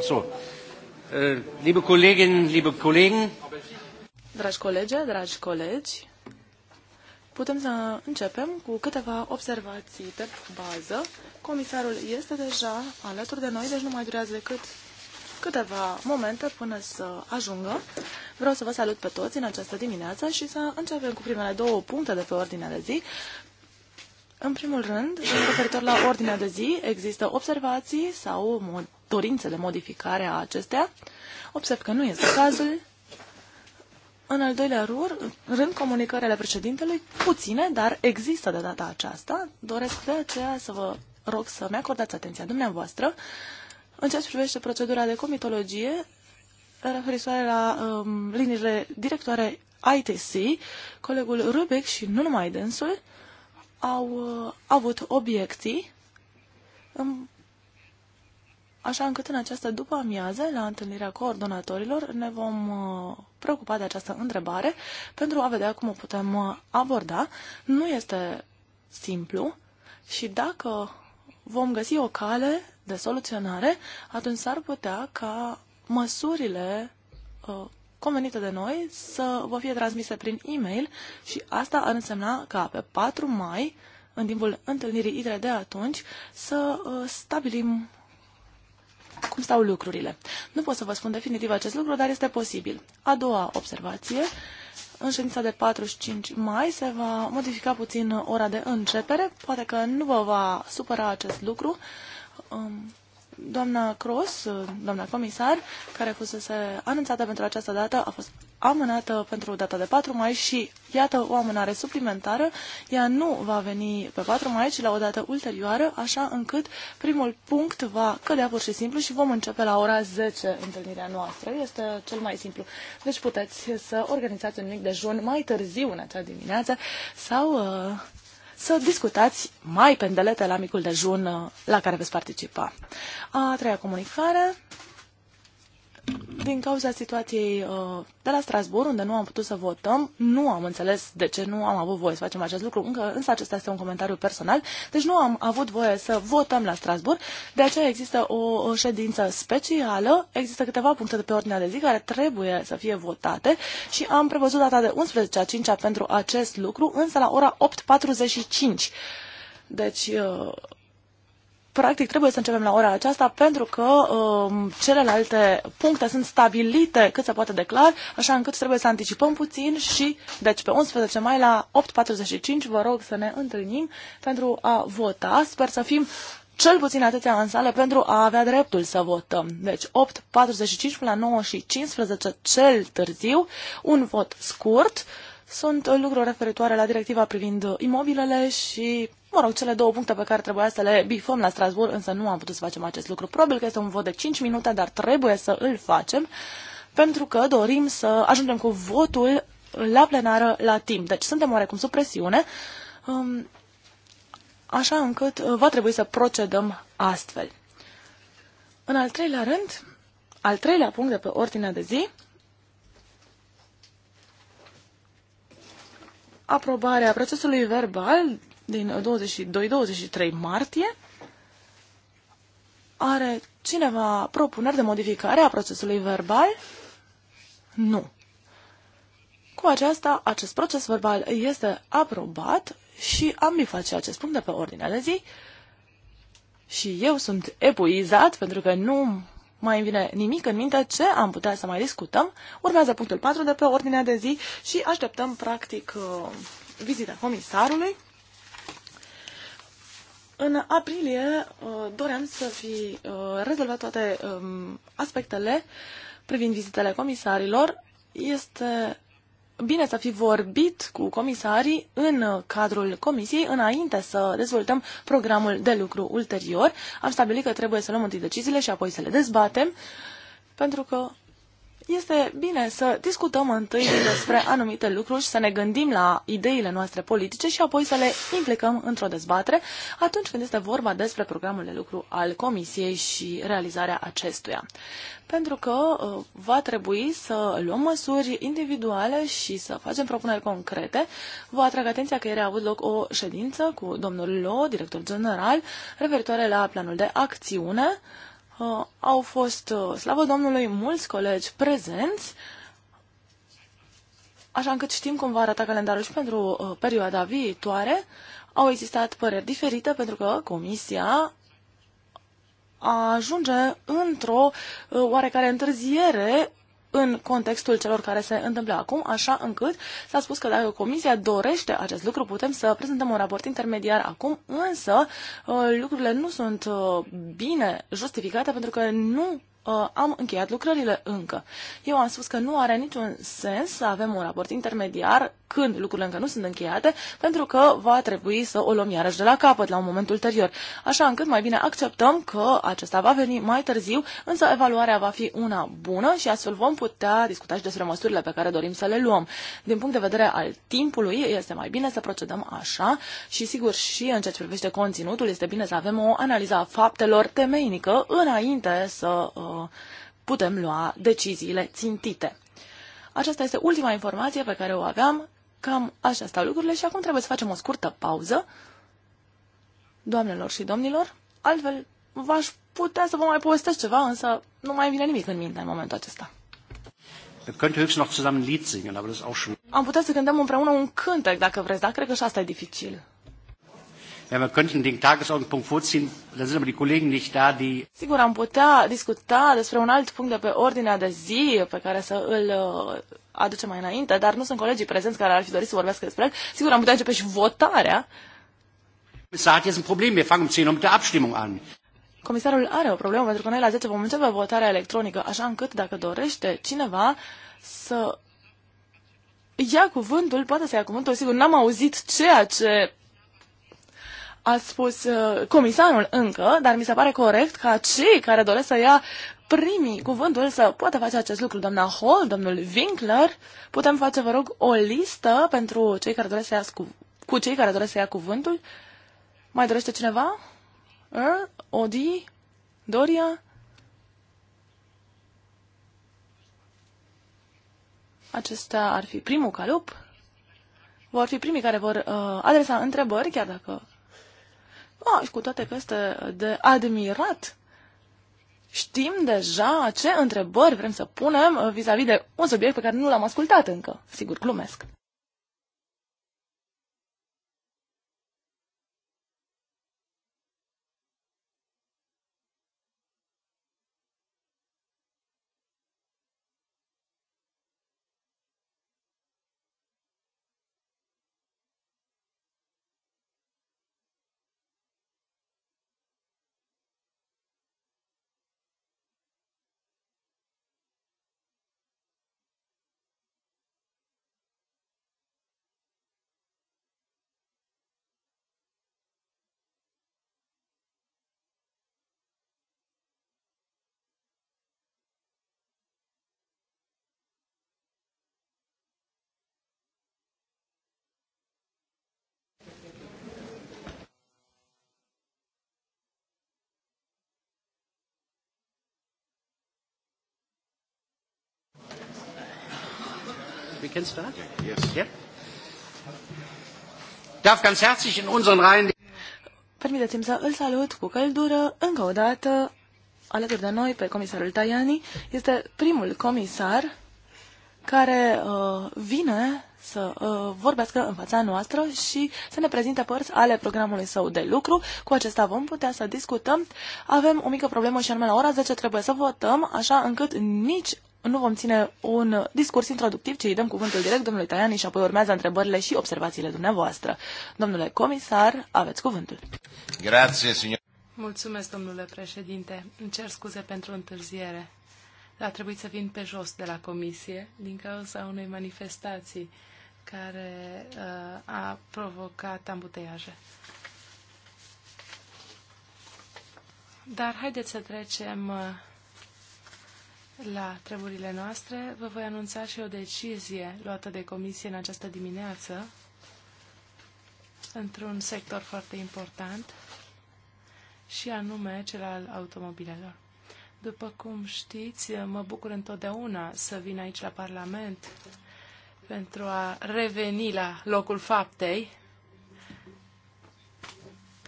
Äh, liebe Kolleginnen, liebe Kollegen. Dragi colegi, dragi colegi, putem să începem cu câteva observații de bază. Comisarul este deja alături de noi, deci nu mai durează decât câteva momente până să ajungă. Vreau să vă salut pe toți în această dimineață și să începem cu primele două puncte de pe ordinea de zi. În primul rând, referitor la ordinea de zi, există observații sau mod dorințe de modificare a acestea. Observ că nu este cazul. În al doilea rând, rând comunicări președintelui, puține, dar există de data aceasta. Doresc de aceea să vă rog să-mi acordați atenția dumneavoastră. În ceea ce privește procedura de comitologie, referitoare la um, liniile directoare ITC, colegul Rubic și nu numai dânsul au uh, avut obiecții. Îmi așa încât în această după-amiază, la întâlnirea coordonatorilor, ne vom uh, preocupa de această întrebare pentru a vedea cum o putem uh, aborda. Nu este simplu și dacă vom găsi o cale de soluționare, atunci s-ar putea ca măsurile uh, convenite de noi să vă fie transmise prin e-mail și asta ar însemna ca pe 4 mai, în timpul întâlnirii ITRE de atunci, să stabilim cum stau lucrurile. Nu pot să vă spun definitiv acest lucru, dar este posibil. A doua observație, în ședința de 45 mai se va modifica puțin ora de începere. Poate că nu vă va supăra acest lucru. Um, Doamna Cross, doamna comisar, care fusese anunțată pentru această dată, a fost amânată pentru data de 4 mai și iată o amânare suplimentară. Ea nu va veni pe 4 mai, ci la o dată ulterioară, așa încât primul punct va cădea pur și simplu și vom începe la ora 10 întâlnirea noastră. Este cel mai simplu. Deci puteți să organizați un mic dejun mai târziu în acea dimineață sau uh, să discutați mai pendelete la micul dejun uh, la care veți participa. A treia comunicare din cauza situației uh, de la Strasbourg, unde nu am putut să votăm, nu am înțeles de ce nu am avut voie să facem acest lucru, încă, însă acesta este un comentariu personal, deci nu am avut voie să votăm la Strasbourg, de aceea există o ședință specială, există câteva puncte de pe ordinea de zi care trebuie să fie votate și am prevăzut data de 11 a 5 pentru acest lucru, însă la ora 8.45. Deci, uh, practic trebuie să începem la ora aceasta pentru că um, celelalte puncte sunt stabilite cât se poate de clar, așa încât trebuie să anticipăm puțin și, deci pe 11 mai la 8.45 vă rog să ne întâlnim pentru a vota. Sper să fim cel puțin atâția în sală pentru a avea dreptul să votăm. Deci 8.45 până la 9 și cel târziu, un vot scurt sunt lucruri referitoare la directiva privind imobilele și, mă rog, cele două puncte pe care trebuia să le bifăm la Strasbourg, însă nu am putut să facem acest lucru. Probabil că este un vot de 5 minute, dar trebuie să îl facem, pentru că dorim să ajungem cu votul la plenară la timp. Deci suntem oarecum sub presiune, um, așa încât uh, va trebui să procedăm astfel. În al treilea rând, al treilea punct de pe ordinea de zi aprobarea procesului verbal din 22-23 martie. Are cineva propuneri de modificare a procesului verbal? Nu. Cu aceasta, acest proces verbal este aprobat și am face acest punct de pe ordinea de zi. Și eu sunt epuizat pentru că nu mai îmi vine nimic în minte ce am putea să mai discutăm. Urmează punctul 4 de pe ordinea de zi și așteptăm, practic, uh, vizita comisarului. În aprilie uh, doream să fi uh, rezolvat toate um, aspectele privind vizitele comisarilor. Este bine să fi vorbit cu comisarii în cadrul comisiei înainte să dezvoltăm programul de lucru ulterior. Am stabilit că trebuie să luăm întâi deciziile și apoi să le dezbatem, pentru că este bine să discutăm întâi despre anumite lucruri, să ne gândim la ideile noastre politice și apoi să le implicăm într-o dezbatere atunci când este vorba despre programul de lucru al Comisiei și realizarea acestuia. Pentru că uh, va trebui să luăm măsuri individuale și să facem propuneri concrete. Vă atrag atenția că ieri a avut loc o ședință cu domnul Lo, director general, referitoare la planul de acțiune Uh, au fost, uh, slavă Domnului, mulți colegi prezenți, așa încât știm cum va arăta calendarul și pentru uh, perioada viitoare. Au existat păreri diferite pentru că Comisia ajunge într-o oarecare întârziere în contextul celor care se întâmplă acum, așa încât s-a spus că dacă Comisia dorește acest lucru, putem să prezentăm un raport intermediar acum, însă uh, lucrurile nu sunt uh, bine justificate pentru că nu uh, am încheiat lucrările încă. Eu am spus că nu are niciun sens să avem un raport intermediar când lucrurile încă nu sunt încheiate, pentru că va trebui să o luăm iarăși de la capăt la un moment ulterior. Așa încât mai bine acceptăm că acesta va veni mai târziu, însă evaluarea va fi una bună și astfel vom putea discuta și despre măsurile pe care dorim să le luăm. Din punct de vedere al timpului, este mai bine să procedăm așa și sigur și în ceea ce privește conținutul, este bine să avem o analiză a faptelor temeinică înainte să uh, putem lua deciziile țintite. Aceasta este ultima informație pe care o aveam. Cam așa stau lucrurile și acum trebuie să facem o scurtă pauză, doamnelor și domnilor. Altfel, v-aș putea să vă mai povestesc ceva, însă nu mai vine nimic în minte în momentul acesta. Am putea să cântăm împreună un cântec, dacă vreți, dar cred că și asta e dificil. Ja, wir könnten den Tagesordnungspunkt vorziehen, da sind aber die Kollegen nicht da, die... Sigur, am putea discuta despre un alt punct de pe ordinea de zi pe care să îl uh, aducem mai înainte, dar nu sunt colegii prezenți care ar fi dorit să vorbească despre el. Sigur, am putea începe și votarea. Comisar, este un problem, wir fangen um 10 Uhr mit der Abstimmung an. Comisarul are o problemă, pentru că noi la 10 vom începe votarea electronică, așa încât, dacă dorește cineva să ia cuvântul, poate să ia cuvântul, sigur, n-am auzit ceea ce a spus uh, comisarul încă, dar mi se pare corect ca cei care doresc să ia primii cuvântul să poată face acest lucru. Doamna Hall, domnul Winkler, putem face, vă rog, o listă pentru cei care doresc să ia cu, cu cei care doresc să ia cuvântul. Mai dorește cineva? Earl, Odi, Doria? Acesta ar fi primul calup. Vor fi primii care vor uh, adresa întrebări, chiar dacă Ah, și cu toate că este de admirat, știm deja ce întrebări vrem să punem vis-a-vis -vis de un subiect pe care nu l-am ascultat încă. Sigur, glumesc. we can start? Yes. Yeah. Darf ganz herzlich in unseren Reihen... Permiteți-mi să îl salut cu căldură încă o dată alături de noi pe comisarul Tajani. Este primul comisar care uh, vine să uh, vorbească în fața noastră și să ne prezinte părți ale programului său de lucru. Cu acesta vom putea să discutăm. Avem o mică problemă și anume la ora 10 trebuie să votăm, așa încât nici nu vom ține un discurs introductiv, ci îi dăm cuvântul direct domnului Tajani și apoi urmează întrebările și observațiile dumneavoastră. Domnule comisar, aveți cuvântul. Grazie, signor. Mulțumesc, domnule președinte. Îmi cer scuze pentru întârziere. A trebuit să vin pe jos de la comisie din cauza unei manifestații care uh, a provocat ambuteiaje. Dar haideți să trecem uh, la treburile noastre, vă voi anunța și o decizie luată de comisie în această dimineață într-un sector foarte important și anume cel al automobilelor. După cum știți, mă bucur întotdeauna să vin aici la Parlament pentru a reveni la locul faptei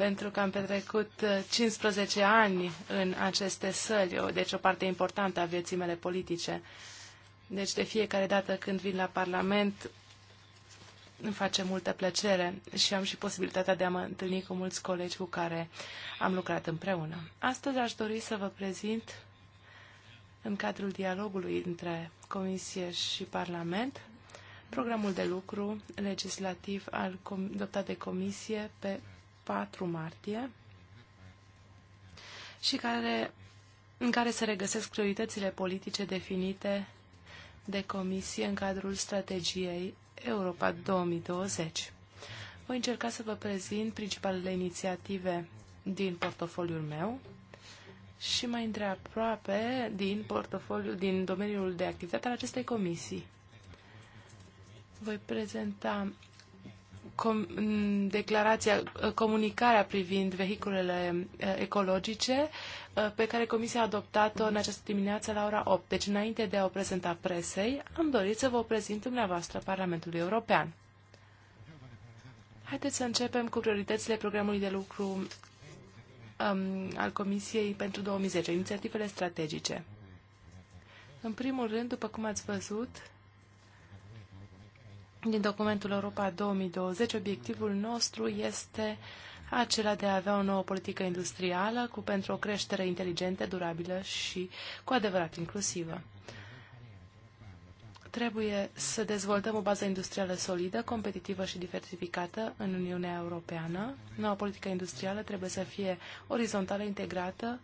pentru că am petrecut 15 uh, ani în aceste săli, deci o parte importantă a vieții mele politice. Deci de fiecare dată când vin la Parlament îmi face multă plăcere și am și posibilitatea de a mă întâlni cu mulți colegi cu care am lucrat împreună. Astăzi aș dori să vă prezint în cadrul dialogului între Comisie și Parlament programul de lucru legislativ al, adoptat de Comisie pe 4 martie și care, în care se regăsesc prioritățile politice definite de comisie în cadrul strategiei Europa 2020. Voi încerca să vă prezint principalele inițiative din portofoliul meu și mai întreaproape din portofoliul, din domeniul de activitate al acestei comisii. Voi prezenta com- declarația, uh, comunicarea privind vehiculele uh, ecologice uh, pe care Comisia a adoptat-o în această dimineață la ora 8. Deci, înainte de a o prezenta presei, am dorit să vă o prezint dumneavoastră Parlamentului European. Haideți să începem cu prioritățile programului de lucru um, al Comisiei pentru 2010, inițiativele strategice. În primul rând, după cum ați văzut, din documentul Europa 2020, obiectivul nostru este acela de a avea o nouă politică industrială cu pentru o creștere inteligentă, durabilă și cu adevărat inclusivă. Trebuie să dezvoltăm o bază industrială solidă, competitivă și diversificată în Uniunea Europeană. Noua politică industrială trebuie să fie orizontală, integrată,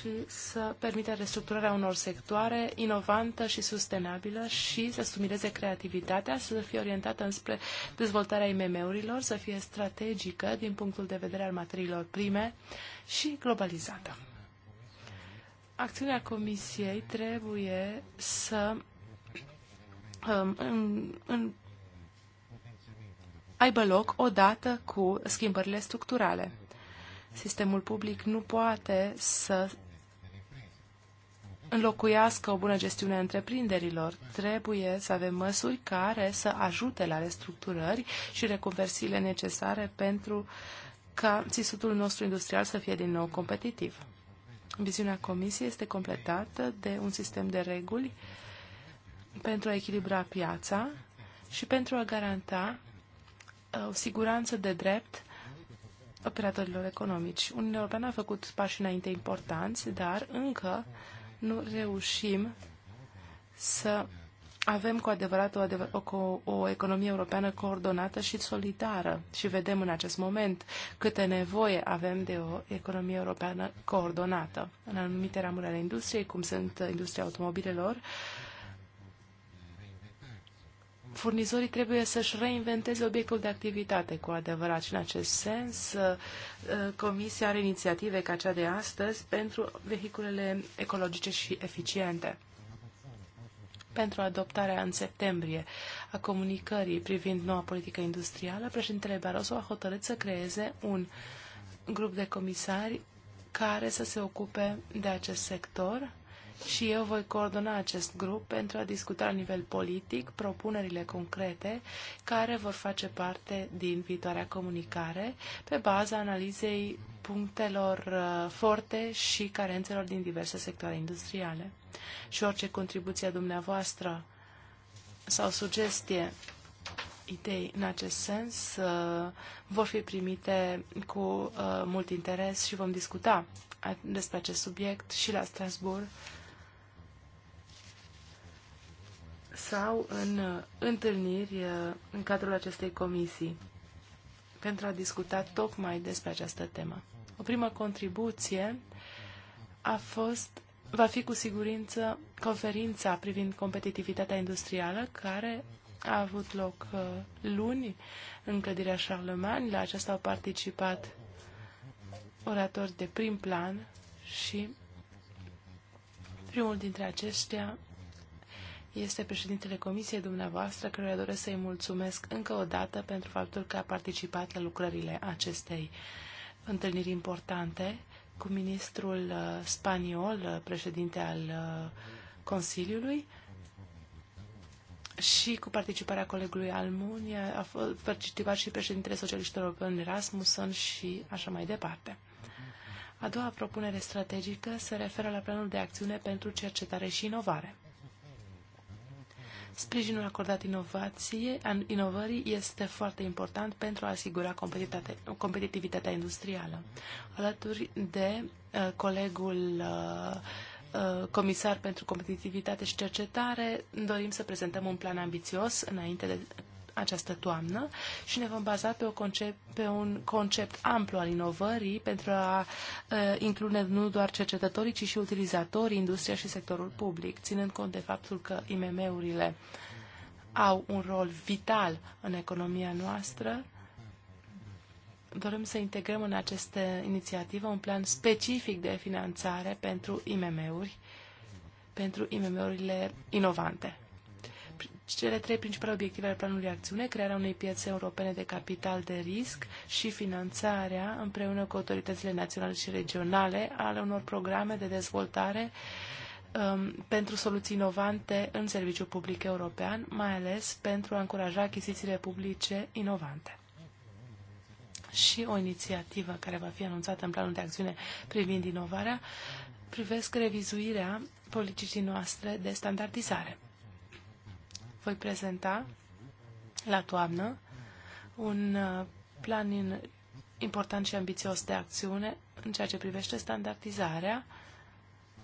și să permită restructurarea unor sectoare inovantă și sustenabilă și să stimuleze creativitatea, să fie orientată înspre dezvoltarea IMM-urilor, să fie strategică din punctul de vedere al materiilor prime și globalizată. Acțiunea Comisiei trebuie să um, în, în, aibă loc odată cu schimbările structurale. Sistemul public nu poate să înlocuiască o bună gestiune a întreprinderilor. Trebuie să avem măsuri care să ajute la restructurări și reconversiile necesare pentru ca țisutul nostru industrial să fie din nou competitiv. Viziunea Comisiei este completată de un sistem de reguli pentru a echilibra piața și pentru a garanta o uh, siguranță de drept operatorilor economici. Uniunea Europeană a făcut pași înainte importanți, dar încă nu reușim să avem cu adevărat o, adevăr- o, o economie europeană coordonată și solidară. Și vedem în acest moment câte nevoie avem de o economie europeană coordonată. În anumite ramuri ale industriei, cum sunt industria automobilelor, uh, furnizorii trebuie să-și reinventeze obiectul de activitate cu adevărat și în acest sens uh, Comisia are inițiative ca cea de astăzi pentru vehiculele ecologice și eficiente. Pentru adoptarea în septembrie a comunicării privind noua politică industrială, președintele Barroso a hotărât să creeze un grup de comisari care să se ocupe de acest sector și eu voi coordona acest grup pentru a discuta la nivel politic propunerile concrete care vor face parte din viitoarea comunicare pe baza analizei punctelor uh, forte și carențelor din diverse sectoare industriale. Și orice contribuție a dumneavoastră sau sugestie idei în acest sens uh, vor fi primite cu uh, mult interes și vom discuta despre acest subiect și la Strasbourg sau în uh, întâlniri uh, în cadrul acestei comisii pentru a discuta tocmai despre această temă. O primă contribuție a fost, va fi cu siguranță conferința privind competitivitatea industrială care a avut loc uh, luni în clădirea Charlemagne. La aceasta au participat oratori de prim plan și primul dintre aceștia este președintele comisiei dumneavoastră, căruia doresc să-i mulțumesc încă o dată pentru faptul că a participat la lucrările acestei întâlniri importante cu ministrul uh, spaniol, uh, președinte al uh, Consiliului, și cu participarea colegului Almunia, a participat și președintele socialiștilor europeni Rasmussen și așa mai departe. A doua propunere strategică se referă la planul de acțiune pentru cercetare și inovare. Sprijinul acordat inovație, inovării este foarte important pentru a asigura competitivitatea industrială. Alături de uh, colegul uh, uh, comisar pentru competitivitate și cercetare, dorim să prezentăm un plan ambițios înainte de această toamnă și ne vom baza pe, o concept, pe un concept amplu al inovării pentru a uh, include nu doar cercetătorii, ci și utilizatorii, industria și sectorul public, ținând cont de faptul că IMM-urile au un rol vital în economia noastră. Dorim să integrăm în aceste inițiativă un plan specific de finanțare pentru IMM-uri, pentru IMM-urile inovante cele trei principale obiective ale planului de acțiune, crearea unei piețe europene de capital de risc și finanțarea, împreună cu autoritățile naționale și regionale, ale unor programe de dezvoltare um, pentru soluții inovante în serviciul public european, mai ales pentru a încuraja achizițiile publice inovante. Și o inițiativă care va fi anunțată în planul de acțiune privind inovarea privesc revizuirea politicii noastre de standardizare voi prezenta la toamnă un uh, plan important și ambițios de acțiune în ceea ce privește standardizarea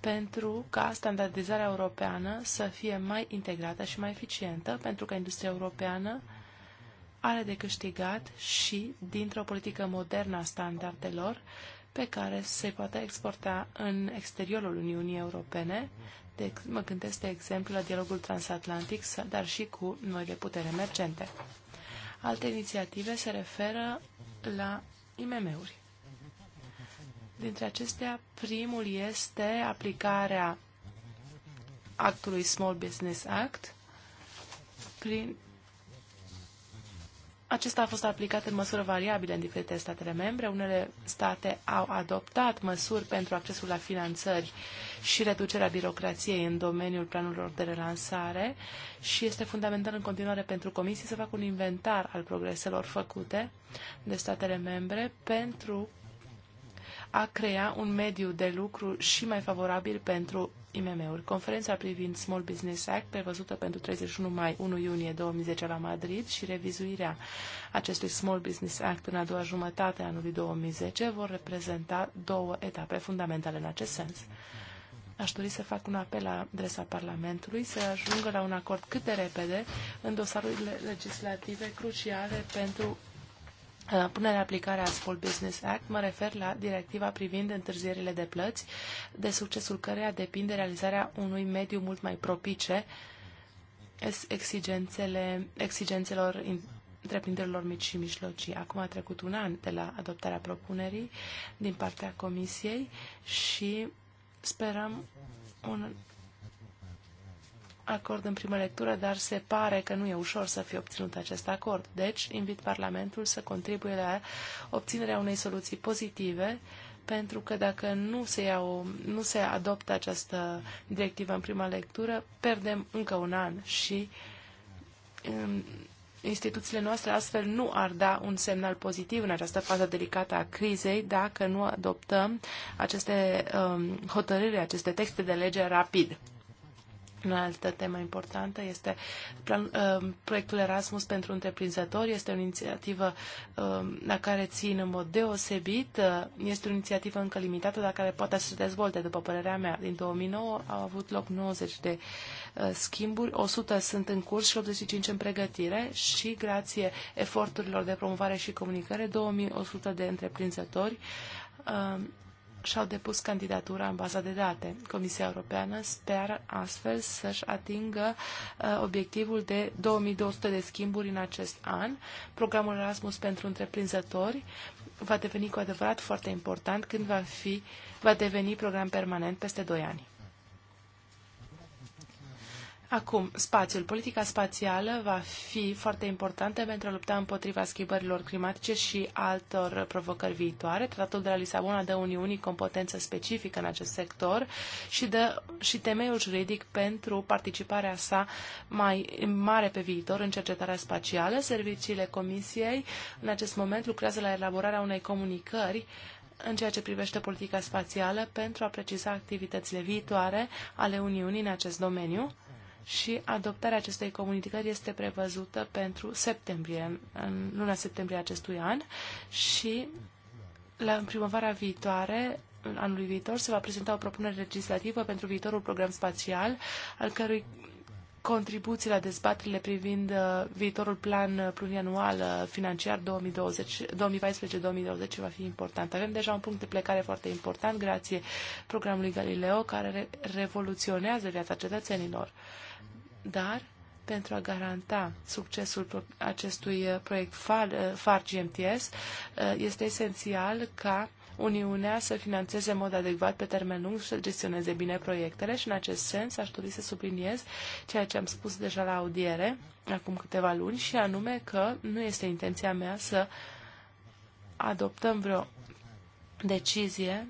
pentru ca standardizarea europeană să fie mai integrată și mai eficientă, pentru că industria europeană are de câștigat și dintr-o politică modernă a standardelor pe care se poate exporta în exteriorul Uniunii Europene, de, mă gândesc, de exemplu, la dialogul transatlantic, dar și cu noile putere emergente. Alte inițiative se referă la IMM-uri. Dintre acestea, primul este aplicarea actului Small Business Act prin acesta a fost aplicat în măsură variabilă în diferite statele membre. Unele state au adoptat măsuri pentru accesul la finanțări și reducerea birocrației în domeniul planurilor de relansare și este fundamental în continuare pentru comisie să facă un inventar al progreselor făcute de statele membre pentru a crea un mediu de lucru și mai favorabil pentru IMM-uri. Conferința privind Small Business Act, prevăzută pentru 31 mai 1 iunie 2010 la Madrid și revizuirea acestui Small Business Act în a doua jumătate a anului 2010 vor reprezenta două etape fundamentale în acest sens. Aș dori să fac un apel la adresa Parlamentului să ajungă la un acord cât de repede în dosarurile legislative cruciale pentru Uh, punerea aplicare a Small Business Act, mă refer la directiva privind întârzierile de plăți, de succesul căreia depinde realizarea unui mediu mult mai propice exigențele, exigențelor întreprinderilor mici și mijlocii. Acum a trecut un an de la adoptarea propunerii din partea Comisiei și sperăm un acord în primă lectură, dar se pare că nu e ușor să fie obținut acest acord. Deci, invit Parlamentul să contribuie la obținerea unei soluții pozitive, pentru că dacă nu se, iau, nu se adoptă această directivă în prima lectură, perdem încă un an și în instituțiile noastre astfel nu ar da un semnal pozitiv în această fază delicată a crizei dacă nu adoptăm aceste um, hotărâri, aceste texte de lege rapid un altă temă importantă este plan, uh, proiectul Erasmus pentru întreprinzători. Este o inițiativă uh, la care țin în mod deosebit. Uh, este o inițiativă încă limitată, dar care poate să se dezvolte, după părerea mea. Din 2009 au avut loc 90 de uh, schimburi, 100 sunt în curs și 85 în pregătire și grație eforturilor de promovare și comunicare, 2100 de întreprinzători uh, și-au depus candidatura în baza de date. Comisia Europeană sper astfel să-și atingă uh, obiectivul de 2200 de schimburi în acest an. Programul Erasmus pentru întreprinzători va deveni cu adevărat foarte important când va, fi, va deveni program permanent peste 2 ani. Acum, spațiul. Politica spațială va fi foarte importantă pentru a lupta împotriva schimbărilor climatice și altor provocări viitoare. Tratatul de la Lisabona dă Uniunii competență specifică în acest sector și dă și temeiul juridic pentru participarea sa mai mare pe viitor în cercetarea spațială. Serviciile Comisiei în acest moment lucrează la elaborarea unei comunicări în ceea ce privește politica spațială pentru a preciza activitățile viitoare ale Uniunii în acest domeniu și adoptarea acestei comunicări este prevăzută pentru septembrie, în luna septembrie acestui an și la primăvara viitoare anului viitor se va prezenta o propunere legislativă pentru viitorul program spațial, al cărui contribuții la dezbaterile privind uh, viitorul plan plurianual uh, financiar 2014 2020 va fi important. Avem deja un punct de plecare foarte important grație programului Galileo care revoluționează viața cetățenilor. Dar, pentru a garanta succesul acestui uh, proiect uh, FAR GMTS, uh, este esențial ca Uniunea să financeze în mod adecvat pe termen lung și să gestioneze bine proiectele și în acest sens aș dori să subliniez ceea ce am spus deja la audiere acum câteva luni și anume că nu este intenția mea să adoptăm vreo decizie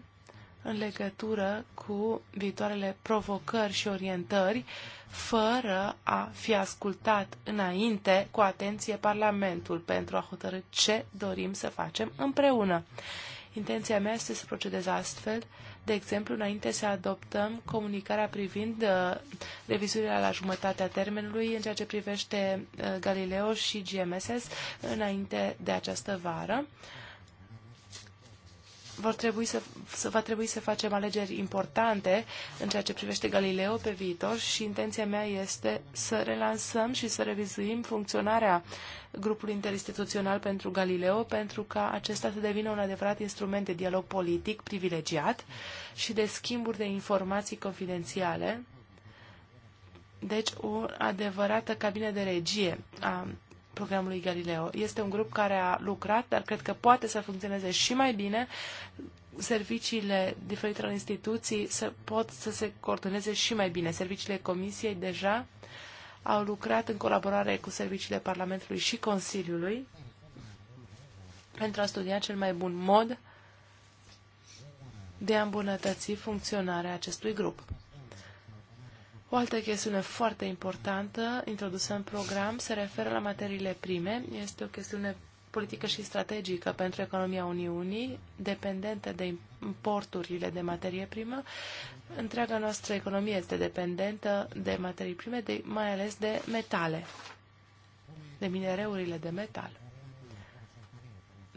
în legătură cu viitoarele provocări și orientări, fără a fi ascultat înainte cu atenție Parlamentul pentru a hotărâ ce dorim să facem împreună. Intenția mea este să procedez astfel, de exemplu, înainte să adoptăm comunicarea privind uh, revizuirea la jumătatea termenului în ceea ce privește uh, Galileo și GMSS înainte de această vară. Uh, vor trebui să, să, va trebui să facem alegeri importante în ceea ce privește Galileo pe viitor și intenția mea este să relansăm și să revizuim funcționarea grupului interinstituțional pentru Galileo pentru ca acesta să devină un adevărat instrument de dialog politic privilegiat și de schimburi de informații confidențiale. Deci, o adevărată cabină de regie a programului Galileo. Este un grup care a lucrat, dar cred că poate să funcționeze și mai bine. Serviciile diferitelor instituții să pot să se coordoneze și mai bine. Serviciile Comisiei deja au lucrat în colaborare cu serviciile Parlamentului și Consiliului pentru a studia cel mai bun mod de a îmbunătăți funcționarea acestui grup. O altă chestiune foarte importantă introdusă în program se referă la materiile prime. Este o chestiune politică și strategică pentru economia Uniunii, dependentă de importurile de materie primă. Întreaga noastră economie este dependentă de materii prime, de, mai ales de metale, de minereurile de metal.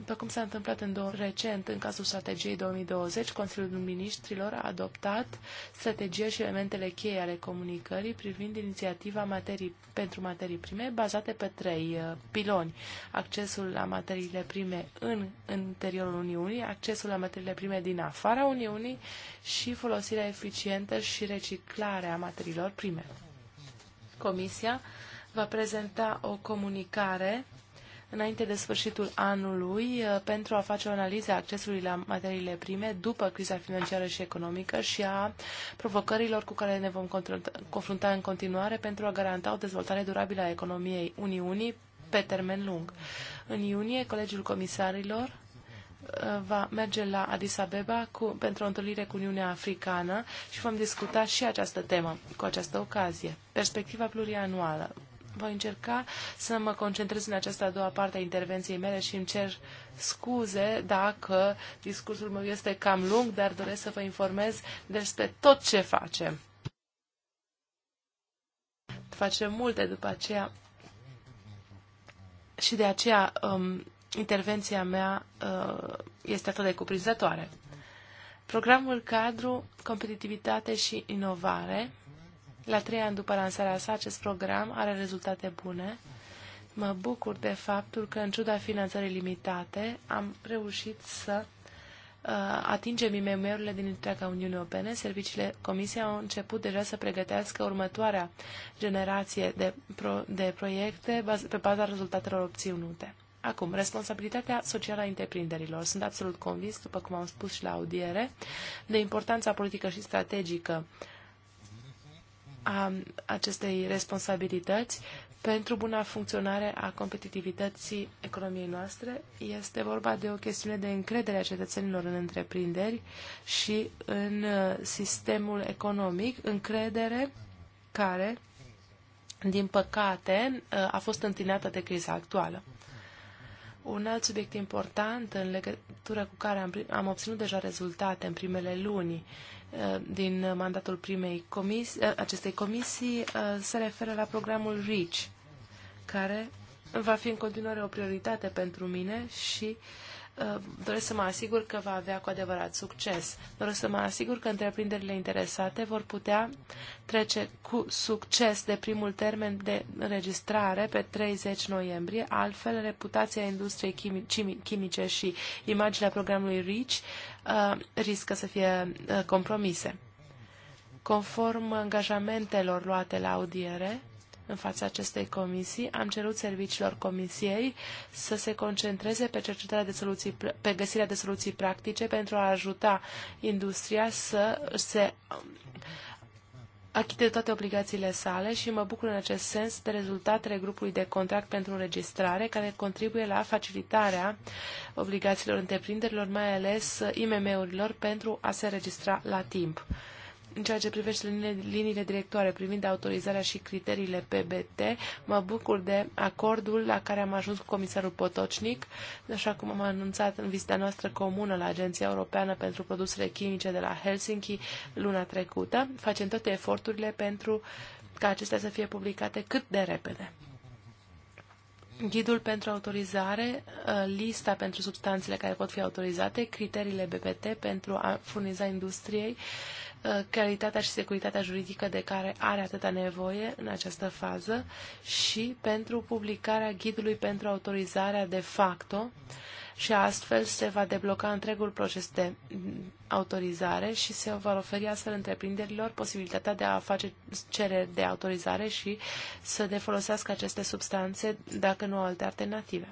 După cum s-a întâmplat în două, recent, în cazul strategiei 2020, Consiliul Ministrilor a adoptat strategia și elementele cheie ale comunicării privind inițiativa materii, pentru materii prime bazate pe trei uh, piloni. Accesul la materiile prime în, în interiorul Uniunii, accesul la materiile prime din afara Uniunii și folosirea eficientă și reciclarea materiilor prime. Comisia va prezenta o comunicare înainte de sfârșitul anului uh, pentru a face o analiză a accesului la materiile prime după criza financiară și economică și a provocărilor cu care ne vom confrunta în continuare pentru a garanta o dezvoltare durabilă a economiei Uniunii pe termen lung. În iunie, Colegiul Comisarilor uh, va merge la Addis Abeba cu, pentru o întâlnire cu Uniunea Africană și vom discuta și această temă cu această ocazie. Perspectiva plurianuală voi încerca să mă concentrez în această a doua parte a intervenției mele și îmi cer scuze dacă discursul meu este cam lung, dar doresc să vă informez despre tot ce facem. Facem multe după aceea și de aceea um, intervenția mea uh, este atât de cuprinzătoare. Programul cadru, competitivitate și inovare la trei ani după lansarea sa, acest program are rezultate bune. Mă bucur de faptul că, în ciuda finanțării limitate, am reușit să uh, atingem IMM-urile din întreaga Uniune Europene. Serviciile Comisiei au început deja să pregătească următoarea generație de, pro, de proiecte pe baza rezultatelor obținute. Acum, responsabilitatea socială a întreprinderilor. Sunt absolut convins, după cum am spus și la audiere, de importanța politică și strategică uh, a acestei responsabilități pentru buna funcționare a competitivității economiei noastre. Este vorba de o chestiune de încredere a cetățenilor în întreprinderi și în uh, sistemul economic, încredere care, din păcate, uh, a fost întinată de criza actuală. Un alt subiect important în legătură cu care am, am obținut deja rezultate în primele luni uh, din mandatul primei comisii, uh, acestei comisii uh, se referă la programul REACH, care va fi în continuare o prioritate pentru mine și Uh, doresc să mă asigur că va avea cu adevărat succes. Doresc să mă asigur că întreprinderile interesate vor putea trece cu succes de primul termen de înregistrare pe 30 noiembrie, altfel reputația industriei chimice și imaginea programului RICH uh, riscă să fie uh, compromise. Conform angajamentelor luate la audiere, în fața acestei comisii. Am cerut serviciilor comisiei să se concentreze pe cercetarea de soluții, pe găsirea de soluții practice pentru a ajuta industria să se um, achite toate obligațiile sale și mă bucur în acest sens de rezultatele grupului de contract pentru înregistrare, care contribuie la facilitarea obligațiilor întreprinderilor, mai ales uh, IMM-urilor, pentru a se registra la timp. În ceea ce privește liniile, liniile directoare privind autorizarea și criteriile PBT, mă bucur de acordul la care am ajuns cu comisarul Potocnic, așa cum am anunțat în vizita noastră comună la Agenția Europeană pentru Produsele Chimice de la Helsinki luna trecută. Facem toate eforturile pentru ca acestea să fie publicate cât de repede. Ghidul pentru autorizare, ă, lista pentru substanțele care pot fi autorizate, criteriile BPT pentru a furniza industriei Uh, claritatea și securitatea juridică de care are atâta nevoie în această fază și pentru publicarea ghidului pentru autorizarea de facto și astfel se va debloca întregul proces de autorizare și se va oferi astfel întreprinderilor posibilitatea de a face cereri de autorizare și să de folosească aceste substanțe dacă nu au alte alternative.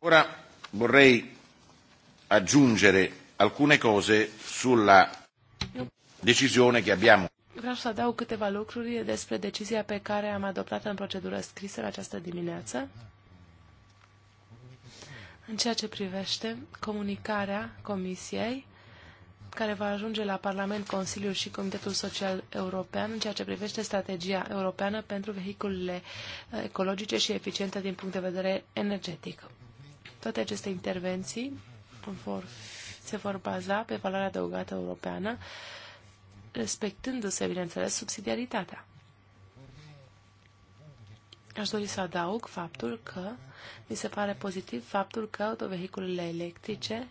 Ora vorrei aggiungere alcune cose sulla decisione che abbiamo. Vreau să adaug câteva lucruri despre decizia pe care am adoptat-o în procedură scrisă la această dimineață. În ceea ce privește comunicarea Comisiei, care va ajunge la Parlament, Consiliul și Comitetul Social European în ceea ce privește strategia europeană pentru vehiculele uh, ecologice și eficiente din punct de vedere energetic. Toate aceste intervenții vor se vor baza pe valoarea adăugată europeană, respectându-se, bineînțeles, subsidiaritatea. Aș dori să adaug faptul că mi se pare pozitiv faptul că autovehiculele electrice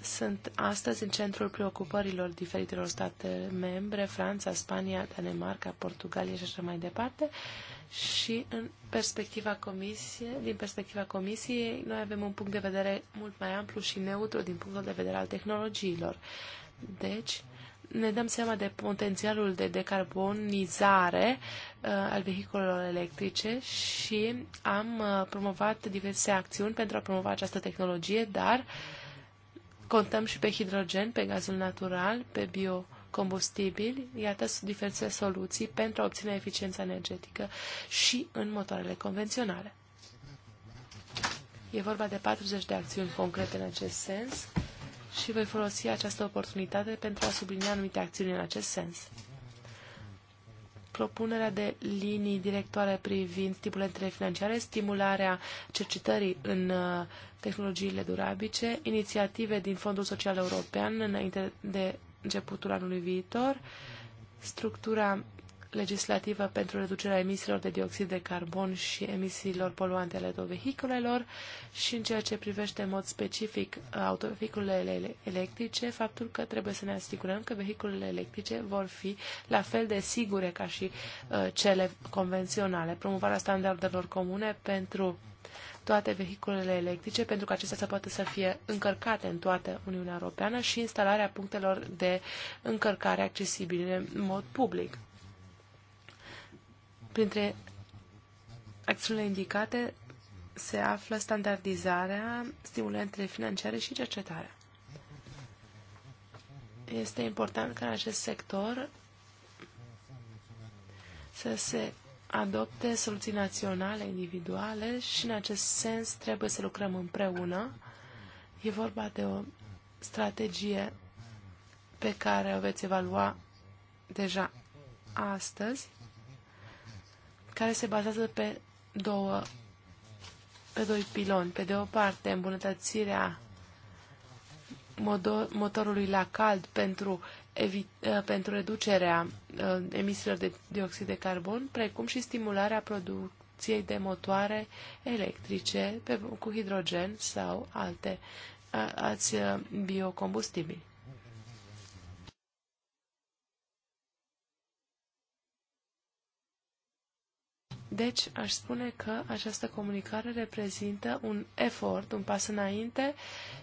sunt astăzi în centrul preocupărilor diferitelor state membre, Franța, Spania, Danemarca, Portugalia și așa mai departe, și în perspectiva comisie, din perspectiva comisiei, noi avem un punct de vedere mult mai amplu și neutru din punctul de vedere al tehnologiilor. Deci, ne dăm seama de potențialul de decarbonizare uh, al vehiculelor electrice și am uh, promovat diverse acțiuni pentru a promova această tehnologie, dar contăm și pe hidrogen, pe gazul natural, pe bio combustibili, iată diferite soluții pentru a obține eficiența energetică și în motoarele convenționale. E vorba de 40 de acțiuni concrete în acest sens și voi folosi această oportunitate pentru a sublinia anumite acțiuni în acest sens. Propunerea de linii directoare privind stimulentele financiare, stimularea cercetării în uh, tehnologiile durabice, inițiative din Fondul Social European înainte de începutul anului viitor, structura legislativă pentru reducerea emisiilor de dioxid de carbon și emisiilor poluante ale autovehiculelor și în ceea ce privește în mod specific uh, autovehiculele electrice, faptul că trebuie să ne asigurăm că vehiculele electrice vor fi la fel de sigure ca și uh, cele convenționale, promovarea standardelor comune pentru toate vehiculele electrice pentru că acestea să poată să fie încărcate în toată Uniunea Europeană și instalarea punctelor de încărcare accesibile în mod public. Printre acțiunile indicate se află standardizarea, stimulentele financiare și cercetarea. Este important ca în acest sector să se adopte soluții naționale, individuale și în acest sens trebuie să lucrăm împreună. E vorba de o strategie pe care o veți evalua deja astăzi, care se bazează pe două pe doi piloni. Pe de o parte, îmbunătățirea motorului la cald pentru Eh, pentru reducerea eh, emisiilor de dioxid de carbon, precum și stimularea producției de motoare electrice pe, cu hidrogen sau alte alți eh, biocombustibili. Deci, aș spune că această comunicare reprezintă un efort, un pas înainte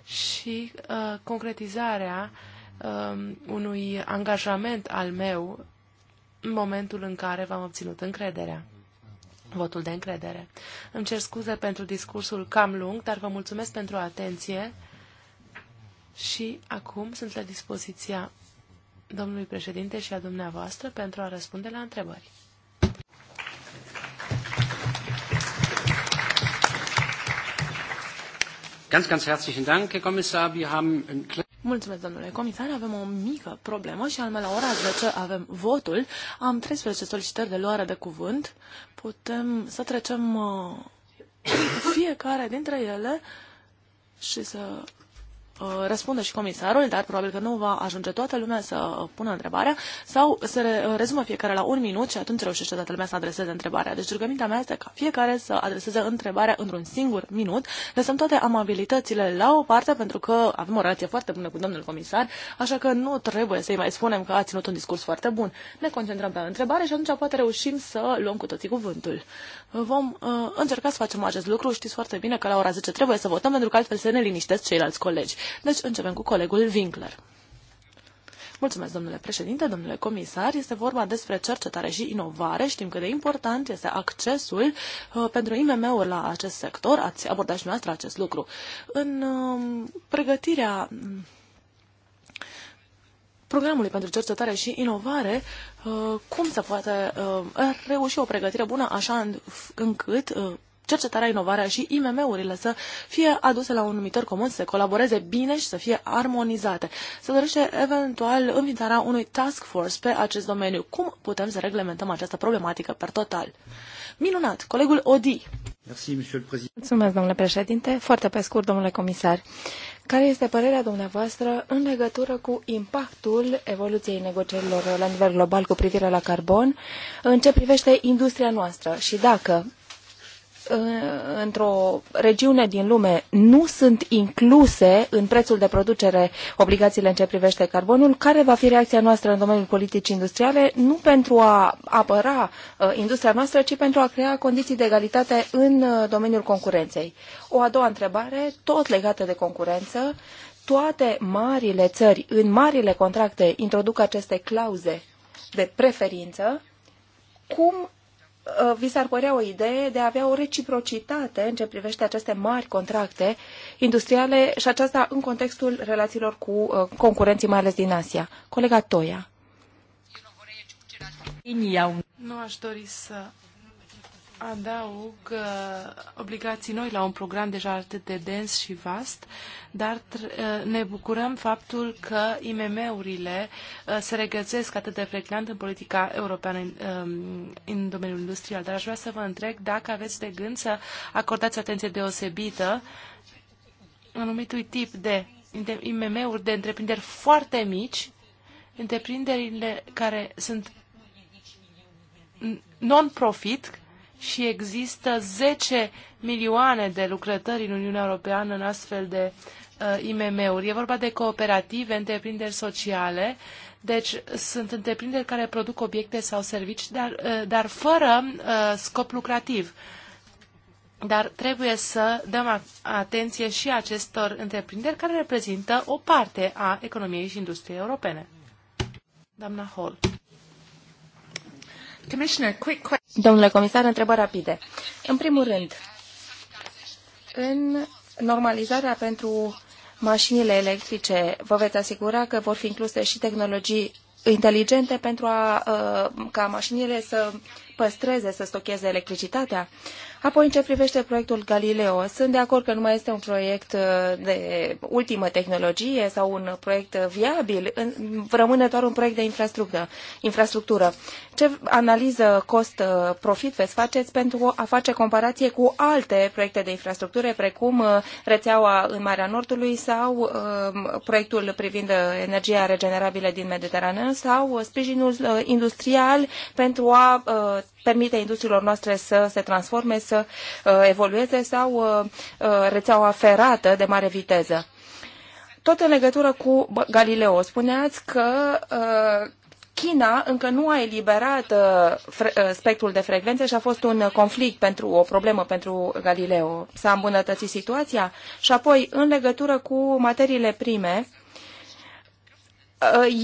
și uh, concretizarea uh, Um, unui angajament al meu în momentul în care v-am obținut încrederea. Votul de încredere. Îmi cer scuze pentru discursul cam lung, dar vă mulțumesc pentru atenție și acum sunt la dispoziția domnului președinte și a dumneavoastră pentru a răspunde la întrebări. Ganz, ganz herzlichen Dank, Herr Kommissar. Wir haben ein Mulțumesc, domnule comisar. Avem o mică problemă și anume la ora 10 avem votul. Am 13 solicitări de luare de cuvânt. Putem să trecem uh, fiecare dintre ele și să Uh, răspunde și comisarul, dar probabil că nu va ajunge toată lumea să pună întrebarea, sau se uh, rezumă fiecare la un minut și atunci reușește toată lumea să adreseze întrebarea. Deci rugămintea mea este ca fiecare să adreseze întrebarea într-un singur minut. Lăsăm toate amabilitățile la o parte, pentru că avem o relație foarte bună cu domnul comisar, așa că nu trebuie să-i mai spunem că a ținut un discurs foarte bun. Ne concentrăm pe întrebare și atunci poate reușim să luăm cu toții cuvântul. Vom uh, încerca să facem acest lucru. Știți foarte bine că la ora 10 trebuie să votăm, pentru că altfel se ne liniștesc ceilalți colegi. Deci începem cu colegul Winkler. Mulțumesc, domnule președinte, domnule comisar. Este vorba despre cercetare și inovare. Știm cât de important este accesul uh, pentru IMM-uri la acest sector. Ați abordat și noastră acest lucru. În uh, pregătirea mm, programului pentru cercetare și inovare, uh, cum se poate uh, reuși o pregătire bună așa încât uh, cercetarea, inovarea și IMM-urile să fie aduse la un numitor comun, să colaboreze bine și să fie armonizate. Se dorește eventual înființarea unui task force pe acest domeniu. Cum putem să reglementăm această problematică per total? Minunat! Colegul Odi. Mulțumesc, domnule președinte. Foarte pe scurt, domnule comisar. Care este părerea dumneavoastră în legătură cu impactul evoluției negocierilor la nivel global cu privire la carbon în ce privește industria noastră și dacă într-o regiune din lume nu sunt incluse în prețul de producere obligațiile în ce privește carbonul, care va fi reacția noastră în domeniul politicii industriale, nu pentru a apăra uh, industria noastră, ci pentru a crea condiții de egalitate în uh, domeniul concurenței. O a doua întrebare, tot legată de concurență, toate marile țări în marile contracte introduc aceste clauze de preferință, cum Uh, vi s-ar părea o idee de a avea o reciprocitate în ce privește aceste mari contracte industriale și aceasta în contextul relațiilor cu uh, concurenții, mai ales din Asia. Colega Toia. Nu aș dori să adaug uh, obligații noi la un program deja atât de dens și vast, dar uh, ne bucurăm faptul că IMM-urile uh, se regăsesc atât de frecvent în politica europeană um, în domeniul industrial. Dar aș vrea să vă întreb dacă aveți de gând să acordați atenție deosebită anumitui tip de IMM-uri, de întreprinderi foarte mici, întreprinderile care sunt non-profit, și există 10 milioane de lucrători în Uniunea Europeană în astfel de uh, IMM-uri. E vorba de cooperative, întreprinderi sociale, deci sunt întreprinderi care produc obiecte sau servicii, dar, uh, dar fără uh, scop lucrativ. Dar trebuie să dăm atenție și acestor întreprinderi care reprezintă o parte a economiei și industriei europene. Doamna Hall. Domnule comisar, întrebări rapide. În primul rând, în normalizarea pentru mașinile electrice, vă veți asigura că vor fi incluse și tehnologii inteligente pentru a, uh, ca mașinile să păstreze, să stocheze electricitatea? Apoi, în ce privește proiectul Galileo, sunt de acord că nu mai este un proiect uh, de ultimă tehnologie sau un proiect viabil, rămâne doar un proiect de infrastructură. infrastructură. Ce analiză cost-profit veți faceți pentru a face comparație cu alte proiecte de infrastructură, precum uh, rețeaua în Marea Nordului sau um, proiectul privind uh, energia regenerabilă din Mediterană sau sprijinul industrial pentru a permite industriilor noastre să se transforme, să uh, evolueze sau uh, uh, rețeaua ferată de mare viteză. Tot în legătură cu Galileo, spuneați că China încă nu a eliberat spectrul de frecvențe și a fost un conflict pentru o problemă pentru Galileo. S-a îmbunătățit situația și apoi în legătură cu materiile prime,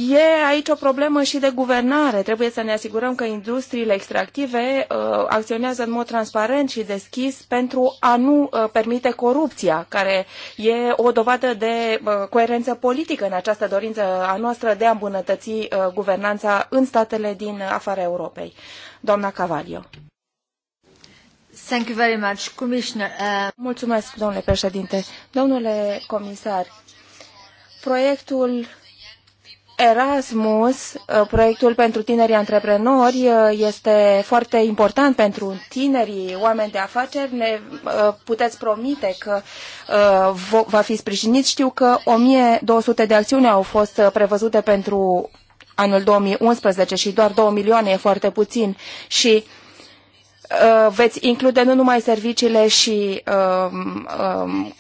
E aici o problemă și de guvernare. Trebuie să ne asigurăm că industriile extractive uh, acționează în mod transparent și deschis pentru a nu uh, permite corupția, care e o dovadă de uh, coerență politică în această dorință a noastră de a îmbunătăți guvernanța în statele din afara Europei. Doamna Cavalio. Thank you very much, Commissioner. Mulțumesc, domnule președinte. Domnule comisar, proiectul Erasmus, uh, proiectul pentru tinerii antreprenori, uh, este foarte important pentru tinerii oameni de afaceri. Ne uh, puteți promite că va fi sprijinit. Știu că 1200 de acțiuni au fost prevăzute pentru anul 2011 și doar 2 milioane e foarte puțin și veți include nu numai serviciile și um,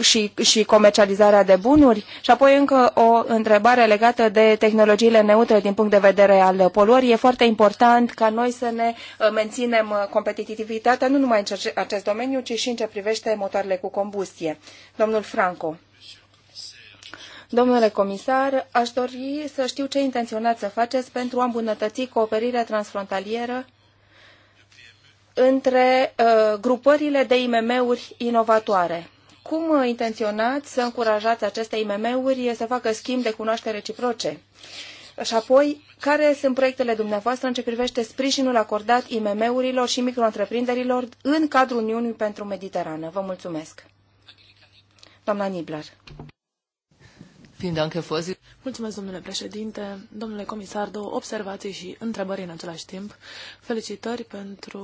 și, și comercializarea de bunuri? Și apoi încă o întrebare legată de tehnologiile neutre din punct de vedere al poluării. E foarte important ca noi să ne uh, menținem uh, competitivitatea nu numai în acest domeniu, ci și în ce privește motoarele cu combustie. Domnul Franco. Domnule comisar, aș dori să știu ce intenționați să faceți pentru a îmbunătăți cooperirea transfrontalieră între uh, grupările de IMM-uri inovatoare cum uh, intenționați să încurajați aceste IMM-uri să facă schimb de cunoaștere reciproce? Și apoi, care sunt proiectele dumneavoastră în ce privește sprijinul acordat IMM-urilor și micro-întreprinderilor în cadrul Uniunii pentru Mediterană? Vă mulțumesc! Doamna Niblar. Mulțumesc, domnule președinte, domnule comisar, două observații și întrebări în același timp. Felicitări pentru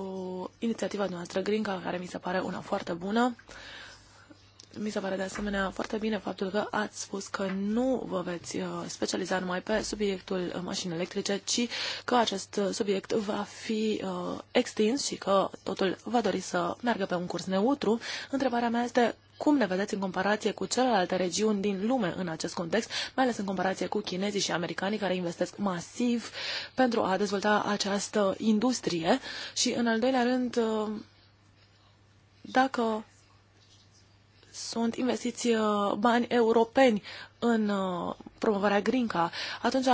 inițiativa noastră Grinca, care mi se pare una foarte bună. Uh, mi se pare de asemenea foarte bine faptul că ați spus că nu vă veți uh, specializa numai pe subiectul uh, mașini electrice, ci că acest uh, subiect va fi extins și că totul va dori să meargă pe un curs neutru. Întrebarea mea este cum ne vedeți în comparație cu celelalte regiuni din lume în acest context, mai ales în comparație cu chinezii și americanii care investesc masiv pentru a dezvolta această industrie? Și, în al doilea rând, dacă sunt investiți uh, bani europeni în uh, promovarea Grinca, atunci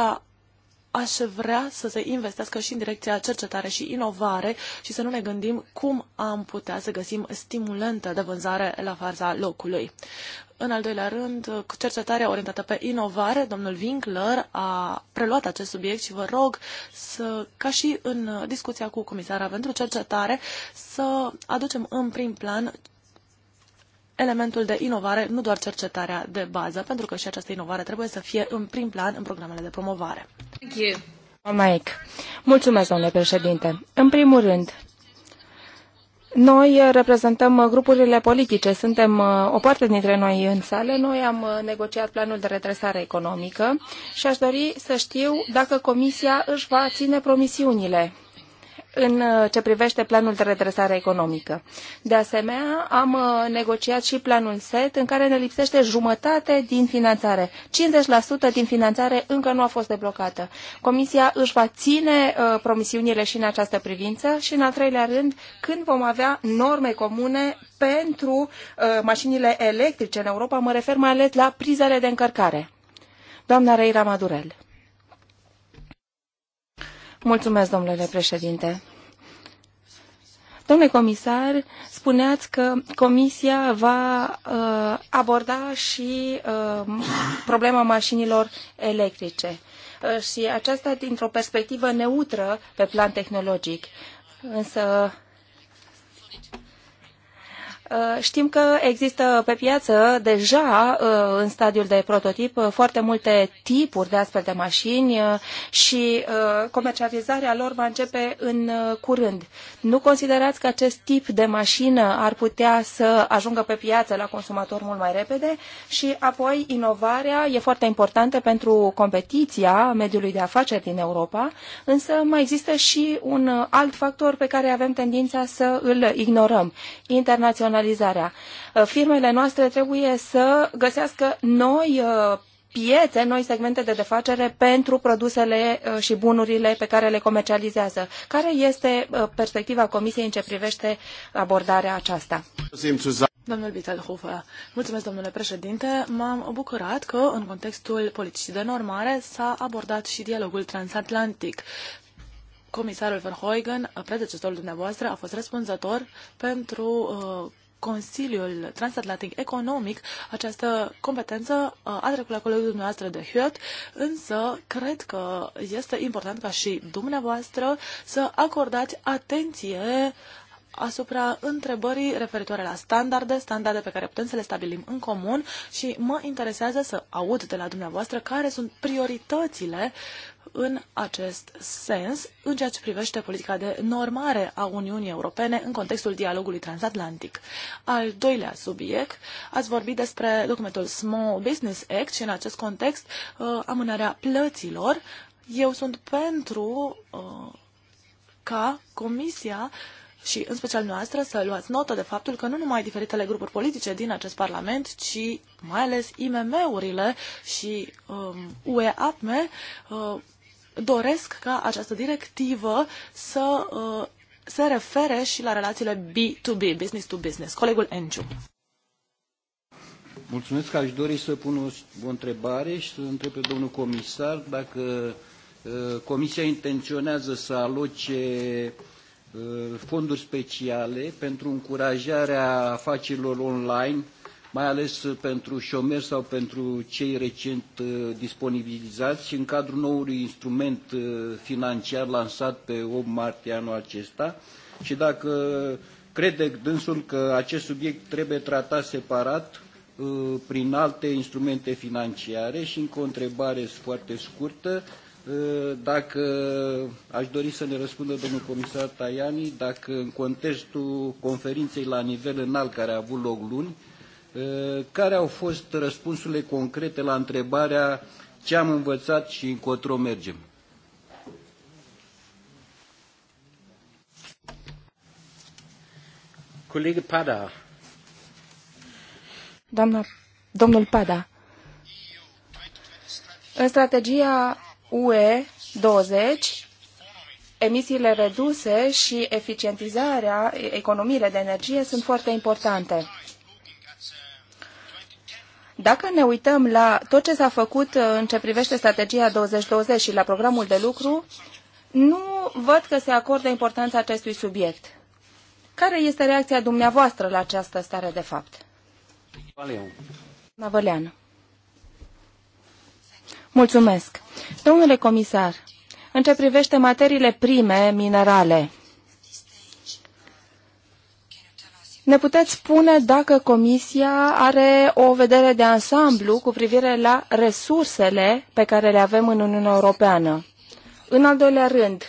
aș vrea să se investească și în direcția cercetare și inovare și să nu ne gândim cum am putea să găsim stimulente de vânzare la faza locului. În al doilea rând, cercetarea orientată pe inovare, domnul Winkler a preluat acest subiect și vă rog să, ca și în discuția cu comisara pentru cercetare, să aducem în prim plan elementul de inovare, nu doar cercetarea de bază, pentru că și această inovare trebuie să fie în prim plan în programele de promovare. Thank you. Maic. Mulțumesc, domnule președinte. În primul rând, noi reprezentăm grupurile politice, suntem uh, o parte dintre noi în sală. Noi am uh, negociat planul de redresare economică și aș dori să știu dacă Comisia își va ține promisiunile în uh, ce privește planul de redresare economică. De asemenea, am uh, negociat și planul SET, în care ne lipsește jumătate din finanțare. 50% din finanțare încă nu a fost deblocată. Comisia își va ține uh, promisiunile și în această privință și, în al treilea rând, când vom avea norme comune pentru mașinile electrice în Europa, mă refer mai ales la prizele de încărcare. Doamna Reira Madurel. Mulțumesc, domnule președinte. Domnule comisar, spuneați că Comisia va uh, aborda și uh, problema mașinilor electrice uh, și aceasta dintr-o perspectivă neutră pe plan tehnologic. Însă Uh, știm că există pe piață deja uh, în stadiul de prototip uh, foarte multe tipuri de astfel de mașini și comercializarea lor va începe în curând. Nu considerați că acest tip de mașină ar putea să ajungă pe piață la consumator mult mai repede și apoi inovarea e foarte importantă pentru competiția mediului de afaceri din Europa, însă mai există și un alt factor pe care avem tendința să îl ignorăm. Internațional internaționalizarea. Uh, firmele noastre trebuie să găsească noi uh, piețe, noi segmente de defacere pentru produsele uh, și bunurile pe care le comercializează. Care este perspectiva Comisiei în ce privește abordarea aceasta? Domnul Bittelhofer, mulțumesc domnule președinte. M-am bucurat că în contextul politicii de normare s-a abordat și dialogul transatlantic. Comisarul Verhoeven, predecesorul dumneavoastră, a fost răspunzător pentru uh, Consiliul Transatlantic Economic, această competență uh, a trecut la colegul dumneavoastră de Hüt, însă cred că este important ca și dumneavoastră să acordați atenție asupra întrebării referitoare la standarde, standarde pe care putem să le stabilim în comun și mă interesează să aud de la dumneavoastră care sunt prioritățile în acest sens în ceea ce privește politica de normare a Uniunii Europene în contextul dialogului transatlantic. Al doilea subiect, ați vorbit despre documentul Small Business Act și în acest context uh, amânarea plăților. Eu sunt pentru uh, ca Comisia uh, și în special noastră să luați notă de faptul că nu numai diferitele grupuri politice din acest Parlament, ci mai ales IMM-urile și um, UE-APME uh, doresc ca această directivă să uh, se refere și la relațiile B2B, business to business. Colegul Enciu. Mulțumesc, aș dori să pun o, o întrebare și să întreb pe domnul comisar dacă uh, Comisia intenționează să aloce Uh, fonduri speciale pentru încurajarea afacerilor online, mai ales uh, pentru șomeri sau pentru cei recent uh, disponibilizați în cadrul noului instrument financiar lansat pe 8 martie anul acesta și dacă crede dânsul că acest subiect trebuie tratat separat prin alte instrumente financiare și încă o întrebare foarte scurtă, Ă, dacă aș dori să ne răspundă domnul comisar Tajani, dacă în contextul conferinței la nivel înalt care a avut loc luni, ă, care au fost răspunsurile concrete la întrebarea ce am învățat și încotro mergem? Colegă Pada. Doamna, domnul Pada. În strategia UE 20, emisiile reduse și eficientizarea economiile de energie sunt foarte importante. Dacă ne uităm la tot ce s-a făcut în ce privește strategia 2020 și la programul de lucru, nu văd că se acordă importanța acestui subiect. Care este reacția dumneavoastră la această stare de fapt? Navăleană. Mulțumesc. Domnule comisar, în ce privește materiile prime minerale, ne puteți spune dacă Comisia are o vedere de ansamblu cu privire la resursele pe care le avem în Uniunea Europeană. În al doilea rând,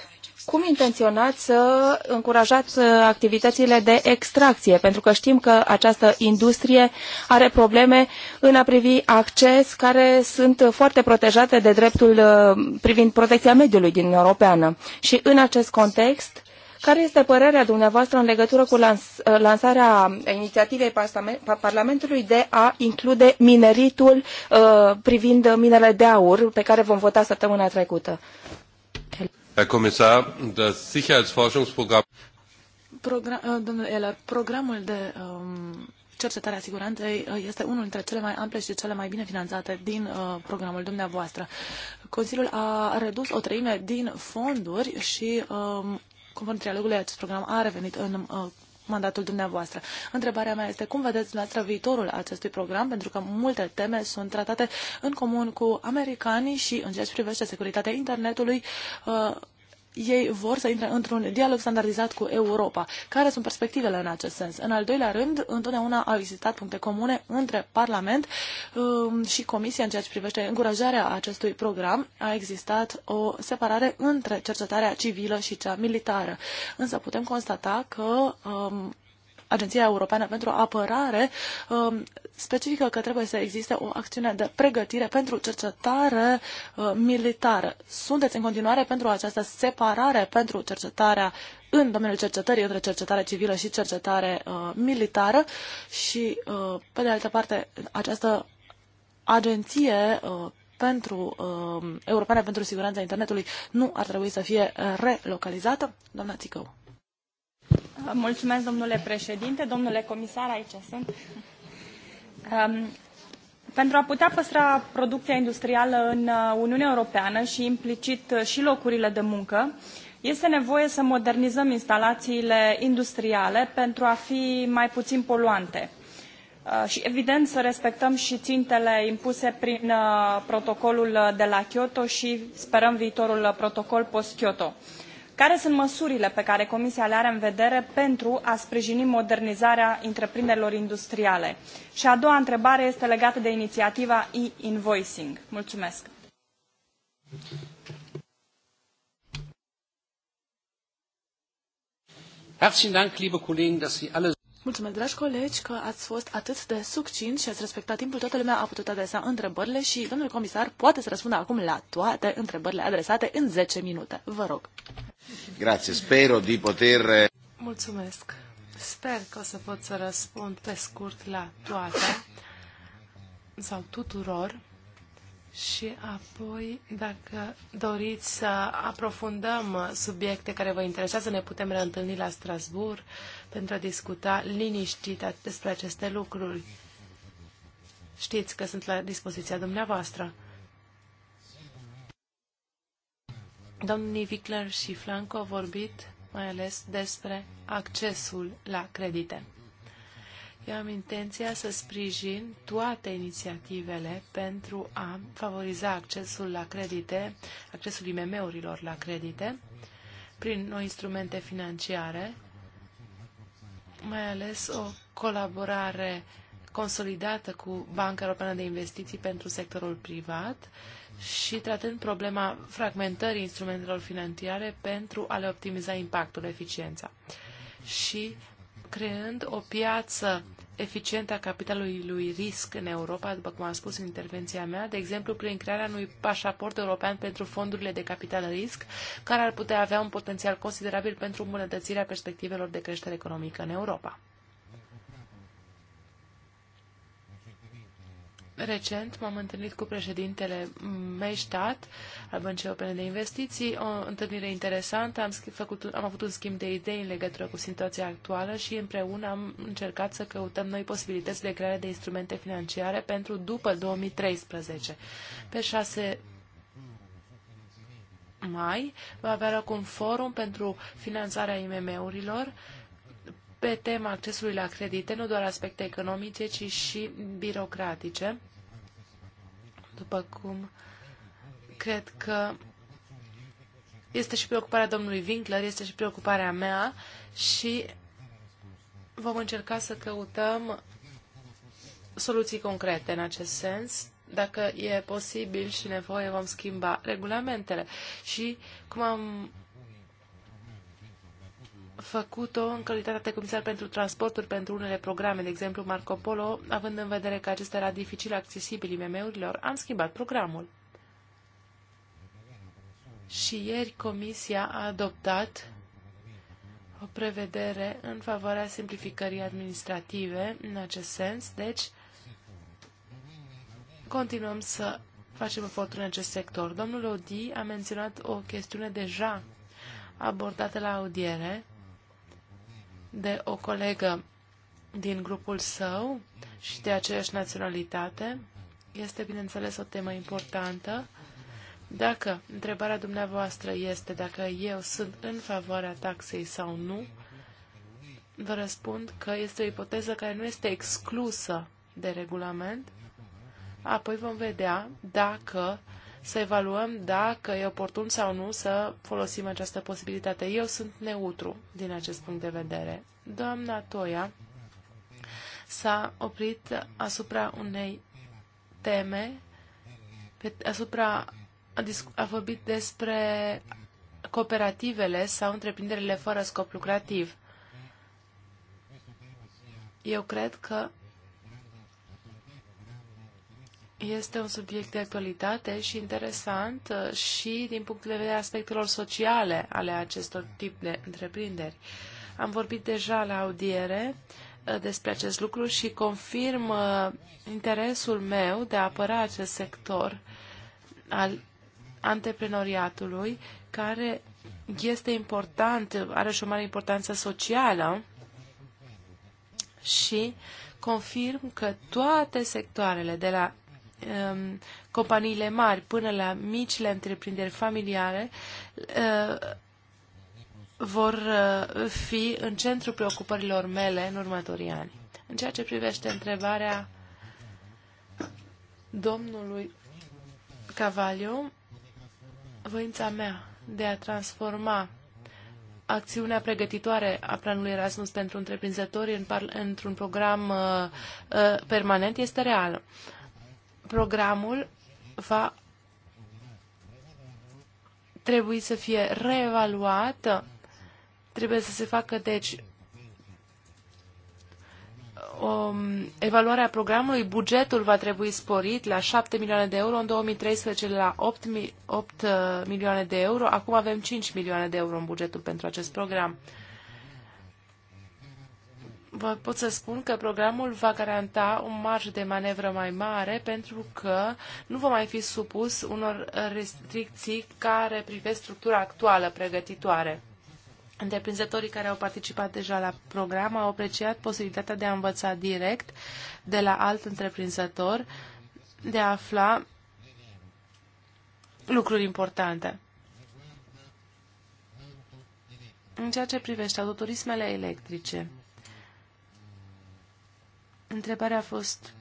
cum intenționați să încurajați uh, activitățile de extracție? Pentru că știm că această industrie are probleme în a privi acces care sunt foarte protejate de dreptul uh, privind protecția mediului din Europeană. Și în acest context, care este părerea dumneavoastră în legătură cu lans uh, lansarea inițiativei Parlamentului de a include mineritul uh, privind minele de aur pe care vom vota săptămâna trecută? Herr Kommissar, das Sicherheitsforschungsprogramm. Uh, domnule Eller, programul de um, cercetare a siguranței uh, este unul dintre cele mai ample și cele mai bine finanțate din uh, programul dumneavoastră. Consiliul a redus o treime din fonduri și, um, conform trialogului, acest program a revenit în uh, mandatul dumneavoastră. Întrebarea mea este cum vedeți dumneavoastră viitorul acestui program, pentru că multe teme sunt tratate în comun cu americanii și în ceea ce privește securitatea internetului, uh, ei vor să intre într-un dialog standardizat cu Europa. Care sunt perspectivele în acest sens? În al doilea rând, întotdeauna au existat puncte comune între Parlament um, și Comisia în ceea ce privește încurajarea acestui program. A existat o separare între cercetarea civilă și cea militară. Însă putem constata că um, Agenția Europeană pentru Apărare um, specifică că trebuie să existe o acțiune de pregătire pentru cercetare uh, militară. Sunteți în continuare pentru această separare pentru cercetarea în domeniul cercetării între cercetare civilă și cercetare uh, militară și, uh, pe de altă parte, această agenție pentru um, Europeană pentru Siguranța Internetului nu ar trebui să fie relocalizată? Doamna Țicău. Mulțumesc, domnule președinte, domnule comisar, aici sunt. Um, pentru a putea păstra producția industrială în uh, Uniunea Europeană și implicit uh, și locurile de muncă, este nevoie să modernizăm instalațiile industriale pentru a fi mai puțin poluante uh, și, evident, să respectăm și țintele impuse prin protocolul de la Kyoto și sperăm viitorul protocol post-Kyoto. Care sunt măsurile pe care Comisia le are în vedere pentru a sprijini modernizarea întreprinderilor industriale? Și a doua întrebare este legată de inițiativa e-invoicing. Mulțumesc! Herzlichen Dank, liebe Kollegen, dass Sie alle Mulțumesc, dragi colegi, că ați fost atât de succint și ați respectat timpul. Toată lumea a putut adresa întrebările și domnul comisar poate să răspundă acum la toate întrebările adresate în 10 minute. Vă rog. Grazie, spero di poter... Mulțumesc. Sper că o să pot să răspund pe scurt la toate sau tuturor. Și apoi, dacă doriți să aprofundăm subiecte care vă interesează, ne putem reîntâlni la Strasbourg pentru a discuta liniștit despre aceste lucruri. Știți că sunt la dispoziția dumneavoastră. Domnii Wickler și Flanco au vorbit mai ales despre accesul la credite. Eu am intenția să sprijin toate inițiativele pentru a favoriza accesul la credite, accesul IMM-urilor la credite, prin noi instrumente financiare, mai ales o colaborare consolidată cu Banca Europeană de Investiții pentru sectorul privat și tratând problema fragmentării instrumentelor financiare pentru a le optimiza impactul, eficiența. Și creând o piață eficientă a capitalului lui risc în Europa, după cum am spus în intervenția mea, de exemplu prin crearea unui pașaport european pentru fondurile de capital risc, care ar putea avea un potențial considerabil pentru îmbunătățirea perspectivelor de creștere economică în Europa. Recent m-am întâlnit cu președintele Meștat al Băncii Opene de Investiții, o întâlnire interesantă, am, făcut, am avut un schimb de idei în legătură cu situația actuală și împreună am încercat să căutăm noi posibilități de creare de instrumente financiare pentru după 2013. Pe 6 mai va avea loc un forum pentru finanțarea IMM-urilor pe tema accesului la credite, nu doar aspecte economice, ci și birocratice după cum cred că este și preocuparea domnului Winkler, este și preocuparea mea și vom încerca să căutăm soluții concrete în acest sens. Dacă e posibil și nevoie, vom schimba regulamentele. Și, cum am făcut-o în calitate de comisar pentru transporturi pentru unele programe, de exemplu Marco Polo, având în vedere că acesta era dificil accesibil IMM-urilor, am schimbat programul. Și ieri Comisia a adoptat o prevedere în favoarea simplificării administrative în acest sens, deci continuăm să facem efortul în acest sector. Domnul Odi a menționat o chestiune deja abordată la audiere de o colegă din grupul său și de aceeași naționalitate. Este, bineînțeles, o temă importantă. Dacă întrebarea dumneavoastră este dacă eu sunt în favoarea taxei sau nu, vă răspund că este o ipoteză care nu este exclusă de regulament. Apoi vom vedea dacă uh, să evaluăm dacă e oportun sau nu să folosim această posibilitate. Eu sunt neutru din acest punct de vedere. Doamna Toia s-a oprit asupra unei teme, asupra a, a vorbit despre cooperativele sau întreprinderile fără scop lucrativ. Eu cred că este un subiect de actualitate și interesant uh, și din punct de vedere aspectelor sociale ale acestor tip de întreprinderi. Am vorbit deja la audiere uh, despre acest lucru și confirm uh, interesul meu de a apăra acest sector al antreprenoriatului, care este important, are și o mare importanță socială și confirm că toate sectoarele, de la Um, companiile mari până la micile întreprinderi familiare uh, vor uh, fi în centrul preocupărilor mele în următorii ani. În ceea ce privește întrebarea domnului Cavaliu, voința mea de a transforma acțiunea pregătitoare a planului Erasmus pentru întreprinzători în într-un program uh, uh, permanent este reală. Uh, programul va trebui să fie reevaluat, trebuie să se facă, deci, um, evaluarea programului, bugetul va trebui sporit la 7 milioane de euro, în 2013 la 8, 8 uh, milioane de euro, acum avem 5 milioane de euro în bugetul pentru acest program vă pot să spun că programul va garanta un marj de manevră mai mare pentru că nu va mai fi supus unor restricții care privesc structura actuală pregătitoare. Întreprinzătorii care au participat deja la program au apreciat posibilitatea de a învăța direct de la alt întreprinzător, de a afla lucruri importante. În ceea ce privește autoturismele electrice, Întrebarea a fost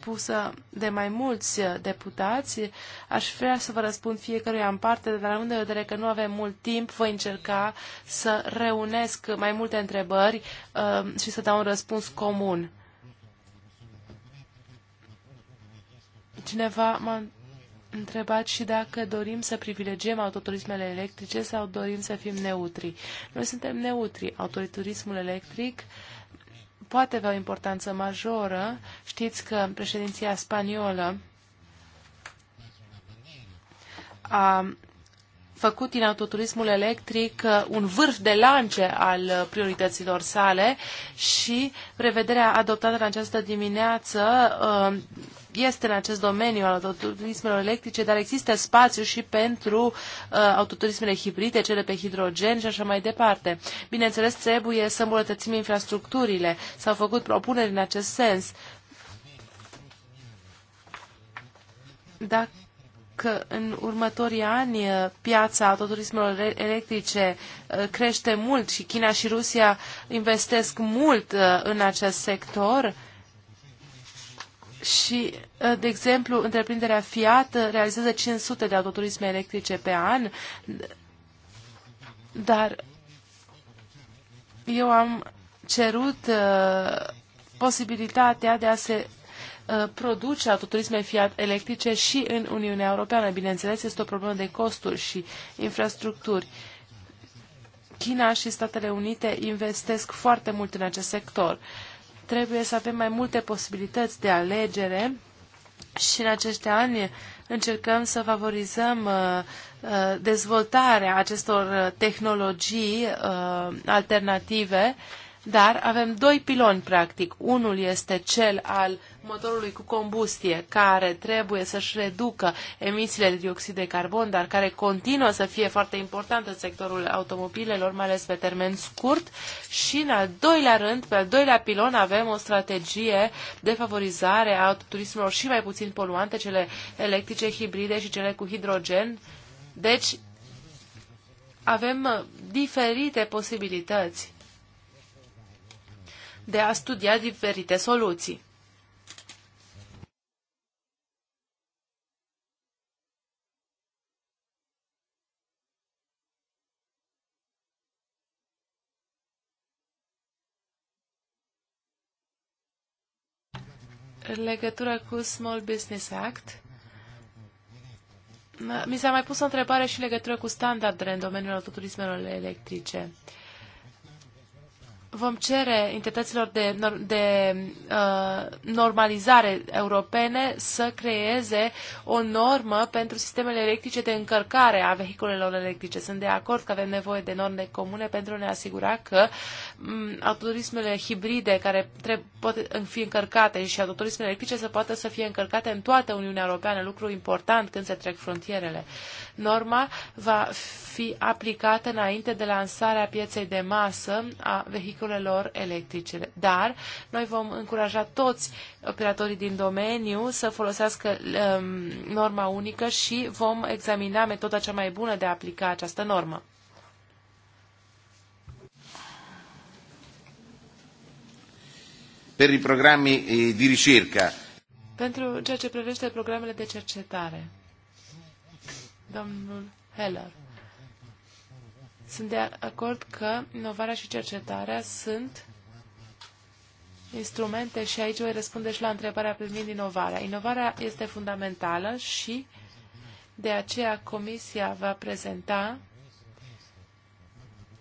pusă de mai mulți deputați. Aș vrea să vă răspund fiecăruia în parte, dar având de vedere că nu avem mult timp, voi încerca să reunesc mai multe întrebări uh, și să dau un răspuns comun. Cineva m-a întrebat și dacă dorim să privilegiem autoturismele electrice sau dorim să fim neutri. Noi suntem neutri. Autoturismul electric uh, poate avea o importanță majoră. Știți că președinția spaniolă a făcut din autoturismul electric uh, un vârf de lance al uh, priorităților sale și prevederea adoptată în această dimineață uh, este în acest domeniu al autoturismelor electrice, dar există spațiu și pentru uh, autoturismele hibride, cele pe hidrogen și așa mai departe. Bineînțeles, trebuie să îmbunătățim infrastructurile. S-au făcut propuneri în acest sens. Dacă în următorii ani uh, piața autoturismelor electrice uh, crește mult și China și Rusia investesc mult uh, în acest sector. Și, uh, de exemplu, întreprinderea Fiat uh, realizează 500 de autoturisme electrice pe an, dar eu am cerut uh, posibilitatea de a se produce autoturisme Fiat electrice și în Uniunea Europeană. Bineînțeles, este o problemă de costuri și infrastructuri. China și Statele Unite investesc foarte mult în acest sector. Uh, Trebuie să avem mai multe posibilități de alegere și în acești ani încercăm să favorizăm uh, uh, dezvoltarea acestor uh, tehnologii alternative dar avem doi piloni, practic. Unul este cel al motorului cu combustie, care trebuie să-și reducă emisiile de dioxid de carbon, dar care continuă să fie foarte important în sectorul automobilelor, mai ales pe termen scurt. Și, în al doilea rând, pe al doilea pilon, avem o strategie de favorizare a turismelor și mai puțin poluante, cele electrice, hibride și cele cu hidrogen. Deci, avem diferite posibilități de a studia diferite soluții. În legătură cu Small Business Act, mi s-a mai pus o întrebare și în legătură cu standardele în domeniul autoturismelor electrice. Uh, vom cere entităților de, de uh, normalizare europene să creeze o normă pentru sistemele electrice de încărcare a vehiculelor electrice. Sunt de acord că avem nevoie de norme comune pentru a ne asigura că um, autoturismele hibride care trebuie, pot fi încărcate și autoturismele electrice să poată să fie încărcate în toată Uniunea Europeană, lucru important când se trec frontierele. Norma va fi aplicată înainte de lansarea pieței de masă a vehiculelor vehiculelor electrice. Dar noi vom încuraja toți operatorii din domeniu să folosească um, norma unică și vom examina metoda cea mai bună de a aplica această normă. Per i programmi eh, di ricerca. Pentru ceea ce privește programele de cercetare. Domnul Heller. Sunt de acord că inovarea și cercetarea sunt instrumente și aici voi răspunde și la întrebarea privind inovarea. Inovarea este fundamentală și de aceea Comisia va prezenta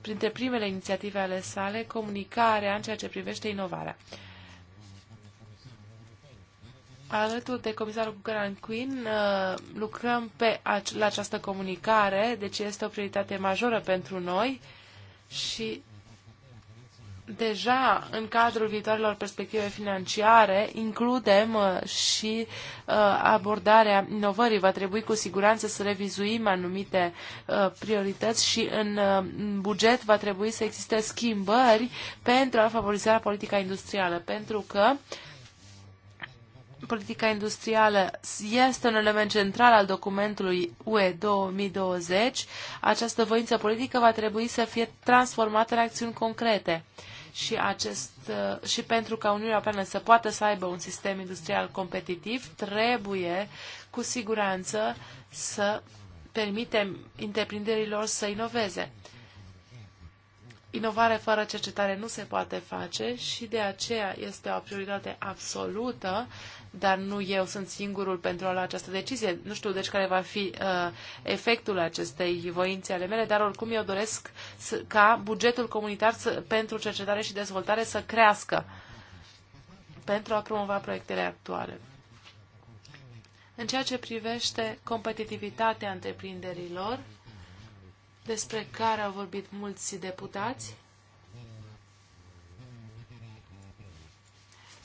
printre primele inițiative ale sale comunicarea în ceea ce privește inovarea alături de comisarul Grand Queen uh, lucrăm pe, la această comunicare, deci este o prioritate majoră pentru noi și deja în cadrul viitoarelor perspective financiare includem uh, și uh, abordarea inovării. Va trebui cu siguranță să revizuim anumite priorități și în buget va trebui să existe schimbări pentru a favoriza politica industrială, pentru că politica industrială este un element central al documentului UE 2020. Această voință politică va trebui să fie transformată în acțiuni concrete și, acest, uh, și pentru ca Uniunea Europeană să poată să aibă un sistem industrial competitiv, trebuie cu siguranță să permitem întreprinderilor să inoveze. Inovare fără cercetare nu se poate face și de aceea este o prioritate absolută dar nu eu sunt singurul pentru a lua această decizie. Nu știu deci care va fi uh, efectul acestei voințe ale mele, dar oricum eu doresc să, ca bugetul comunitar să, pentru cercetare și dezvoltare să crească pentru a promova proiectele actuale. În ceea ce privește competitivitatea întreprinderilor, despre care au vorbit mulți deputați,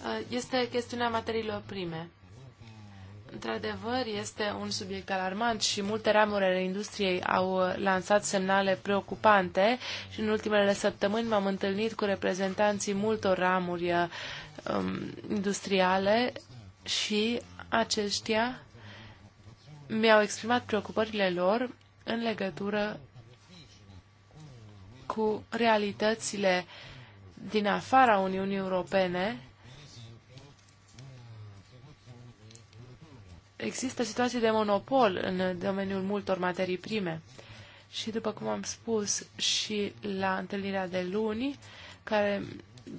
Uh, este chestiunea materiilor prime. Într-adevăr, este un subiect alarmant și multe ramuri ale industriei au lansat semnale preocupante și în ultimele săptămâni m-am întâlnit cu reprezentanții multor ramuri uh, um, industriale și aceștia mi-au exprimat preocupările lor în legătură cu realitățile din afara Uniunii Europene există situații de monopol în domeniul multor materii prime. Și după cum am spus și la întâlnirea de luni, care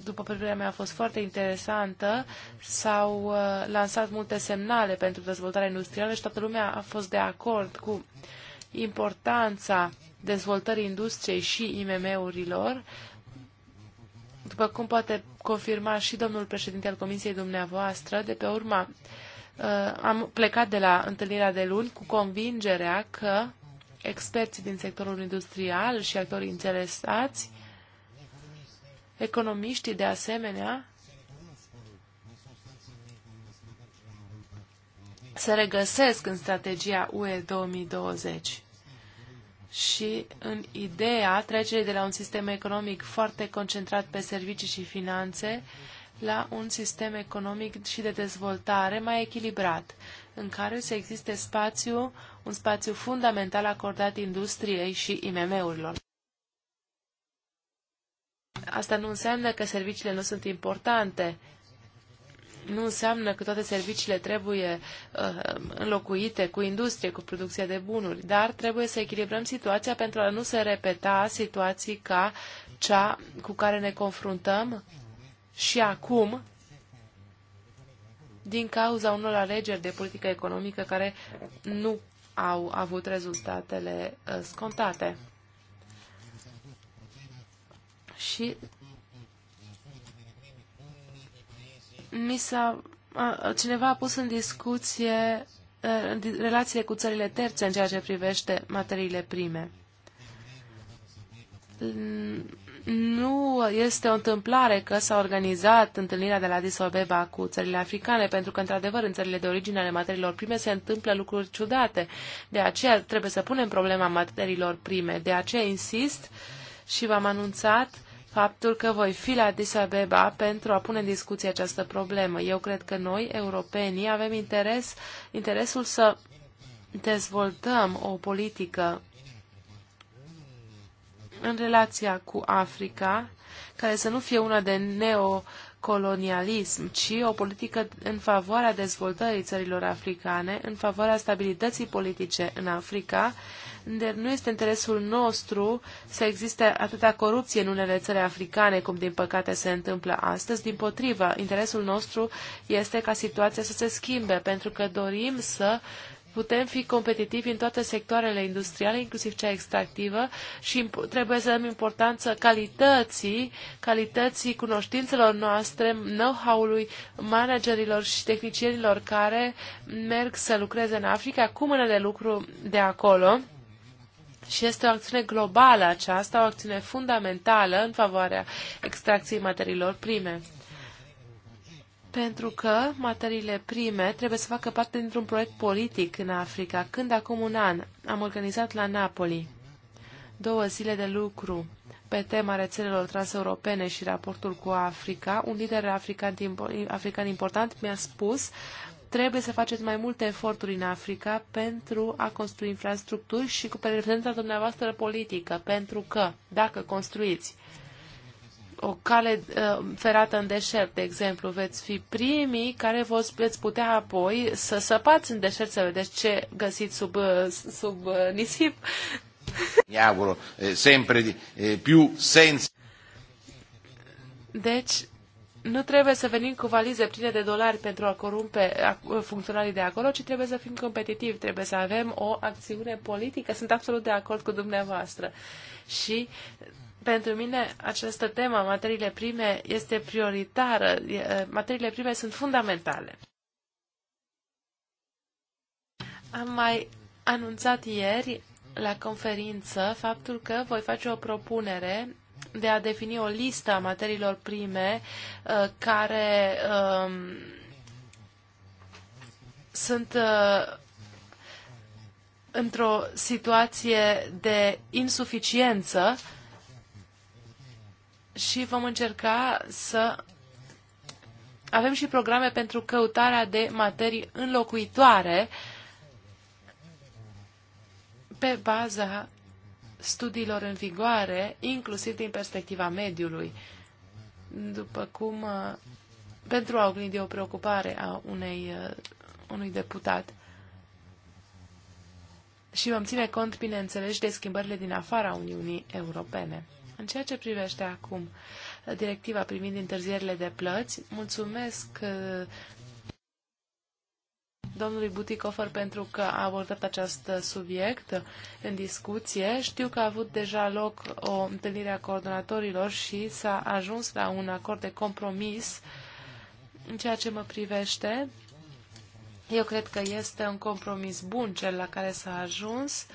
după părerea mea a fost foarte interesantă, s-au uh, lansat multe semnale pentru dezvoltarea industrială și toată lumea a fost de acord cu importanța dezvoltării industriei și IMM-urilor, după cum poate confirma și domnul președinte al Comisiei dumneavoastră, de pe urma uh, Uh, am plecat de la întâlnirea de luni cu convingerea că experții din sectorul industrial și actorii interesați, economiștii de asemenea, se regăsesc în strategia UE 2020 și în ideea trecerii de la un sistem economic foarte concentrat pe servicii și finanțe la un sistem economic și de dezvoltare mai echilibrat, în care să existe spațiu, un spațiu fundamental acordat industriei și IMM-urilor. Asta nu înseamnă că serviciile nu sunt importante, nu înseamnă că toate serviciile trebuie uh, înlocuite cu industrie, cu producția de bunuri, dar trebuie să echilibrăm situația pentru a nu se repeta situații ca cea cu care ne confruntăm și acum, din cauza unor alegeri de politică economică care nu au avut rezultatele uh, scontate. Și mi s-a, cineva a pus în discuție uh, relațiile cu țările terțe în ceea ce privește materiile prime nu este o întâmplare că s-a organizat întâlnirea de la Addis Abeba cu țările africane, pentru că, într-adevăr, în țările de origine ale materiilor prime se întâmplă lucruri ciudate. De aceea trebuie să punem problema materiilor prime. De aceea insist și v-am anunțat faptul că voi fi la Addis Abeba pentru a pune în discuție această problemă. Eu cred că noi, europenii, avem interes, interesul să dezvoltăm o politică în relația cu Africa, care să nu fie una de neocolonialism, ci o politică în favoarea dezvoltării țărilor africane, în favoarea stabilității politice în Africa, unde deci nu este interesul nostru să existe atâta corupție în unele țări africane, cum din păcate se întâmplă astăzi. Din potrivă, interesul nostru este ca situația să se schimbe, pentru că dorim să uh, putem fi competitivi în toate sectoarele industriale, inclusiv cea extractivă, și trebuie să dăm importanță calității, calității cunoștințelor noastre, know-how-ului managerilor și tehnicienilor care merg să lucreze în Africa cu mână de lucru de acolo. Și este o acțiune globală aceasta, o acțiune fundamentală în favoarea extracției materiilor prime pentru că materiile prime trebuie să facă parte dintr-un proiect politic în Africa. Când acum un an am organizat la Napoli două zile de lucru pe tema rețelelor transeuropene și raportul cu Africa, un lider african, african important mi-a spus trebuie să faceți mai multe eforturi în Africa pentru a construi infrastructuri și cu prezența dumneavoastră politică, pentru că dacă construiți o cale uh, ferată în deșert, de exemplu, veți fi primii care vă veți putea apoi să săpați în deșert să vedeți ce găsiți sub, uh, sub uh, nisip. Diavolo, eh, sempre eh, più sens. Deci, nu trebuie să venim cu valize pline de dolari pentru a corumpe funcționarii de acolo, ci trebuie să fim competitivi, trebuie să avem o acțiune politică. Sunt absolut de acord cu dumneavoastră. Și pentru mine această temă, materiile prime, este prioritară. Materiile prime sunt fundamentale. Am mai anunțat ieri la conferință faptul că voi face o propunere de a defini o listă a materiilor prime care um, sunt uh, într-o situație de insuficiență și vom încerca să avem și programe pentru căutarea de materii înlocuitoare pe baza studiilor în vigoare, inclusiv din perspectiva mediului, după cum uh, pentru a oglindi o preocupare a unei, uh, unui deputat. Și vom ține cont, bineînțeles, de schimbările din afara Uniunii Europene. În ceea ce privește acum directiva privind întârzierile de plăți, mulțumesc uh, domnului Buticofer pentru că a abordat acest subiect în discuție. Știu că a avut deja loc o întâlnire a coordonatorilor și s-a ajuns la un acord de compromis în ceea ce mă privește. Eu cred că este un compromis bun cel la care s-a ajuns.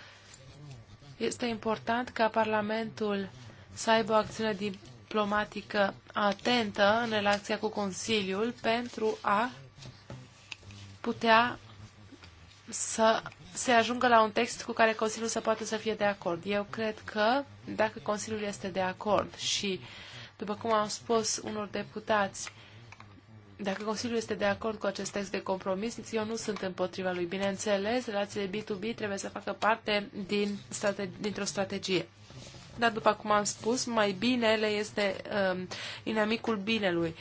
Este important ca Parlamentul să aibă o acțiune diplomatică atentă în relația cu Consiliul pentru a putea să se ajungă la un text cu care Consiliul să poată să fie de acord. Eu cred că dacă Consiliul este de acord și, după cum am spus unor deputați, dacă Consiliul este de acord cu acest text de compromis, eu nu sunt împotriva lui. Bineînțeles, relațiile B2B trebuie să facă parte din strate- dintr-o strategie dar, după cum am spus, mai bine ele este um, inamicul binelui.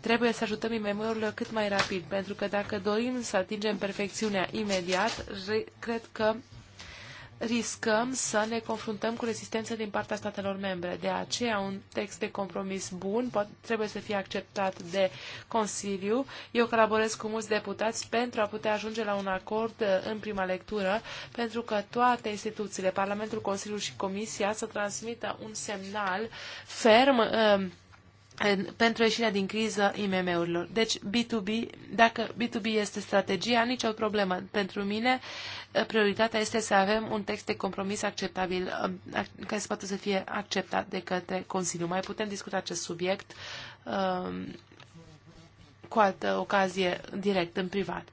Trebuie să ajutăm imm cât mai rapid, pentru că dacă dorim să atingem perfecțiunea imediat, cred că riscăm să ne confruntăm cu rezistență din partea statelor membre. De aceea, un text de compromis bun trebuie să fie acceptat de Consiliu. Eu colaborez cu mulți deputați pentru a putea ajunge la un acord uh, în prima lectură, pentru că toate instituțiile, Parlamentul, Consiliul și Comisia, să transmită un semnal ferm uh, pentru ieșirea din criză IMM-urilor. Deci B2B, dacă B2B este strategia, nicio problemă. Pentru mine, eh, prioritatea este să avem un text de compromis acceptabil, eh, care să poată să fie acceptat de către Consiliu. Mai putem discuta acest subiect um, cu altă ocazie direct, în privat.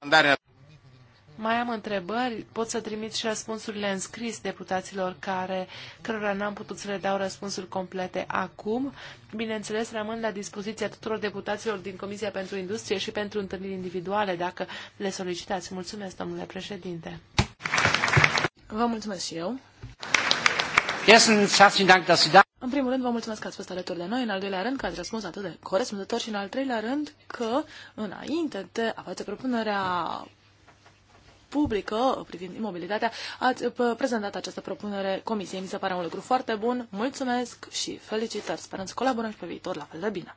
Andarea mai am întrebări, pot să trimit și răspunsurile în scris deputaților care, cărora n-am putut să le dau răspunsuri complete acum. Bineînțeles, rămân la dispoziția tuturor deputaților din Comisia pentru Industrie și pentru întâlniri individuale, dacă le solicitați. Mulțumesc, domnule președinte. Vă mulțumesc și eu. Da- în primul rând, vă mulțumesc că ați fost alături de noi, în al doilea rând că ați răspuns atât de corespunzător și în al treilea rând că, înainte de a face propunerea publică privind imobilitatea, ați prezentat această propunere comisiei. Mi se pare un lucru foarte bun. Mulțumesc și felicitări. Sperăm să colaborăm și pe viitor la fel de bine.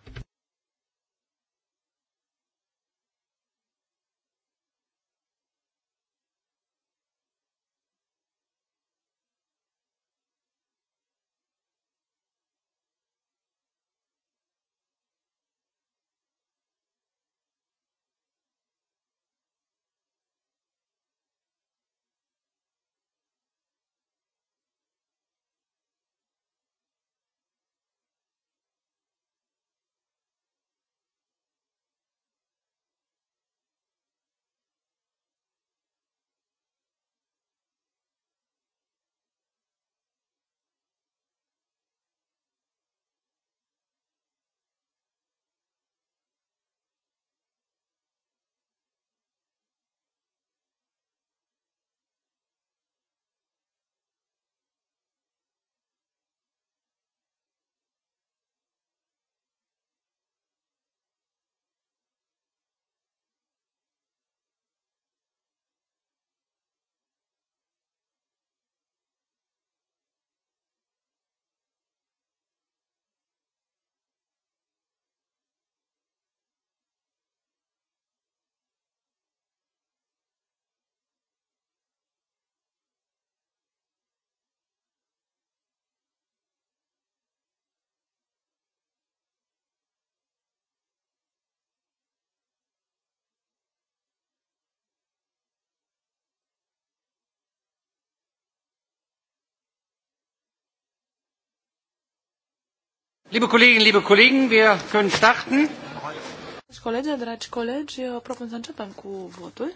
Liebe Kolleginnen, liebe Kollegen, wir können starten. Dragi colegi, dragi colegi, propun să începem cu votul.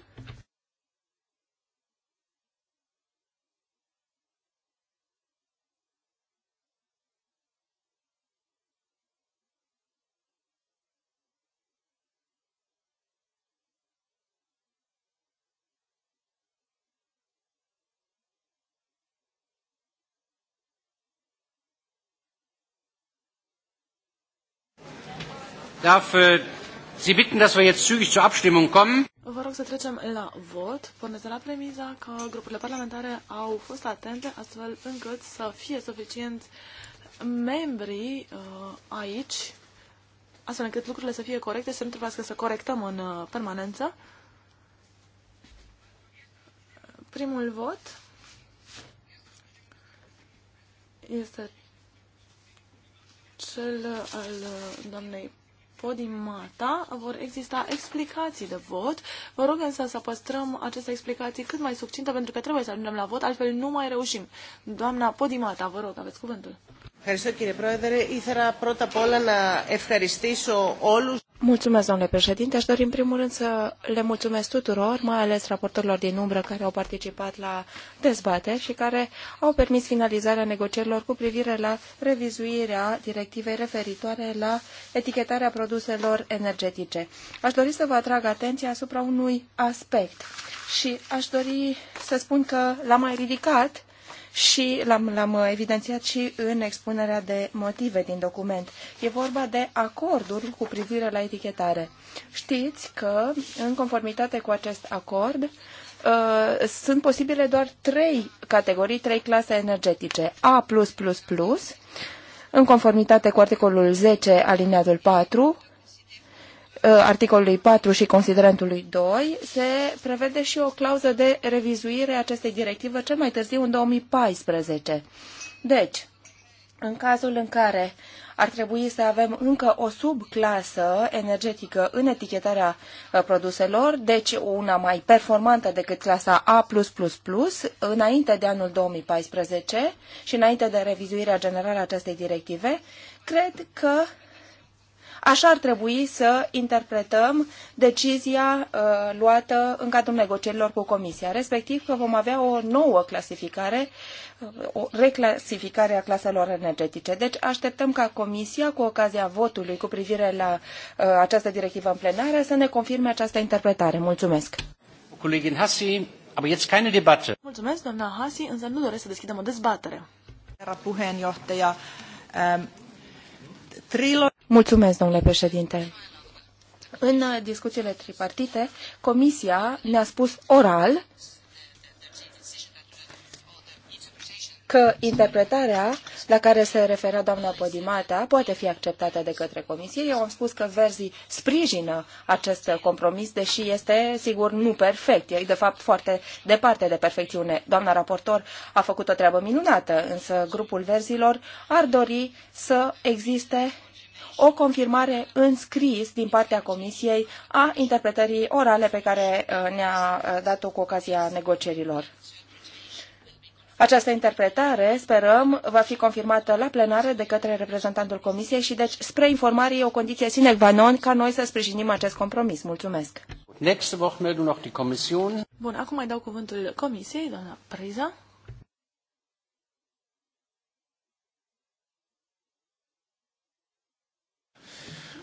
darf äh, Sie bitten, dass wir jetzt zügig zur Abstimmung kommen. Vă rog să trecem la vot, pornesc la premiza că grupurile parlamentare au fost atente astfel încât să fie suficient membrii uh, aici, astfel încât lucrurile să fie corecte, să nu trebuiască să corectăm în uh, permanență. Primul vot este cel al uh, doamnei Podimata vor exista explicații de vot. Vă rog însă să păstrăm aceste explicații cât mai succintă, pentru că trebuie să ajungem la vot, altfel nu mai reușim. Doamna Podimata, vă rog, aveți cuvântul. Ευχαριστώ κύριε Πρόεδρε. Ήθελα πρώτα απ' όλα να ευχαριστήσω όλους. Mulțumesc, domnule președinte. Aș dori în primul rând să le mulțumesc tuturor, mai ales raportorilor din umbră care au participat la dezbateri și care au permis finalizarea negocierilor cu privire la revizuirea directivei referitoare la etichetarea produselor energetice. Aș dori să vă atrag atenția asupra unui aspect și aș dori să spun că l-am mai ridicat și l-am, l-am evidențiat și în expunerea de motive din document. E vorba de acordul cu privire la etichetare. Știți că, în conformitate cu acest acord, uh, sunt posibile doar trei categorii, trei clase energetice. A++, în conformitate cu articolul 10 alineatul 4, Uh, articolului 4 și considerentului 2 se prevede și o clauză de revizuire a acestei directive cel mai târziu în 2014. Deci, în cazul în care ar trebui să avem încă o subclasă energetică în etichetarea uh, produselor, deci una mai performantă decât clasa A++, înainte de anul 2014 și înainte de revizuirea generală a acestei directive, cred că Așa ar trebui să interpretăm decizia uh, luată în cadrul negocierilor cu Comisia, respectiv că vom avea o nouă clasificare, uh, o reclasificare a claselor energetice. Deci așteptăm ca Comisia, cu ocazia votului cu privire la uh, această directivă în plenară, să ne confirme această interpretare. Mulțumesc! keine Debatte. Mulțumesc, doamna Hasi, însă nu doresc să deschidem o dezbatere. Herra ähm, trilo... Mulțumesc, domnule președinte. În uh, discuțiile tripartite, Comisia ne-a spus oral că interpretarea la care se referea doamna Podimata poate fi acceptată de către Comisie. Eu am spus că Verzi sprijină acest compromis, deși este, sigur, nu perfect. E, de fapt, foarte departe de perfecțiune. Doamna raportor a făcut o treabă minunată, însă grupul Verzilor ar dori să existe o confirmare în scris din partea Comisiei a interpretării orale pe care uh, ne-a uh, dat-o cu ocazia negocierilor. Această interpretare, sperăm, va fi confirmată la plenară de către reprezentantul Comisiei și deci spre informare e o condiție sine qua non ca noi să sprijinim acest compromis. Mulțumesc! Bun, acum mai dau cuvântul Comisiei, doamna Priza.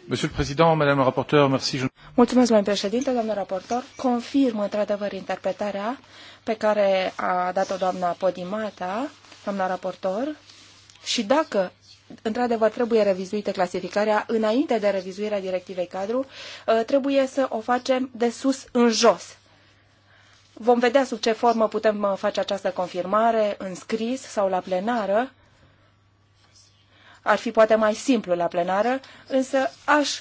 domnule președinte, doamnă raportor. Confirm, într-adevăr, interpretarea pe care a dat-o doamna Podimata, doamna raportor, și dacă într-adevăr trebuie revizuită clasificarea înainte de revizuirea directivei cadru, ă, trebuie să o facem de sus în jos. Vom vedea sub ce formă putem ă, face această confirmare în scris sau la plenară, ar fi poate mai simplu la plenară, însă aș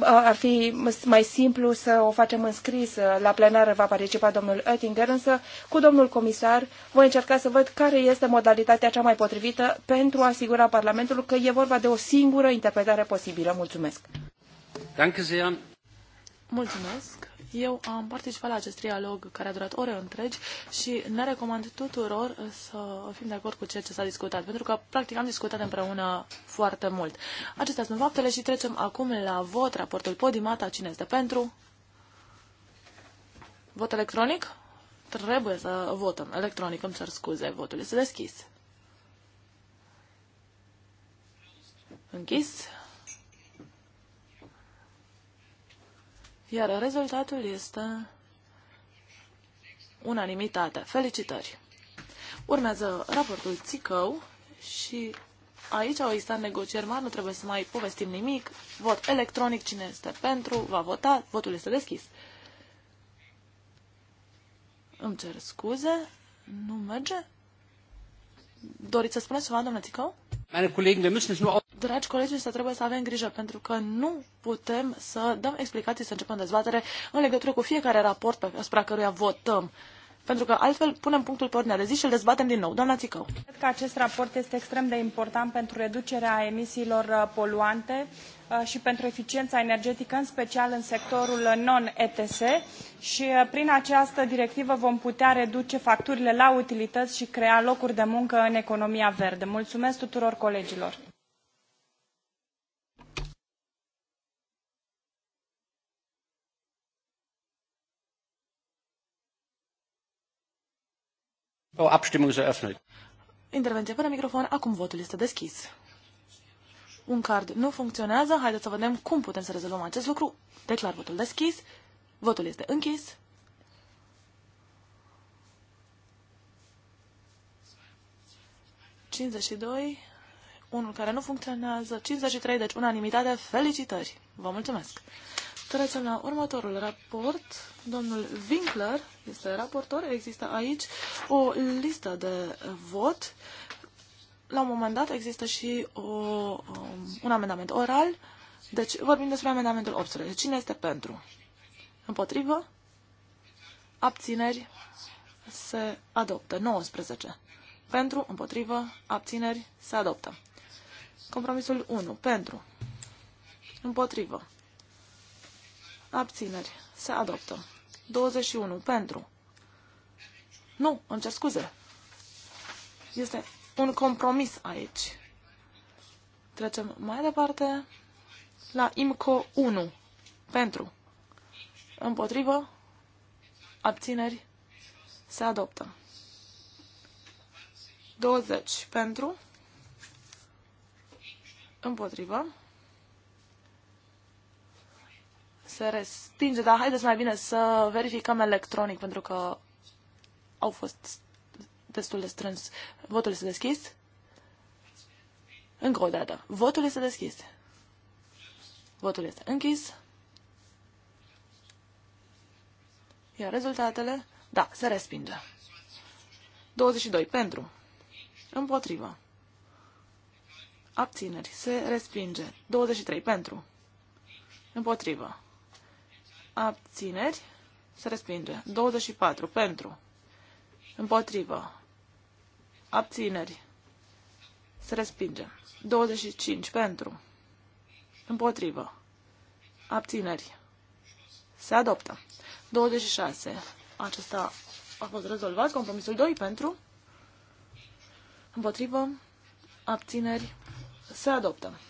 ar fi mai simplu să o facem în scris. La plenară va participa domnul Oettinger, însă cu domnul comisar voi încerca să văd care este modalitatea cea mai potrivită pentru a asigura Parlamentul că e vorba de o singură interpretare posibilă. Mulțumesc! Mulțumesc! Eu am participat la acest trialog care a durat ore întregi și ne recomand tuturor să fim de acord cu ceea ce s-a discutat, pentru că practic am discutat împreună foarte mult. Acestea sunt faptele și trecem acum la vot, raportul Podimata, cine este pentru? Vot electronic? Trebuie să votăm electronic, îmi cer scuze, votul este deschis. Închis. Iar rezultatul este unanimitate. Felicitări! Urmează raportul Țicău și aici au existat negocieri mari, nu trebuie să mai povestim nimic. Vot electronic, cine este pentru, va vota, votul este deschis. Îmi cer scuze, nu merge? Doriți să spuneți ceva, domnule Țicău? Meine Kollegen, wir müssen es nur dragi colegi, să trebuie să avem grijă, pentru că nu putem să dăm explicații, să începem dezbatere în legătură cu fiecare raport asupra căruia votăm. Pentru că altfel punem punctul pe ordinea de zi și îl dezbatem din nou. Doamna Țicău. Cred că acest raport este extrem de important pentru reducerea emisiilor uh, poluante uh, și pentru eficiența energetică, în special în sectorul uh, non-ETS și prin această directivă vom putea reduce facturile la utilități și crea locuri de muncă în economia verde. Mulțumesc tuturor colegilor! abstimmung ist eröffnet. Intervenție fără microfon, acum votul este deschis. Un card nu funcționează, haideți să vedem cum putem să rezolvăm acest lucru. Declar votul deschis, votul este închis. ...52, unul care nu funcționează, 53, deci unanimitate, felicitări! Vă mulțumesc! Trecem la următorul raport. Domnul Winkler este raportor. Există aici o listă de vot. La un moment dat există și o, um, un amendament oral. Deci vorbim despre amendamentul 18. Cine este pentru? Împotrivă? Abțineri? Se adoptă. 19. Pentru, împotrivă, abțineri, se adoptă. Compromisul 1. Pentru. Împotrivă. Abțineri. Se adoptă. 21. Pentru. Nu, îmi cer scuze. Este un compromis aici. Trecem mai departe la IMCO 1. Pentru. Împotrivă. Abțineri. Se adoptă. 20 pentru. Împotrivă. se restinge, dar haideți mai bine să verificăm electronic, pentru că au fost destul de strâns. Votul este deschis? Încă o dată. Votul este deschis. Votul este închis. Iar rezultatele? Da, se respinge. 22. Pentru. Împotrivă. Abțineri. Se respinge. 23. Pentru. Împotrivă abțineri, se respinge. 24 pentru, împotrivă, abțineri, se respinge. 25 pentru, împotrivă, abțineri, se adoptă. 26, acesta a fost rezolvat, compromisul 2 pentru, împotrivă, abțineri, se adoptă.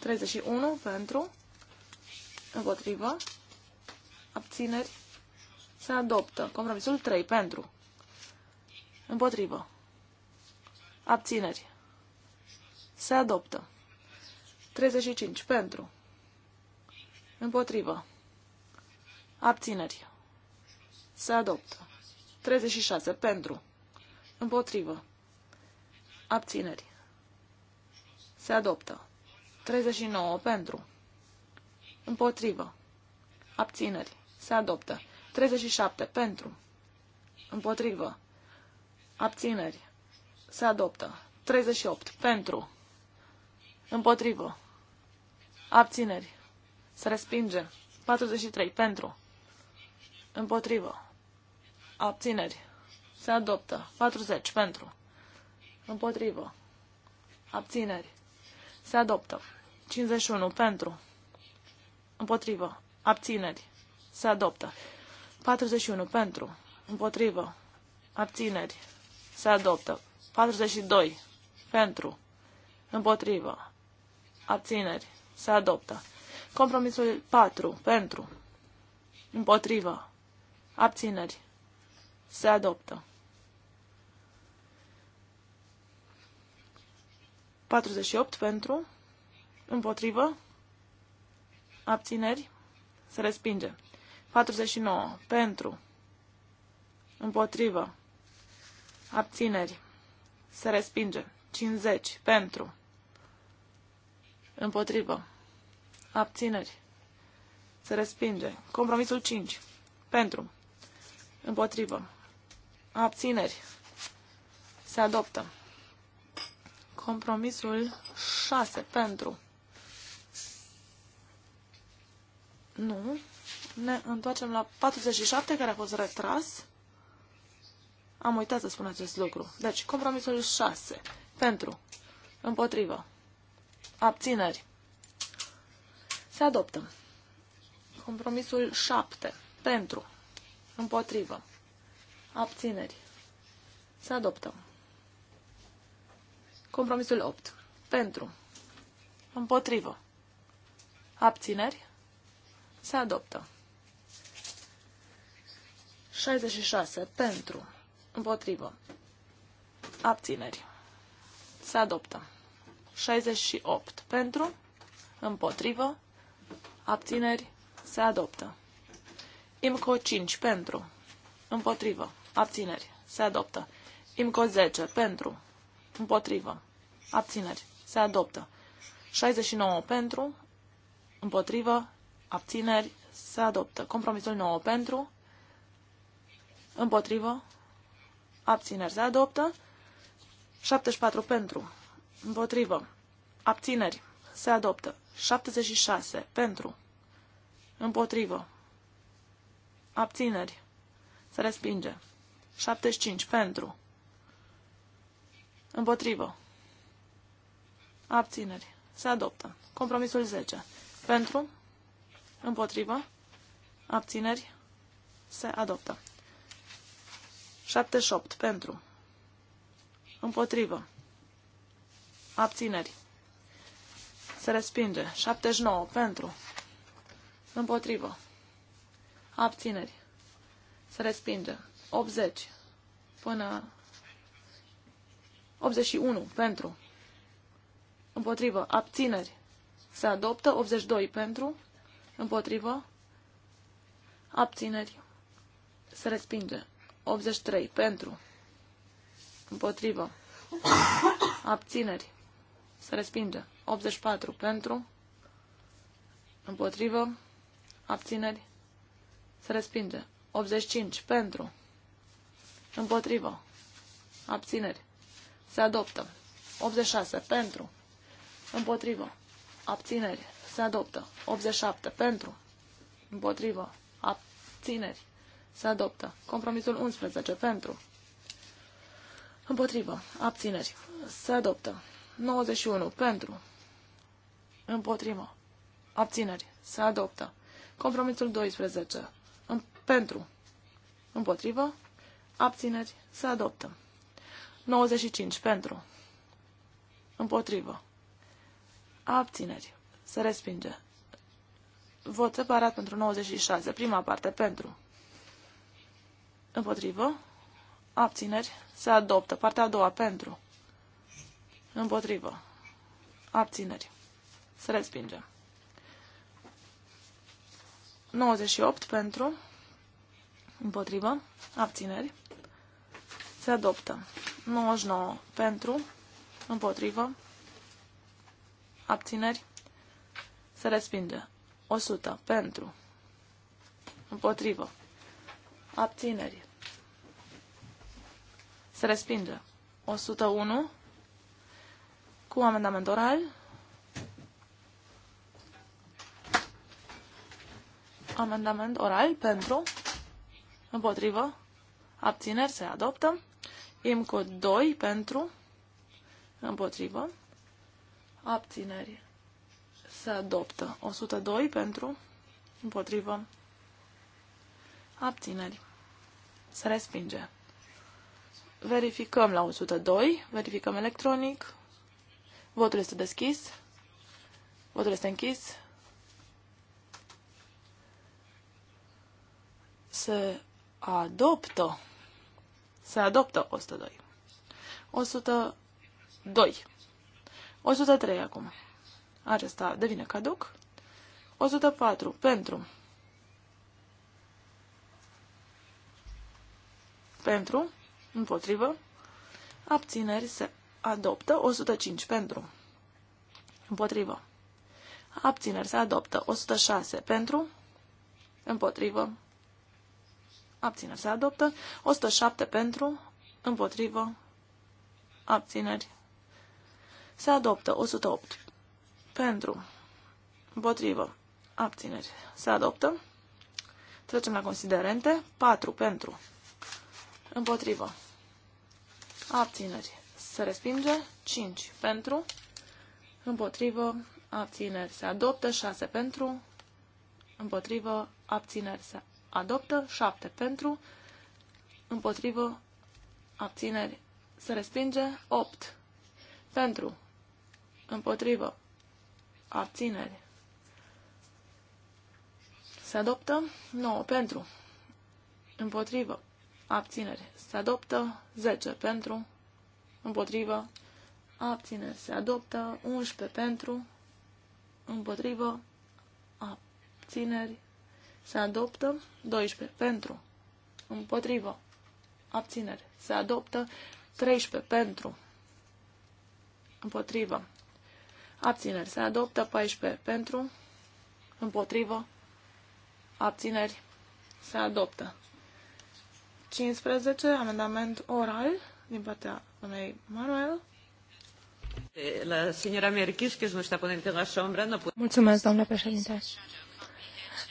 31 pentru, Împotrivă. Abțineri. Se adoptă. Compromisul 3. Pentru. Împotrivă. Abțineri. Se adoptă. 35. Pentru. Împotrivă. Abțineri. Se adoptă. 36. Pentru. Împotrivă. Abțineri. Se adoptă. 39. Pentru. Împotrivă. Abțineri. Se adoptă. 37. Pentru. Împotrivă. Abțineri. Se adoptă. 38. Pentru. Împotrivă. Abțineri. Se respinge. 43. Pentru. Împotrivă. Abțineri. Se adoptă. 40. Pentru. Împotrivă. Abțineri. Se adoptă. 51. Pentru. Împotrivă. Abțineri. Se adoptă. 41. Pentru. Împotrivă. Abțineri. Se adoptă. 42. Pentru. Împotrivă. Abțineri. Se adoptă. Compromisul 4. Pentru. Împotrivă. Abțineri. Se adoptă. 48 pentru. Împotrivă. Abțineri? Se respinge. 49. Pentru. Împotrivă. Abțineri. Se respinge. 50. Pentru. Împotrivă. Abțineri. Se respinge. Compromisul 5. Pentru. Împotrivă. Abțineri. Se adoptă. Compromisul 6. Pentru. Nu. Ne întoarcem la 47, care a fost retras. Am uitat să spun acest lucru. Deci, compromisul 6. Pentru. Împotrivă. Abțineri. Se adoptă. Compromisul 7. Pentru. Împotrivă. Abțineri. Se adoptă. Compromisul 8. Pentru. Împotrivă. Abțineri. Se adoptă. 66. Pentru. Împotrivă. Abțineri. Se adoptă. 68. Pentru. Împotrivă. Abțineri. Se adoptă. IMCO 5. Pentru. Împotrivă. Abțineri. Se adoptă. IMCO 10. Pentru. Împotrivă. Abțineri. Se adoptă. 69 pentru. Împotrivă abțineri, se adoptă. Compromisul 9 pentru, împotrivă, abțineri, se adoptă. 74 pentru, împotrivă, abțineri, se adoptă. 76 pentru, împotrivă, abțineri, se respinge. 75 pentru, împotrivă, abțineri, se adoptă. Compromisul 10 pentru, Împotrivă. Abțineri. Se adoptă. 78. Pentru. Împotrivă. Abțineri. Se respinge. 79. Pentru. Împotrivă. Abțineri. Se respinge. 80. Până 81. Pentru. Împotrivă. Abțineri. Se adoptă. 82. Pentru. Împotrivă. Abțineri. Se respinge. 83. Pentru. Împotrivă. Abțineri. Se respinge. 84. Pentru. Împotrivă. Abțineri. Se respinge. 85. Pentru. Împotrivă. Abțineri. Se adoptă. 86. Pentru. Împotrivă. Abțineri se adoptă. 87 pentru, împotrivă, abțineri, se adoptă. Compromisul 11 pentru, împotrivă, abțineri, se adoptă. 91 pentru, împotrivă, abțineri, se adoptă. Compromisul 12 în, pentru, împotrivă, abțineri, se adoptă. 95 pentru, împotrivă, abțineri, se respinge. Vot separat pentru 96. Prima parte pentru. Împotrivă. Abțineri. Se adoptă. Partea a doua pentru. Împotrivă. Abțineri. Se respinge. 98 pentru. Împotrivă. Abțineri. Se adoptă. 99 pentru. Împotrivă. Abțineri. Se respinge. 100. Pentru. Împotrivă. Abțineri. Se respinge. 101. Cu amendament oral. Amendament oral pentru. Împotrivă. Abțineri se adoptă. IMCO 2 pentru. Împotrivă. Abțineri se adoptă. 102 pentru, împotrivă, abțineri, se respinge. Verificăm la 102, verificăm electronic, votul este deschis, votul este închis, se adoptă, se adoptă 102. 102. 103 acum. Acesta devine caduc. 104 pentru. Pentru. Împotrivă. Abțineri se adoptă. 105 pentru. Împotrivă. Abțineri se adoptă. 106 pentru. Împotrivă. Abțineri se adoptă. 107 pentru. Împotrivă. Abțineri. Se adoptă 108 pentru. Împotrivă. Abțineri. Se adoptă. Trecem la considerente. 4. Pentru. Împotrivă. Abțineri. Se respinge. 5. Pentru. Împotrivă. Abțineri. Se adoptă. 6. Pentru. Împotrivă. Abțineri. Se adoptă. 7. Pentru. Împotrivă. Abțineri. Se respinge. 8. Pentru. Împotrivă abținere. Se adoptă 9 pentru. Împotrivă. Abținere. Se adoptă 10 pentru. Împotrivă. Abținere. Se adoptă 11 pentru. Împotrivă. Abțineri. Se adoptă 12 pentru. Împotrivă. Abținere. Se adoptă 13 pentru. Împotrivă. Abțineri. Se adoptă 14 pentru. Împotrivă. Abțineri. Se adoptă. 15. Amendament oral din partea unei Manuel. La signora Merchis, că nu știa până la sombra. Mulțumesc, doamnă președinte.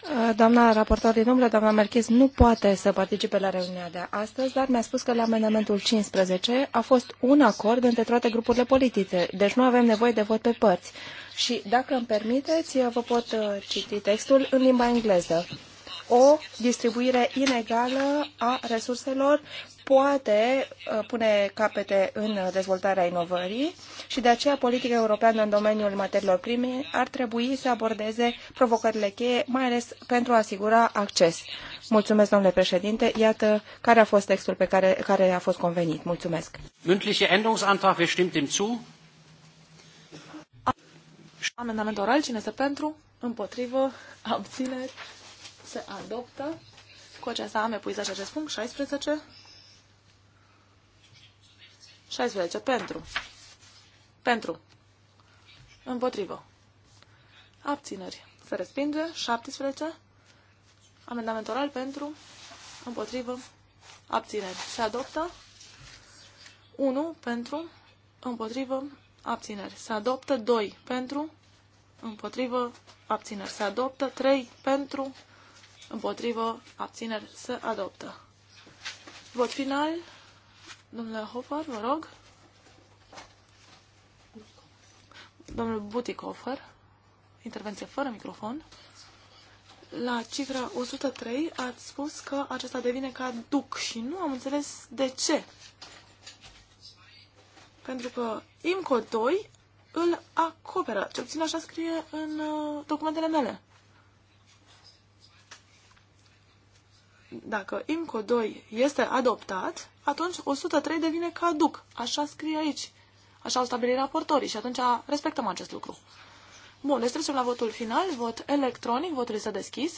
Uh, doamna raportor din umbră, doamna Merchis, nu poate să participe la reuniunea de astăzi, dar mi-a spus că la amendamentul 15 a fost un acord între toate grupurile politice, deci nu avem nevoie de vot pe părți. Și dacă îmi permiteți, vă pot uh, citi textul în limba engleză o distribuire inegală a resurselor poate uh, pune capete în dezvoltarea inovării și de aceea politica europeană în domeniul materiilor prime ar trebui să abordeze provocările cheie, mai ales pentru a asigura acces. Mulțumesc, domnule președinte. Iată care a fost textul pe care, care a fost convenit. Mulțumesc. Mündliche Änderungsantrag, stimmt dem zu? Amendament oral, cine este pentru? Împotrivă? Abțineri? se adoptă. Cu aceasta am epuizat și acest punct. 16. 16. Pentru. Pentru. Împotrivă. Abțineri. Se respinge. 17. Amendament oral pentru. Împotrivă. Abțineri. Se adoptă. 1. Pentru. Împotrivă. Abțineri. Se adoptă. 2. Pentru. Împotrivă. Abțineri. Se adoptă. 3. Pentru împotrivă, abțineri, se adoptă. Vot final, domnule Hofer, vă rog. Domnul Buticofer, intervenție fără microfon. La cifra 103 ați spus că acesta devine ca duc și nu am înțeles de ce. Pentru că IMCO 2 îl acoperă, Ce obțin așa scrie în uh, documentele mele. dacă IMCO 2 este adoptat, atunci 103 devine caduc. Așa scrie aici. Așa au stabilit raportorii și atunci respectăm acest lucru. Bun, deci trecem la votul final. Vot electronic, votul este deschis.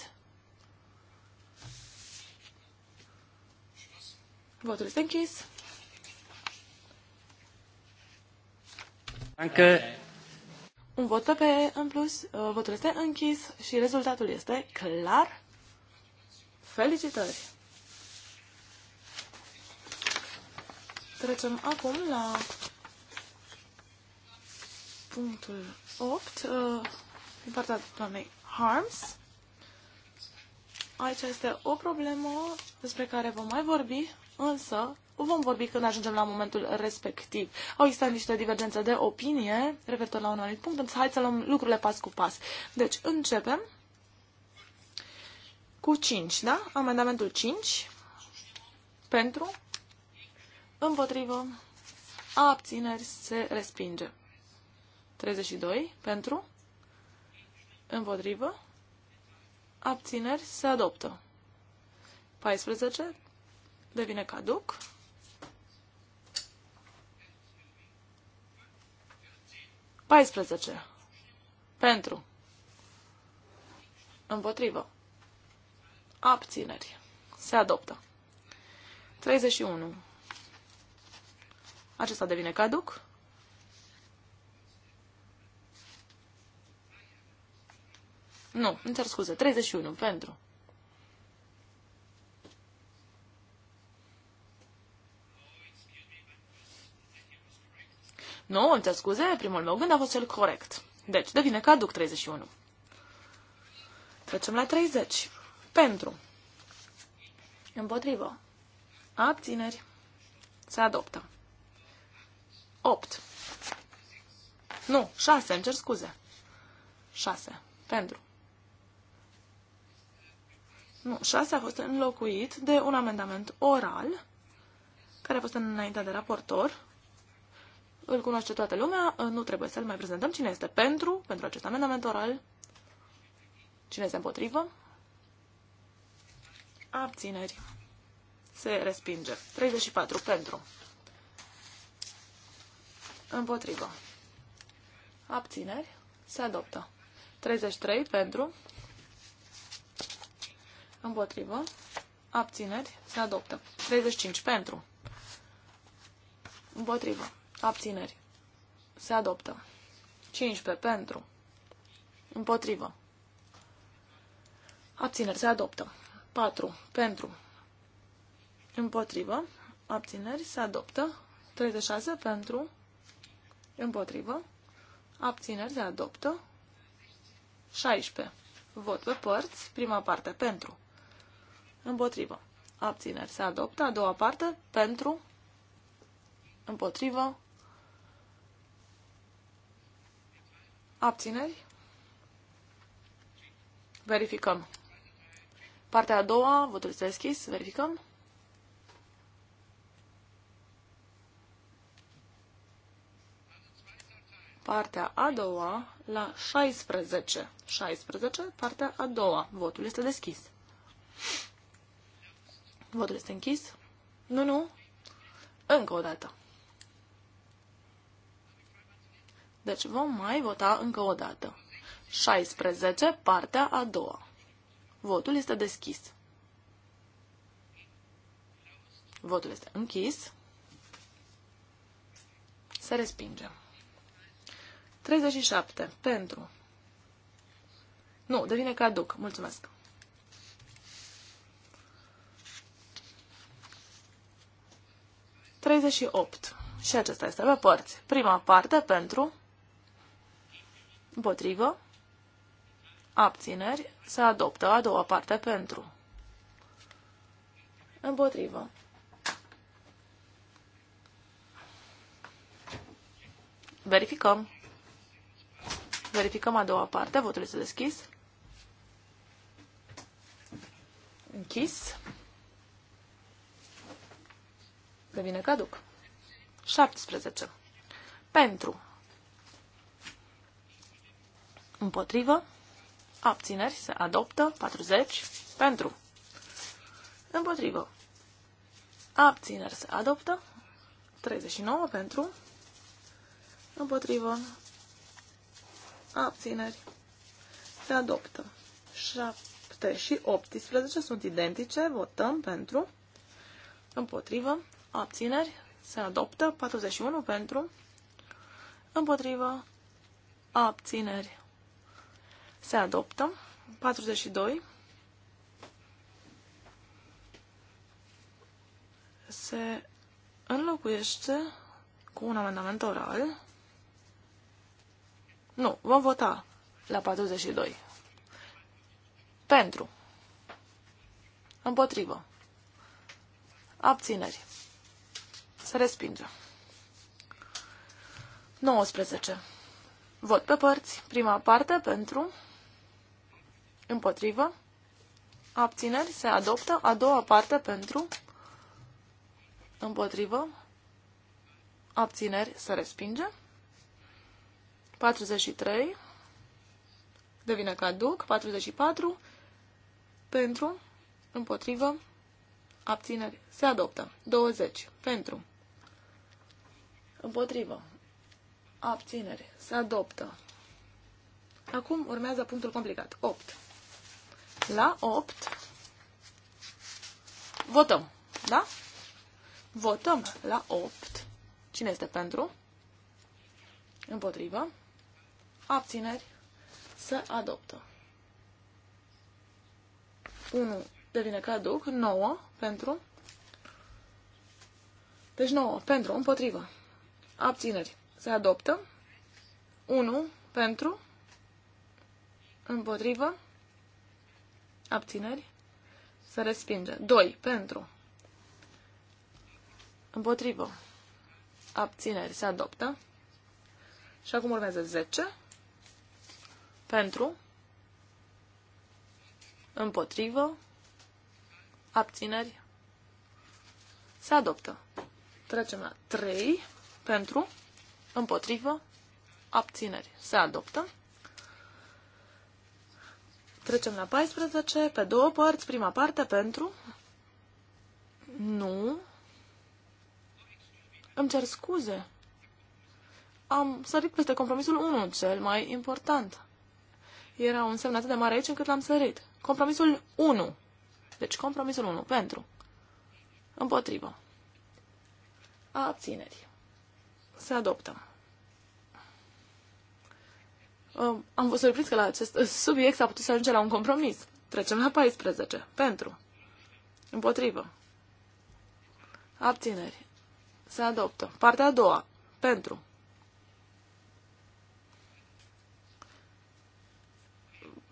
Votul este închis. Încă... Un vot pe în plus, uh, votul este închis și rezultatul este clar. Felicitări! Trecem acum la punctul 8 uh, din partea doamnei Harms. Aici este o problemă despre care vom mai vorbi, însă vom vorbi când ajungem la momentul respectiv. Au existat niște divergențe de opinie referitor la un anumit punct, însă hai să luăm lucrurile pas cu pas. Deci, începem cu 5, da? Amendamentul 5. Pentru. Împotrivă. Abțineri se respinge. 32. Pentru. Împotrivă. Abțineri se adoptă. 14. Devine caduc. Paisprezece. Pentru. Împotrivă. Abțineri. Se adoptă. 31. Acesta devine caduc. Nu, îmi cer scuze. 31 pentru. Nu, îmi cer scuze, primul meu gând a fost cel corect. Deci, devine caduc 31. Trecem la 30. Pentru. Împotrivă. Abțineri. Se adoptă. 8. Nu, 6, îmi cer scuze. 6. Pentru. Nu, 6 a fost înlocuit de un amendament oral care a fost înaintat de raportor. Îl cunoaște toată lumea, nu trebuie să-l mai prezentăm. Cine este pentru, pentru acest amendament oral? Cine este împotrivă? abțineri, se respinge. 34 pentru, împotrivă, abțineri, se adoptă. 33 pentru, împotrivă, abțineri, se adoptă. 35 pentru, împotrivă, abțineri, se adoptă. 15 pentru, împotrivă, Abțineri se adoptă. 4. Pentru. Împotrivă. Abțineri. Se adoptă. 36. Pentru. Împotrivă. Abțineri. Se adoptă. 16. Vot pe părți. Prima parte. Pentru. Împotrivă. Abțineri. Se adoptă. A doua parte. Pentru. Împotrivă. Abțineri. Verificăm. Partea a doua, votul este deschis, verificăm. Partea a doua, la 16. 16, partea a doua. Votul este deschis. Votul este închis. Nu, nu. Încă o dată. Deci vom mai vota încă o dată. 16, partea a doua. Votul este deschis. Votul este închis. Se respinge. 37. Pentru. Nu, devine caduc. Mulțumesc. opt. Și acesta este pe părți. Prima parte pentru, împotrivă, Abțineri. Se adoptă a doua parte pentru. Împotrivă. Verificăm. Verificăm a doua parte. Votul este deschis. Închis. Devine caduc. 17. Pentru. Împotrivă abțineri, se adoptă 40 pentru, împotrivă, abțineri, se adoptă 39 pentru, împotrivă, abțineri, se adoptă 7 și 18 sunt identice, votăm pentru, împotrivă, abțineri, se adoptă 41 pentru, împotrivă, abțineri, se adoptă. 42. Se înlocuiește cu un amendament oral. Nu, vom vota la 42. Pentru. Împotrivă. Abțineri. Se respinge. 19. Vot pe părți. Prima parte pentru Împotrivă. Abțineri se adoptă. A doua parte pentru. Împotrivă. Abțineri se respinge. 43. Devine caduc. 44. Pentru. Împotrivă. Abțineri se adoptă. 20. Pentru. Împotrivă. Abțineri se adoptă. Acum urmează punctul complicat. 8. La 8. Votăm. Da? Votăm la 8. Cine este pentru? Împotrivă. Abțineri. Să adoptă. 1 devine caduc. 9 pentru. Deci 9 pentru. Împotrivă. Abțineri. Se adoptă. 1 pentru. Împotrivă. Abțineri. să respinge. 2. Pentru. Împotrivă. Abțineri. Se adoptă. Și acum urmează 10. Pentru. Împotrivă. Abțineri. Se adoptă. Trecem la 3. Pentru. Împotrivă. Abțineri. Se adoptă. Trecem la 14, pe două părți, prima parte pentru... Nu. Îmi cer scuze. Am sărit peste compromisul 1, cel mai important. Era un semn atât de mare aici încât l-am sărit. Compromisul 1. Deci compromisul 1 pentru. Împotrivă. Abțineri. Se adoptă. Um, am fost surprins că la acest subiect s-a putut să ajunge la un compromis. Trecem la 14. Pentru. Împotrivă. Abțineri. Se adoptă. Partea a doua. Pentru.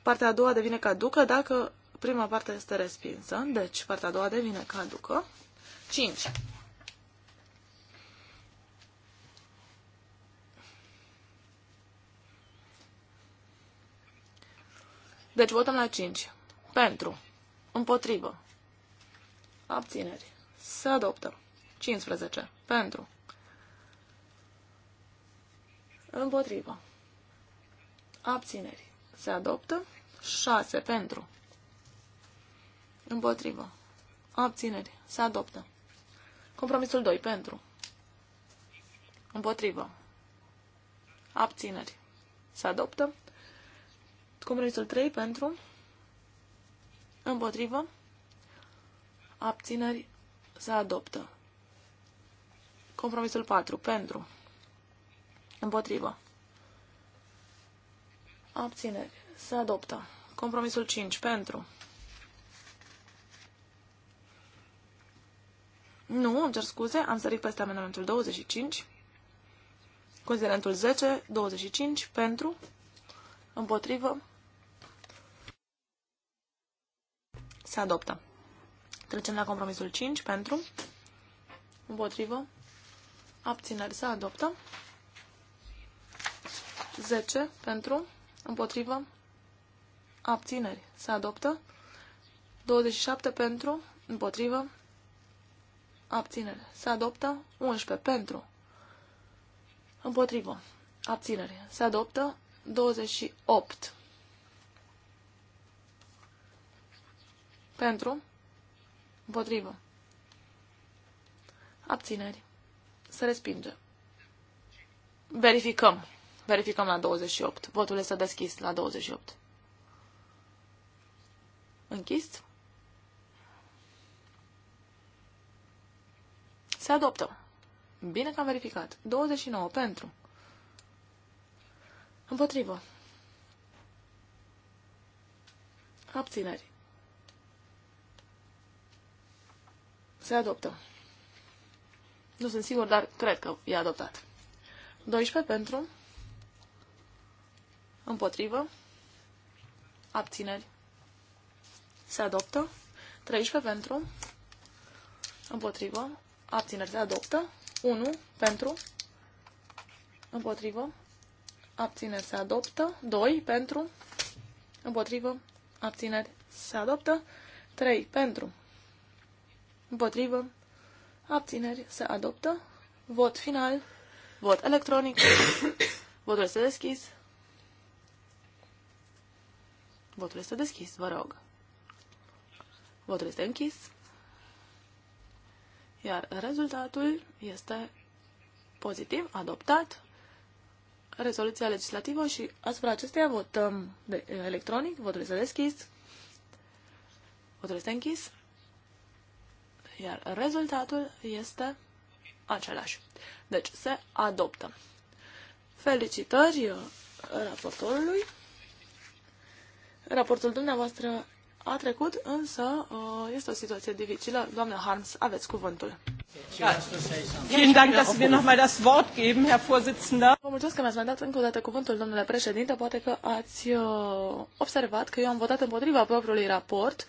Partea a doua devine caducă dacă prima parte este respinsă. Deci, partea a doua devine caducă. 5. Deci votăm la 5. Pentru. Împotrivă. Abțineri. Se adoptă. 15. Pentru. Împotrivă. Abțineri. Se adoptă. 6. Pentru. Împotrivă. Abțineri. Se adoptă. Compromisul 2. Pentru. Împotrivă. Abțineri. Se adoptă. Compromisul 3 pentru, împotrivă, abțineri, se adoptă. Compromisul 4 pentru, împotrivă, abțineri, se adoptă. Compromisul 5 pentru, Nu, îmi cer scuze, am sărit peste amendamentul 25. Considerentul 10, 25, pentru, împotrivă, Se adoptă. Trecem la compromisul 5 pentru, împotrivă, abțineri. Se adoptă. 10 pentru, împotrivă, abțineri. Se adoptă. 27 pentru, împotrivă, abțineri. Se adoptă. 11 pentru, împotrivă, abțineri. Se adoptă. 28 Pentru. Împotrivă. Abțineri. Se respinge. Verificăm. Verificăm la 28. Votul este deschis la 28. Închis. Se adoptă. Bine că am verificat. 29 pentru. Împotrivă. Abțineri. Se adoptă. Nu sunt sigur, dar cred că e adoptat. 12 pentru. Împotrivă. Abțineri. Se adoptă. 13 pentru. Împotrivă. Abțineri. Se adoptă. 1 pentru. Împotrivă. Abțineri. Se adoptă. 2 pentru. Împotrivă. Abțineri. Se adoptă. 3 pentru. Împotrivă. Abțineri. Se adoptă. Vot final. Vot electronic. Votul este deschis. Votul este deschis, vă rog. Votul este închis. Iar rezultatul este pozitiv, adoptat. Rezoluția legislativă și asupra acesteia votăm de electronic. Votul este deschis. Votul este închis. Iar rezultatul este același. Deci se adoptă. Felicitări uh, raportorului. Raportul dumneavoastră a trecut, însă uh, este o situație dificilă. Doamna Harms, aveți cuvântul. Vă mulțumesc că mi-ați mai dat încă o dată cuvântul, domnule președinte. Poate că ați uh, observat că eu am votat împotriva propriului raport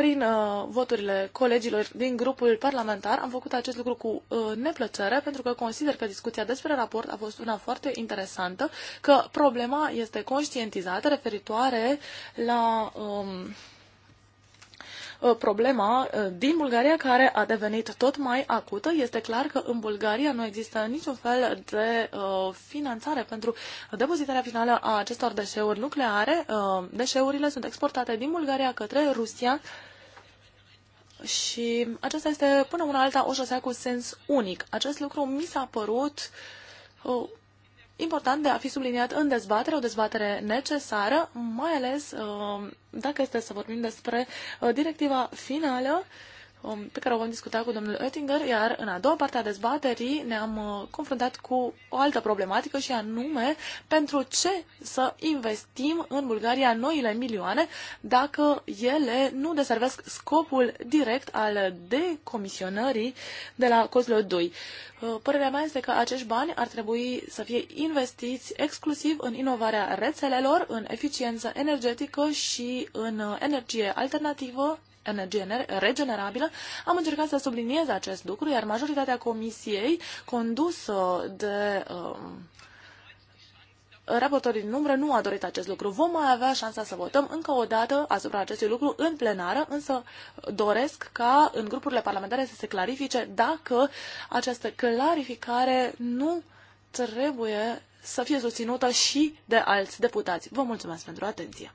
prin uh, voturile colegilor din grupul parlamentar. Am făcut acest lucru cu uh, neplăcere pentru că consider că discuția despre raport a fost una foarte interesantă, că problema este conștientizată referitoare la um, uh, problema uh, din Bulgaria care a devenit tot mai acută. Este clar că în Bulgaria nu există niciun fel de uh, finanțare pentru depozitarea finală a acestor deșeuri nucleare. Uh, deșeurile sunt exportate din Bulgaria către Rusia uh, și aceasta este până una alta o șosea cu sens unic. Acest lucru mi s-a părut uh, important de a fi subliniat în dezbatere, o dezbatere necesară, mai ales uh, dacă este să vorbim despre uh, directiva finală uh, pe care o vom discuta cu domnul Oettinger, iar în a doua parte a dezbaterii ne-am uh, confruntat cu o altă problematică și anume pentru ce să investim în Bulgaria noile milioane dacă ele nu deservesc scopul direct al decomisionării de la Cozlo 2. Uh, părerea mea este că acești bani ar trebui să fie investiți exclusiv în inovarea rețelelor, în eficiență energetică și în uh, energie alternativă energie regenerabilă, am încercat să subliniez acest lucru, iar majoritatea comisiei condusă de um, raportorii din umbră nu a dorit acest lucru. Vom mai avea șansa să votăm încă o dată asupra acestui lucru în plenară, însă doresc ca în grupurile parlamentare să se clarifice dacă această clarificare nu trebuie să fie susținută și de alți deputați. Vă mulțumesc pentru atenție!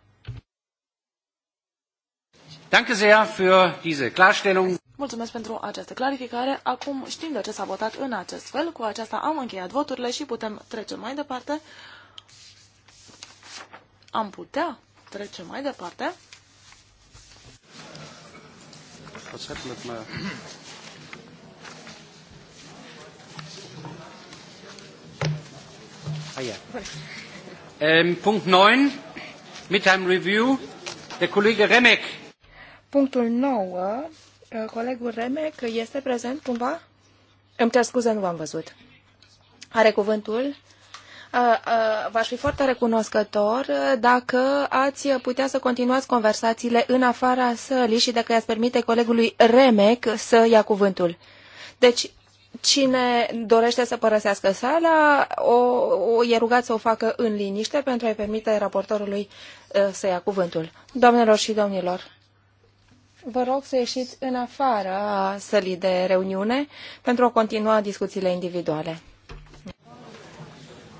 Danke sehr für diese Klarstellung. Mulțumesc pentru această clarificare. Acum știm de ce s-a votat în acest fel. Cu aceasta am încheiat voturile și putem trece mai departe. Am putea trece mai departe. Was Ah, ja. ähm, Punkt 9 mit einem Review. Der Kollege Remek Punctul 9, uh, colegul Remec este prezent cumva? Îmi cer scuze, nu v-am văzut. Are cuvântul? Uh, uh, v-aș fi foarte recunoscător dacă ați putea să continuați conversațiile în afara sălii și dacă i-ați permite colegului Remec să ia cuvântul. Deci, cine dorește să părăsească sala, o, o e rugat să o facă în liniște pentru a-i permite raportorului să ia cuvântul. Doamnelor și domnilor, vă rog să ieșiți în afara sălii de reuniune pentru a continua discuțiile individuale.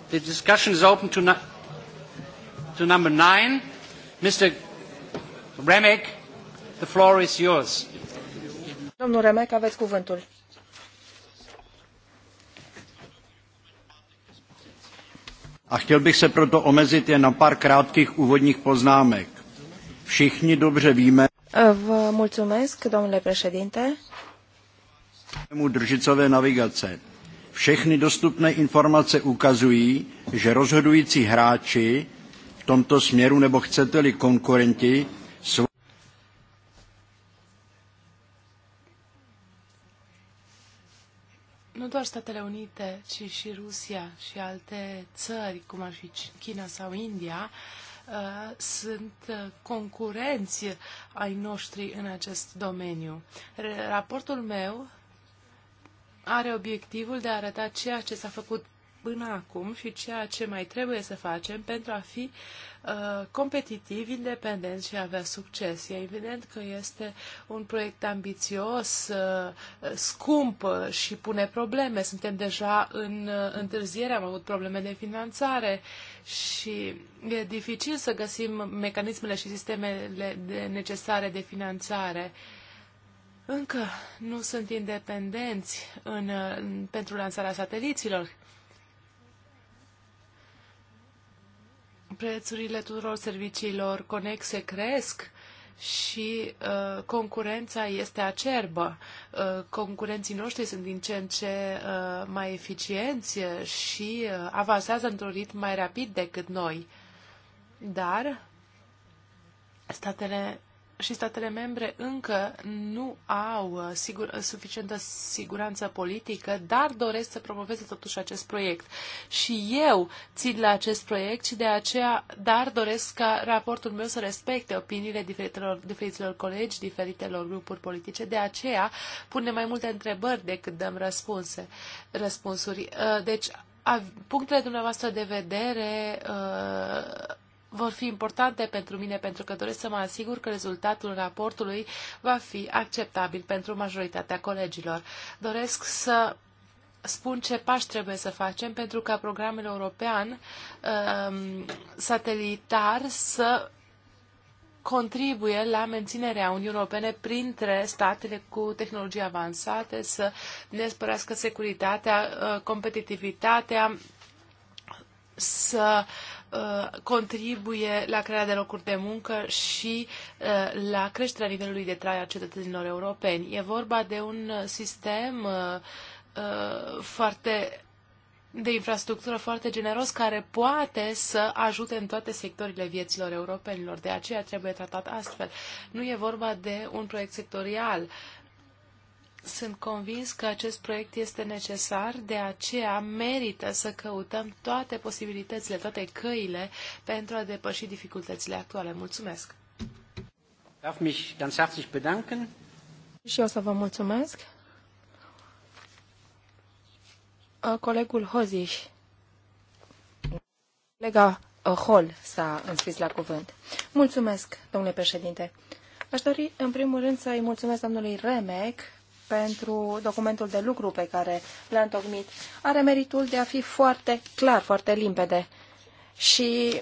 The discussion is open to, to number nine. Mr. Remek, the floor is yours. Domnul Remek, aveți cuvântul. A chtěl bych se proto omezit jen na pár krátkých úvodních poznámek. Všichni dobře víme, Uh, vă mulțumesc, domnule președinte. Držicové navigace. Všechny dostupné informace ukazují, že rozhodující hráči v tomto směru nebo chcete-li konkurenti nu doar Statele Unite, ci și Rusia și alte țări, cum ar fi China sau India, Uh, sunt uh, concurenți ai noștri în acest domeniu. Raportul meu are obiectivul de a arăta ceea ce s-a făcut până acum și ceea ce mai trebuie să facem pentru a fi uh, competitivi, independenți și a avea succes. E evident că este un proiect ambițios, uh, scump și pune probleme. Suntem deja în uh, întârziere, am avut probleme de finanțare și e dificil să găsim mecanismele și sistemele de necesare de finanțare încă nu sunt independenți în, în, pentru lansarea sateliților. prețurile tuturor serviciilor conexe cresc și uh, concurența este acerbă. Uh, concurenții noștri sunt din ce în ce uh, mai eficienți uh, și uh, avansează într-un ritm mai rapid decât noi. Dar statele și statele membre încă nu au uh, sigur, suficientă siguranță politică, dar doresc să promoveze totuși acest proiect. Și eu țin la acest proiect și de aceea, dar doresc ca raportul meu să respecte opiniile diferitelor, diferitelor colegi, diferitelor grupuri politice, de aceea pune mai multe întrebări decât dăm răspunse, răspunsuri. Uh, deci, punctele dumneavoastră de vedere uh, vor fi importante pentru mine pentru că doresc să mă asigur că rezultatul raportului va fi acceptabil pentru majoritatea colegilor. Doresc să spun ce pași trebuie să facem pentru ca programul european um, satelitar să contribuie la menținerea Uniunii Europene printre statele cu tehnologii avansate, să ne spărească securitatea, uh, competitivitatea, să Uh, contribuie la crearea de locuri de muncă și uh, la creșterea nivelului de trai al cetățenilor europeni. E vorba de un sistem uh, foarte de infrastructură foarte generos care poate să ajute în toate sectorile vieților europenilor. De aceea trebuie tratat astfel. Nu e vorba de un proiect sectorial. Sunt convins că acest proiect este necesar, de aceea merită să căutăm toate posibilitățile, toate căile pentru a depăși dificultățile actuale. Mulțumesc! Darf mich ganz herzlich bedanken. Și eu să vă mulțumesc. Colegul Hoziș, colega Hol s-a înscris la cuvânt. Mulțumesc, domnule președinte. Aș dori, în primul rând, să-i mulțumesc domnului Remec pentru documentul de lucru pe care l-a întocmit. Are meritul de a fi foarte clar, foarte limpede și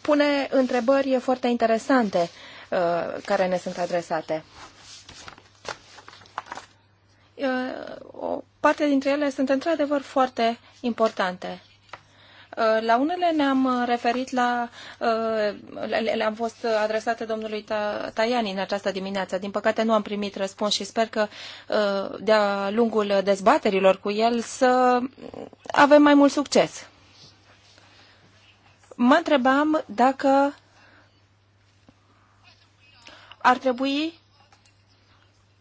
pune întrebări foarte interesante uh, care ne sunt adresate. Uh, o parte dintre ele sunt într-adevăr foarte importante. Uh, la unele ne-am uh, referit la, uh, le-am fost adresate domnului Taiani în această dimineață. Din păcate nu am primit răspuns și sper că de-a lungul dezbaterilor cu el să avem mai mult succes. Mă întrebam dacă ar trebui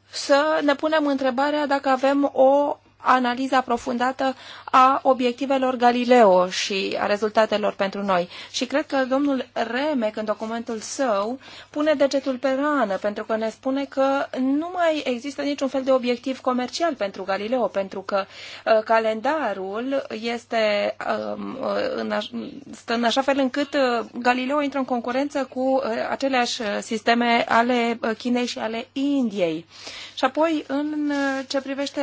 să ne punem întrebarea dacă avem o analiza aprofundată a obiectivelor Galileo și a rezultatelor pentru noi. Și cred că domnul Remec, în documentul său, pune degetul pe rană, pentru că ne spune că nu mai există niciun fel de obiectiv comercial pentru Galileo, pentru că uh, calendarul este um, uh, în, aș, stă în așa fel încât uh, Galileo intră în concurență cu uh, aceleași uh, sisteme ale uh, Chinei și ale Indiei. Și apoi, în uh, ce privește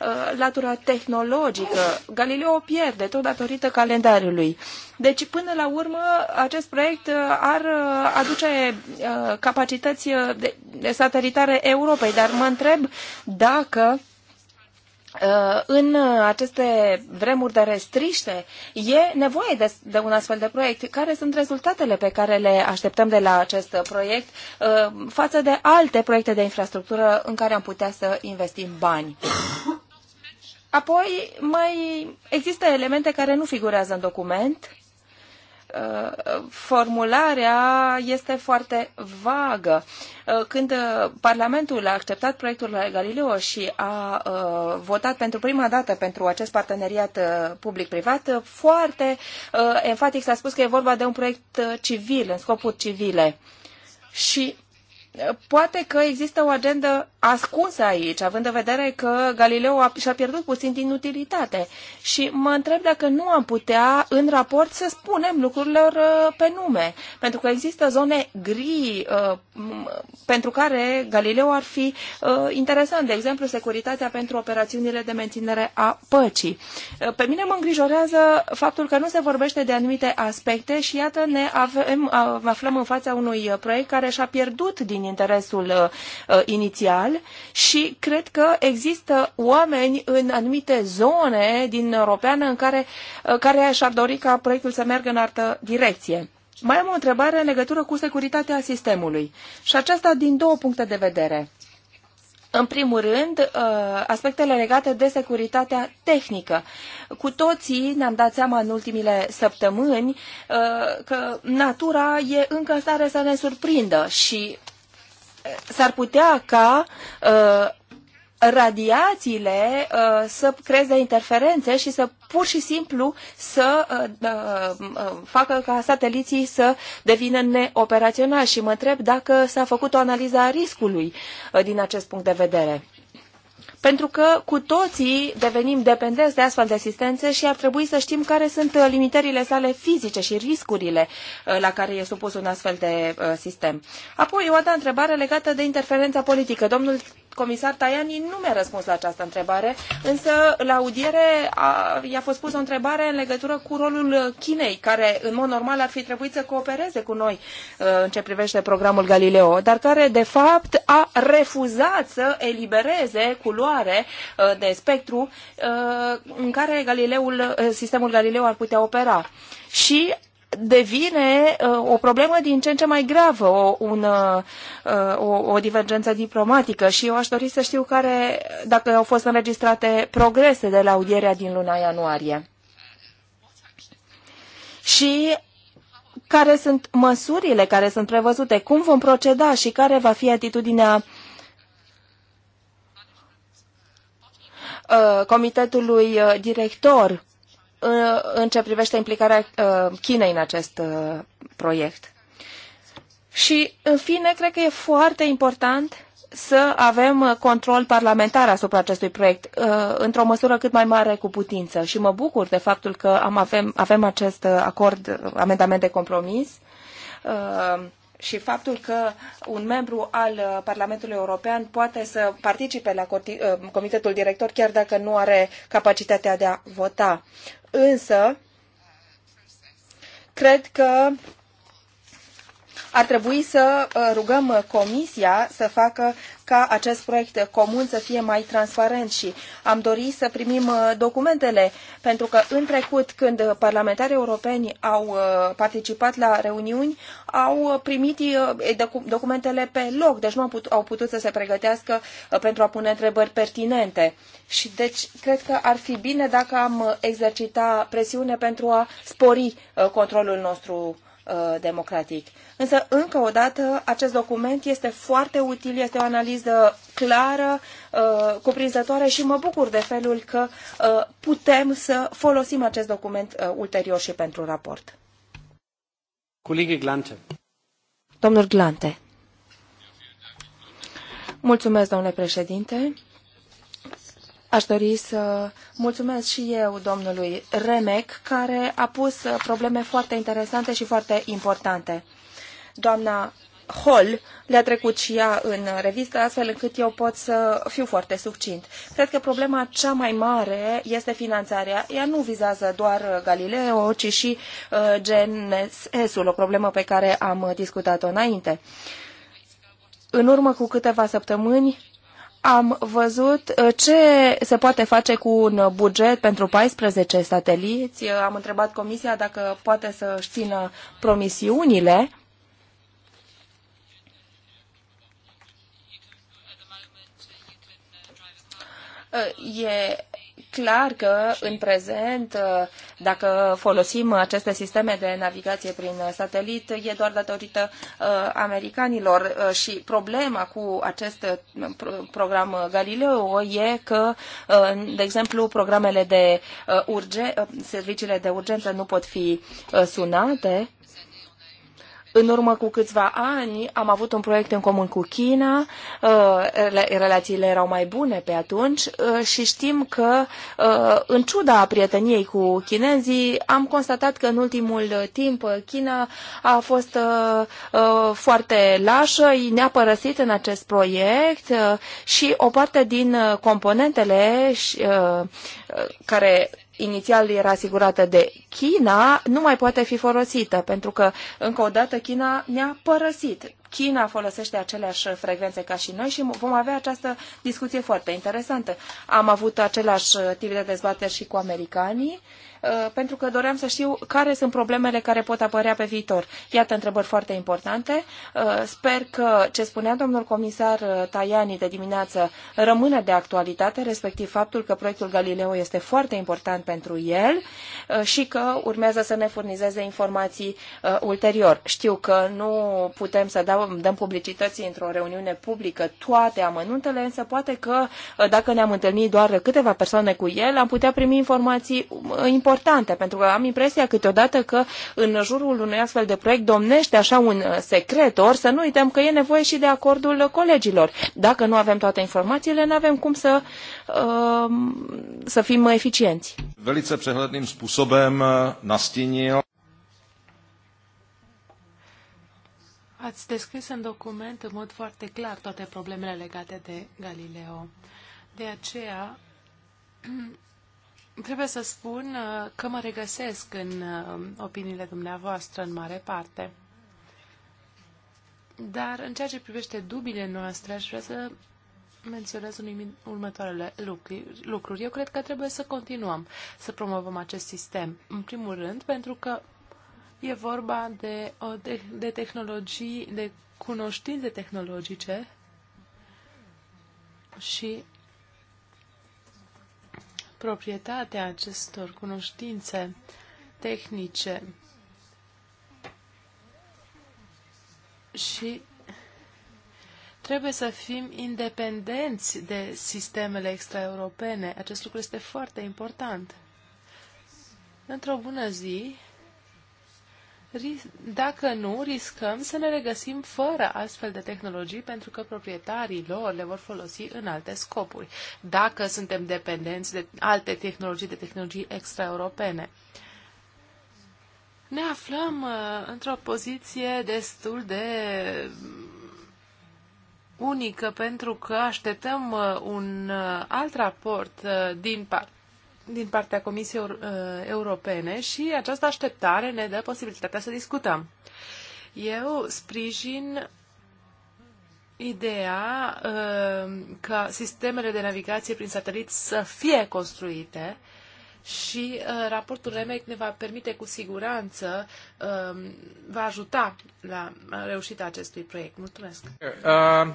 uh, latura tehnologică, Galileo pierde tot datorită calendarului. Deci, până la urmă, acest proiect uh, ar aduce capacități de satelitare Europei, dar mă întreb dacă Uh, în uh, aceste vremuri de restriște e nevoie de, de un astfel de proiect. Care sunt rezultatele pe care le așteptăm de la acest proiect uh, față de alte proiecte de infrastructură în care am putea să investim bani? Apoi mai există elemente care nu figurează în document Uh, formularea este foarte vagă. Uh, când uh, Parlamentul a acceptat proiectul la Galileo și a votat pentru prima dată pentru acest parteneriat public-privat, foarte enfatic s-a spus că e vorba de un proiect civil, în scopuri civile. Și poate că există o agendă ascunsă aici, având în vedere că Galileo a, și-a pierdut puțin din utilitate. Și mă întreb dacă nu am putea, în raport, să spunem lucrurilor uh, pe nume. Pentru că există zone gri uh, pentru care Galileo ar fi uh, interesant. De exemplu, securitatea pentru operațiunile de menținere a păcii. Uh, pe mine mă îngrijorează faptul că nu se vorbește de anumite aspecte și iată ne avem, aflăm în fața unui uh, proiect care și-a pierdut din interesul uh, uh, inițial și cred că există oameni în anumite zone din Europeană în care, uh, care și-ar dori ca proiectul să meargă în altă direcție. Mai am o întrebare în legătură cu securitatea sistemului și aceasta din două puncte de vedere. În primul rând, aspectele legate de securitatea tehnică. Cu toții ne-am dat seama în ultimile săptămâni că natura e încă în stare să ne surprindă și s-ar putea ca uh, radiațiile uh, să creeze interferențe și să pur și simplu să uh, facă ca sateliții să devină neoperaționali și mă întreb dacă s-a făcut o analiză a riscului din acest punct de vedere pentru că cu toții devenim dependenți de astfel de asistențe și ar trebui să știm care sunt uh, limitările sale fizice și riscurile uh, la care e supus un astfel de uh, sistem. Apoi, o altă întrebare legată de interferența politică. Domnul comisar Tajani nu mi-a răspuns la această întrebare, însă la audiere i-a fost pusă o întrebare în legătură cu rolul Chinei, care în mod normal ar fi trebuit să coopereze cu noi uh, în ce privește programul Galileo, dar care de fapt a refuzat să elibereze culoare uh, de spectru uh, în care Galileul, sistemul Galileo ar putea opera. Și devine uh, o problemă din ce în ce mai gravă, o, un, uh, o, o divergență diplomatică și eu aș dori să știu care, dacă au fost înregistrate progrese de la audierea din luna ianuarie. Și care sunt măsurile care sunt prevăzute, cum vom proceda și care va fi atitudinea uh, comitetului director în ce privește implicarea uh, Chinei în acest uh, proiect. Și, în fine, cred că e foarte important să avem uh, control parlamentar asupra acestui proiect, într-o măsură cât mai mare cu putință. Și mă bucur de faptul că am avem, avem acest acord, amendament de compromis și faptul că un membru al uh, Parlamentului European poate să participe la uh, comitetul director chiar dacă nu are capacitatea de a vota. Însă, cred că ar trebui să uh, rugăm uh, Comisia să facă ca acest proiect comun să fie mai transparent și am dorit să primim uh, documentele, pentru că în trecut, când parlamentarii europeni au participat la reuniuni, au primit documentele pe loc, deci nu au putut să se pregătească pentru a pune întrebări pertinente. Și deci, cred că ar fi bine dacă am exercita presiune pentru a spori controlul nostru Uh, democratic. Însă, încă o dată, acest document este foarte util, este o analiză clară, uh, cuprinzătoare și mă bucur de felul că uh, putem să folosim acest document ulterior și pentru raport. Colegii Glante. Domnul Glante. Mulțumesc, domnule președinte. Aș dori să mulțumesc și eu domnului Remec, care a pus probleme foarte interesante și foarte importante. Doamna Hall le-a trecut și ea în revistă, astfel încât eu pot să fiu foarte succint. Cred că problema cea mai mare este finanțarea. Ea nu vizează doar Galileo, ci și uh, GNSS-ul, o problemă pe care am discutat-o înainte. În urmă cu câteva săptămâni, am văzut uh, ce se poate face cu un buget pentru 14 sateliți. Uh, am întrebat comisia dacă poate să își țină promisiunile. Uh, e clar că în prezent, dacă folosim aceste sisteme de navigație prin satelit, e doar datorită uh, americanilor uh, și problema cu acest uh, program Galileo e că, de exemplu, programele de urge, serviciile de urgență nu pot fi sunate în urmă cu câțiva ani am avut un proiect în comun cu China, uh, relațiile erau mai bune pe atunci uh, și știm că, uh, în ciuda prieteniei cu chinezii, am constatat că în ultimul timp China a fost foarte lașă, ne-a părăsit în acest proiect și o parte din componentele care inițial era asigurată de China nu mai poate fi folosită, pentru că, încă o dată, China ne-a părăsit. China folosește aceleași frecvențe ca și noi și vom avea această discuție foarte interesantă. Am avut același tip de dezbateri și cu americanii, uh, pentru că doream să știu care sunt problemele care pot apărea pe viitor. Iată întrebări foarte importante. Uh, sper că ce spunea domnul comisar uh, Tajani de dimineață rămâne de actualitate, respectiv faptul că proiectul Galileo este foarte important pentru el și că urmează să ne furnizeze informații ulterior. Știu că nu putem să dau dăm publicității într-o reuniune publică toate amănuntele, însă poate că uh, dacă ne-am întâlnit doar câteva persoane cu el, am putea primi informații uh, importante, pentru că am impresia câteodată că în jurul unui astfel de proiect domnește așa un uh, secret, or să nu uităm că e nevoie și de acordul colegilor. Dacă nu avem toate informațiile, nu avem cum să, să fim eficienți. Velice přehledným způsobem nastínil Ați descris în document în mod foarte clar toate problemele legate de Galileo. De aceea, trebuie să spun uh, că mă regăsesc în uh, opiniile dumneavoastră în mare parte. Dar în ceea ce privește dubile noastre, aș vrea să menționez următoarele lucruri. Eu cred că trebuie să continuăm să promovăm acest sistem. În primul rând, pentru că E vorba de, o de, de tehnologii, de cunoștințe tehnologice și proprietatea acestor cunoștințe tehnice și trebuie să fim independenți de sistemele extraeuropene. Acest lucru este foarte important. Într-o bună zi, dacă nu, riscăm să ne regăsim fără astfel de tehnologii pentru că proprietarii lor le vor folosi în alte scopuri, dacă suntem dependenți de alte tehnologii, de tehnologii extraeuropene. Ne aflăm uh, într-o poziție destul de unică pentru că așteptăm uh, un uh, alt raport uh, din partea din partea Comisiei uh, Europene și această așteptare ne dă posibilitatea să discutăm. Eu sprijin ideea uh, că sistemele de navigație prin satelit să fie construite și uh, raportul REMEC ne va permite cu siguranță, va ajuta la reușita acestui proiect. Mulțumesc! Uh.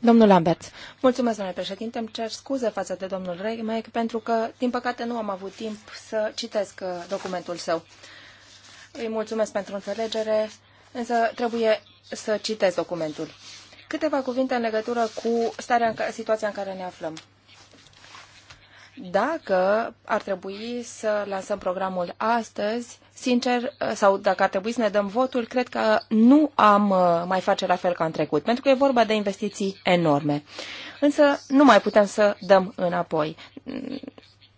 Domnul Lambert, mulțumesc, domnule președinte. Îmi cer scuze față de domnul Reimec pentru că, din păcate, nu am avut timp să citesc uh, documentul său. Îi mulțumesc pentru înțelegere, însă trebuie să citesc documentul. Câteva cuvinte în legătură cu starea, situația în care ne aflăm dacă ar trebui să lansăm programul astăzi, sincer, sau dacă ar trebui să ne dăm votul, cred că nu am uh, mai face la fel ca în trecut, pentru că e vorba de investiții enorme. Însă nu mai putem să dăm înapoi.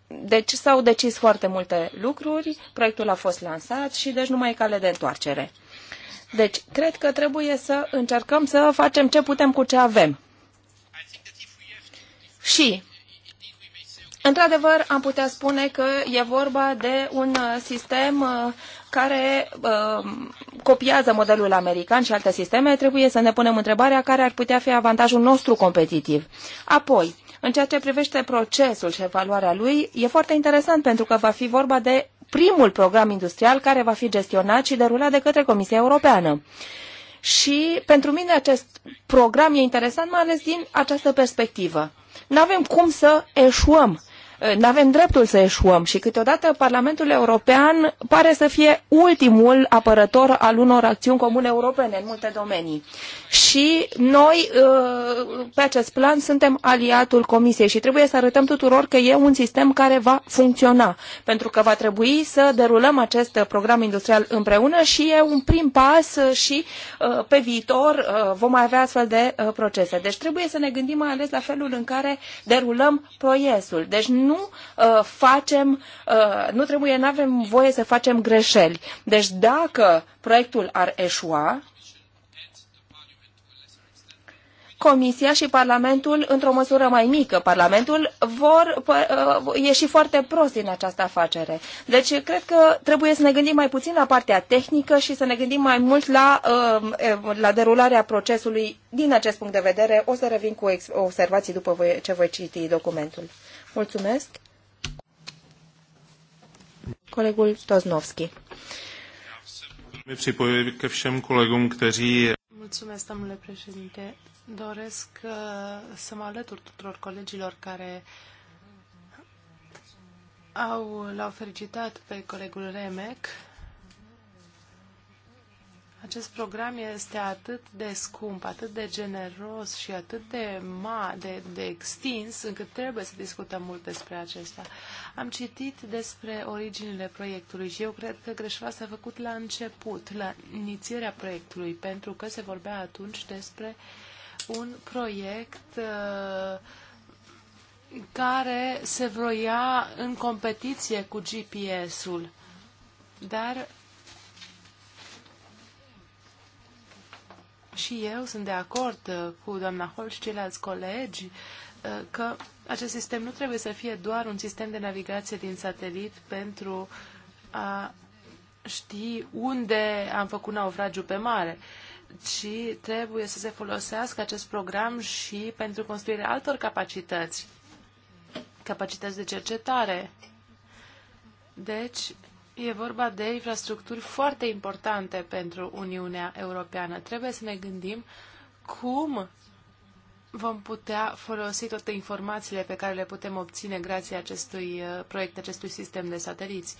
Deci s-au decis foarte multe lucruri, proiectul a fost lansat și deci nu mai e cale de întoarcere. Deci, cred că trebuie să încercăm să facem ce putem cu ce avem. Și Într-adevăr, am putea spune că e vorba de un uh, sistem uh, care uh, copiază modelul american și alte sisteme. Trebuie să ne punem întrebarea care ar putea fi avantajul nostru competitiv. Apoi, în ceea ce privește procesul și evaluarea lui, e foarte interesant pentru că va fi vorba de primul program industrial care va fi gestionat și derulat de către Comisia Europeană. Și pentru mine acest program e interesant, mai ales din această perspectivă. Nu avem cum să eșuăm Eh, nu avem dreptul să eșuăm și câteodată Parlamentul European pare să fie ultimul apărător al unor acțiuni comune europene în multe domenii. Și noi, eh, pe acest plan, suntem aliatul Comisiei și trebuie să arătăm tuturor că e un sistem care va funcționa, pentru că va trebui să derulăm acest program industrial împreună și e un prim pas și eh, pe viitor vom mai avea astfel de procese. Deci trebuie să ne gândim mai ales la felul în care derulăm proiectul. Deci nu uh, facem, uh, nu trebuie, nu avem voie să facem greșeli. Deci dacă proiectul ar eșua, Comisia și Parlamentul, într-o măsură mai mică, Parlamentul vor ieși uh, foarte prost din această afacere. Deci, cred că trebuie să ne gândim mai puțin la partea tehnică și să ne gândim mai mult la, uh, la derularea procesului. Din acest punct de vedere, o să revin cu observații după ce voi citi documentul. Mulțumesc. Colegul Toznovski. Mi připojuji ke všem kolegům, kteří... Mulțumesc, domnule președinte. Doresc uh, să mă alătur tuturor colegilor care au, l-au felicitat pe colegul Remec acest program este atât de scump, atât de generos și atât de, ma, de, de extins, încât trebuie să discutăm mult despre acesta. Am citit despre originile proiectului și eu cred că greșeala s-a făcut la început, la inițierea proiectului, pentru că se vorbea atunci despre un proiect uh, care se vroia în competiție cu GPS-ul. Dar Și eu sunt de acord uh, cu doamna Hol și ceilalți colegi uh, că acest sistem nu trebuie să fie doar un sistem de navigație din satelit pentru a ști unde am făcut naufragiu pe mare, ci trebuie să se folosească acest program și pentru construirea altor capacități, capacități de cercetare. Deci, E vorba de infrastructuri foarte importante pentru Uniunea Europeană. Trebuie să ne gândim cum vom putea folosi toate informațiile pe care le putem obține grație acestui uh, proiect, acestui sistem de sateliți.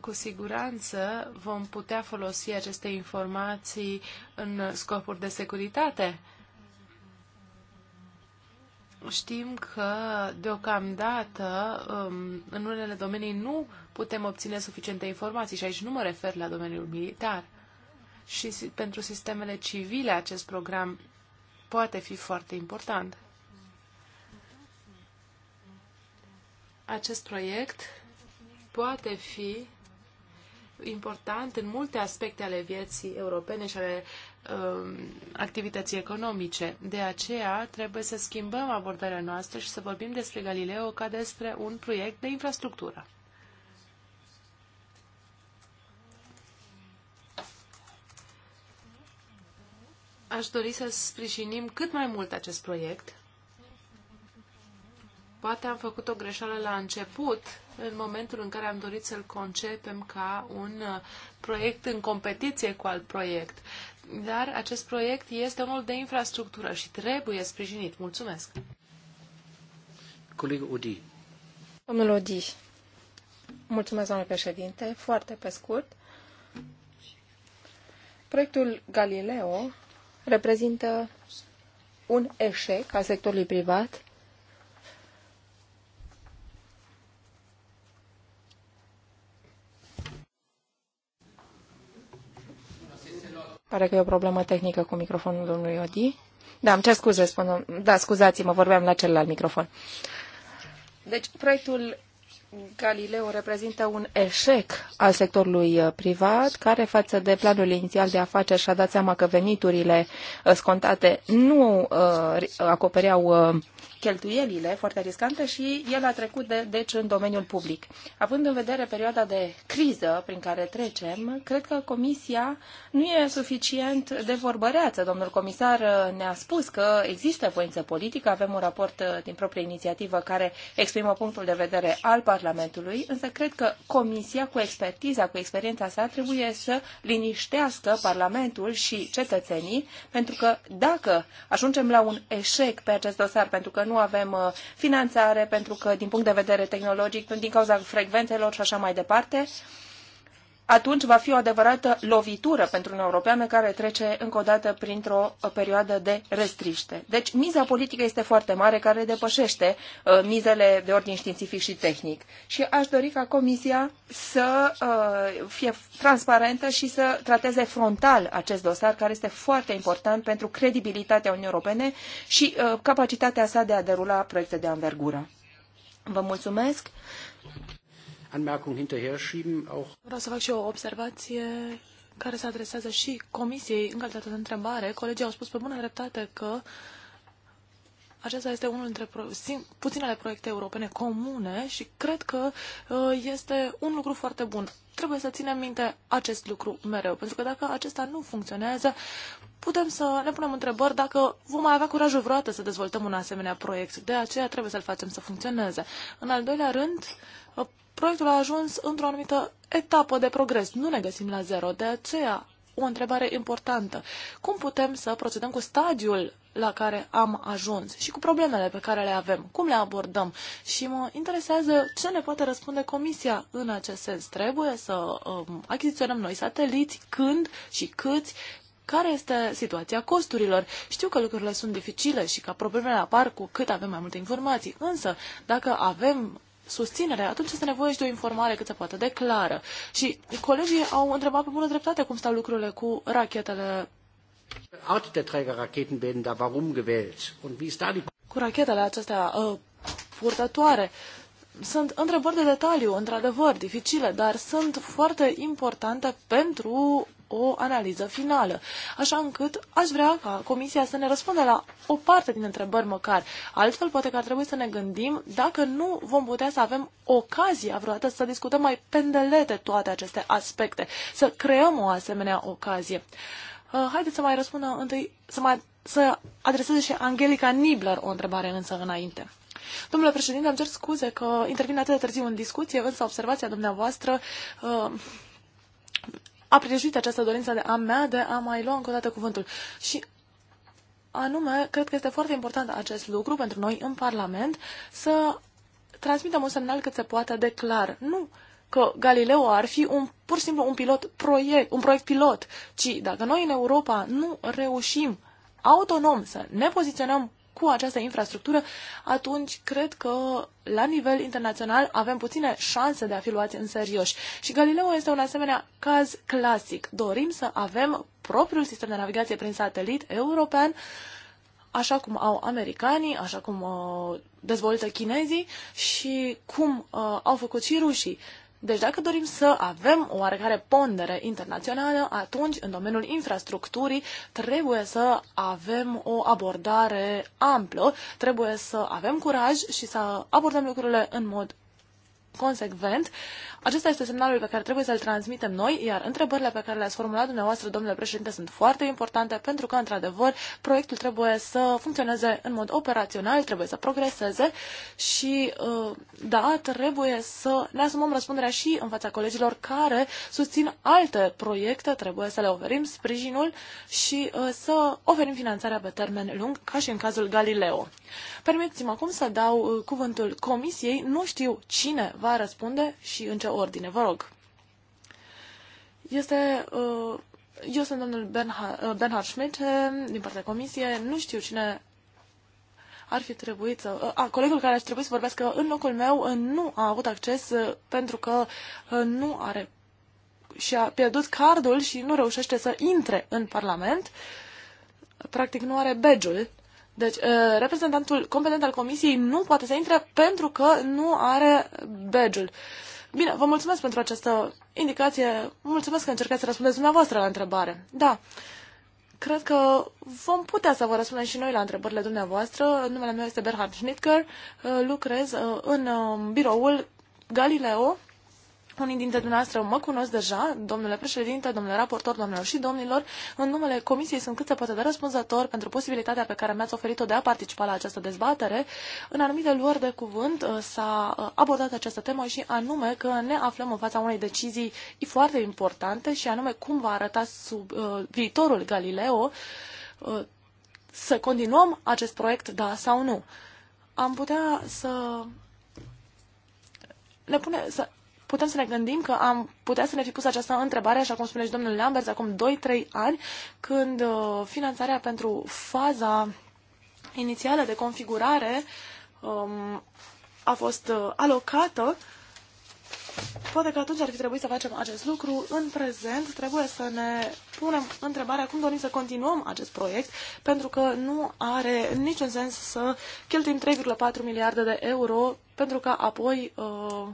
Cu siguranță vom putea folosi aceste informații în scopuri de securitate Știm că, deocamdată, um, în unele domenii nu putem obține suficiente informații și aici nu mă refer la domeniul militar. Și pentru sistemele civile acest program poate fi foarte important. Acest proiect poate fi important în multe aspecte ale vieții europene și ale activități um, activității economice. De aceea trebuie să schimbăm abordarea noastră și să vorbim despre Galileo ca despre un proiect de infrastructură. Aș dori să sprijinim cât mai mult acest proiect Poate am făcut o greșeală la început, în momentul în care am dorit să-l concepem ca un uh, proiect în competiție cu alt proiect. Dar acest proiect este unul de infrastructură și trebuie sprijinit. Mulțumesc. Colegul Odi. Domnul Odi. Mulțumesc, doamne președinte. Foarte pe scurt. Proiectul Galileo reprezintă un eșec al sectorului privat Pare că e o problemă tehnică cu microfonul domnului Odi. Da, îmi cer scuze, spun. Da, scuzați-mă, vorbeam la celălalt microfon. Deci, proiectul Galileo reprezintă un eșec al sectorului uh, privat, care față de planul inițial de afaceri și-a dat seama că veniturile uh, scontate nu uh, uh, acopereau uh, cheltuielile foarte riscante și el a trecut de, deci în domeniul public. Având în vedere perioada de criză prin care trecem, cred că Comisia nu e suficient de vorbăreață. Domnul comisar ne-a spus că există voință politică, avem un raport din proprie inițiativă care exprimă punctul de vedere al Parlamentului, Parlamentului, însă cred că Comisia, cu expertiza, cu experiența sa, trebuie să liniștească Parlamentul și cetățenii, pentru că dacă ajungem la un eșec pe acest dosar, pentru că nu avem uh, finanțare, pentru că din punct de vedere tehnologic, din cauza frecvențelor și așa mai departe, atunci va fi o adevărată lovitură pentru Uniunea Europeană care trece încă o dată printr-o uh, perioadă de restriște. Deci miza politică este foarte mare care depășește uh, mizele de ordin științific și tehnic. Și aș dori ca Comisia să uh, fie transparentă și să trateze frontal acest dosar care este foarte important pentru credibilitatea Uniunii Europene și uh, capacitatea sa de a derula proiecte de anvergură. Vă mulțumesc! Anmerkung hinterher schieben. Auch Vreau să fac și eu o observație care se adresează și comisiei în calitate de întrebare. Colegii au spus pe bună dreptate că acesta este unul dintre pro- puținele proiecte europene comune și cred că uh, este un lucru foarte bun. Trebuie să ținem minte acest lucru mereu, pentru că dacă acesta nu funcționează, putem să ne punem întrebări dacă vom mai avea curajul vreodată să dezvoltăm un asemenea proiect. De aceea trebuie să-l facem să funcționeze. În al doilea rând, uh, proiectul a ajuns într-o anumită etapă de progres. Nu ne găsim la zero, de aceea o întrebare importantă. Cum putem să procedăm cu stadiul la care am ajuns și cu problemele pe care le avem? Cum le abordăm? Și mă interesează ce ne poate răspunde Comisia în acest sens. Trebuie să um, achiziționăm noi sateliți, când și câți, care este situația costurilor. Știu că lucrurile sunt dificile și că problemele apar cu cât avem mai multe informații, însă dacă avem susținere, atunci este nevoie și de o informare cât se poate de clară. Și colegii au întrebat pe bună dreptate cum stau lucrurile cu rachetele da, cu rachetele acestea uh, purtătoare. Sunt întrebări de detaliu, într-adevăr, dificile, dar sunt foarte importante pentru o analiză finală. Așa încât aș vrea ca Comisia să ne răspundă la o parte din întrebări măcar. Altfel, poate că ar trebui să ne gândim dacă nu vom putea să avem ocazia vreodată să discutăm mai pendelete toate aceste aspecte, să creăm o asemenea ocazie. Uh, haideți să mai răspundă întâi, să mai să adreseze și Angelica Nibler o întrebare însă înainte. Domnule președinte, am cer scuze că intervin atât de târziu în discuție, însă observația dumneavoastră uh, a prelejit această dorință de a mea de a mai lua încă o dată cuvântul. Și anume, cred că este foarte important acest lucru pentru noi în Parlament să transmitem un semnal cât se poate de clar. Nu că Galileo ar fi un, pur și simplu un pilot proiect, un proiect pilot, ci dacă noi în Europa nu reușim autonom să ne poziționăm cu această infrastructură, atunci cred că la nivel internațional avem puține șanse de a fi luați în serios. Și Galileo este un asemenea caz clasic. Dorim să avem propriul sistem de navigație prin satelit european, așa cum au americanii, așa cum uh, dezvoltă chinezii și cum uh, au făcut și rușii. Deci dacă dorim să avem o oarecare pondere internațională, atunci în domeniul infrastructurii trebuie să avem o abordare amplă, trebuie să avem curaj și să abordăm lucrurile în mod consecvent, acesta este semnalul pe care trebuie să-l transmitem noi, iar întrebările pe care le-ați formulat dumneavoastră, domnule președinte, sunt foarte importante pentru că, într-adevăr, proiectul trebuie să funcționeze în mod operațional, trebuie să progreseze și, uh, da, trebuie să ne asumăm răspunderea și în fața colegilor care susțin alte proiecte, trebuie să le oferim sprijinul și uh, să oferim finanțarea pe termen lung, ca și în cazul Galileo. Permiteți-mă acum să dau uh, cuvântul Comisiei. Nu știu cine va răspunde și în ce ordine. Vă rog. Este... Uh, eu sunt domnul uh, Bernhard Schmidt eh, din partea comisiei. Nu știu cine ar fi trebuit să... Uh, a, colegul care ar trebui să vorbească în locul meu uh, nu a avut acces uh, pentru că nu are și a pierdut cardul și nu reușește să intre în Parlament. Practic nu are badge-ul. Deci, reprezentantul competent al comisiei nu poate să intre pentru că nu are badge-ul. Bine, vă mulțumesc pentru această indicație. Mulțumesc că încercați să răspundeți dumneavoastră la întrebare. Da, cred că vom putea să vă răspundem și noi la întrebările dumneavoastră. Numele meu este Berhard Schnitker. Lucrez uh, în um, biroul Galileo unii dintre dumneavoastră mă cunosc deja, domnule președinte, domnule raportor, domnilor și domnilor. În numele Comisiei sunt cât se poate de răspunzător pentru posibilitatea pe care mi-ați oferit-o de a participa la această dezbatere. În anumite luări de cuvânt uh, s-a uh, abordat această temă și anume că ne aflăm în fața unei decizii foarte importante și anume cum va arăta sub, uh, viitorul Galileo, uh, să continuăm acest proiect, da sau nu. Am putea să ne pune, să putem să ne gândim că am putea să ne fi pus această întrebare, așa cum spune și domnul Lambert, acum 2-3 ani, când uh, finanțarea pentru faza inițială de configurare um, a fost uh, alocată. Poate că atunci ar fi trebuit să facem acest lucru. În prezent trebuie să ne punem întrebarea cum dorim să continuăm acest proiect, pentru că nu are niciun sens să cheltuim 3,4 miliarde de euro pentru că apoi uh,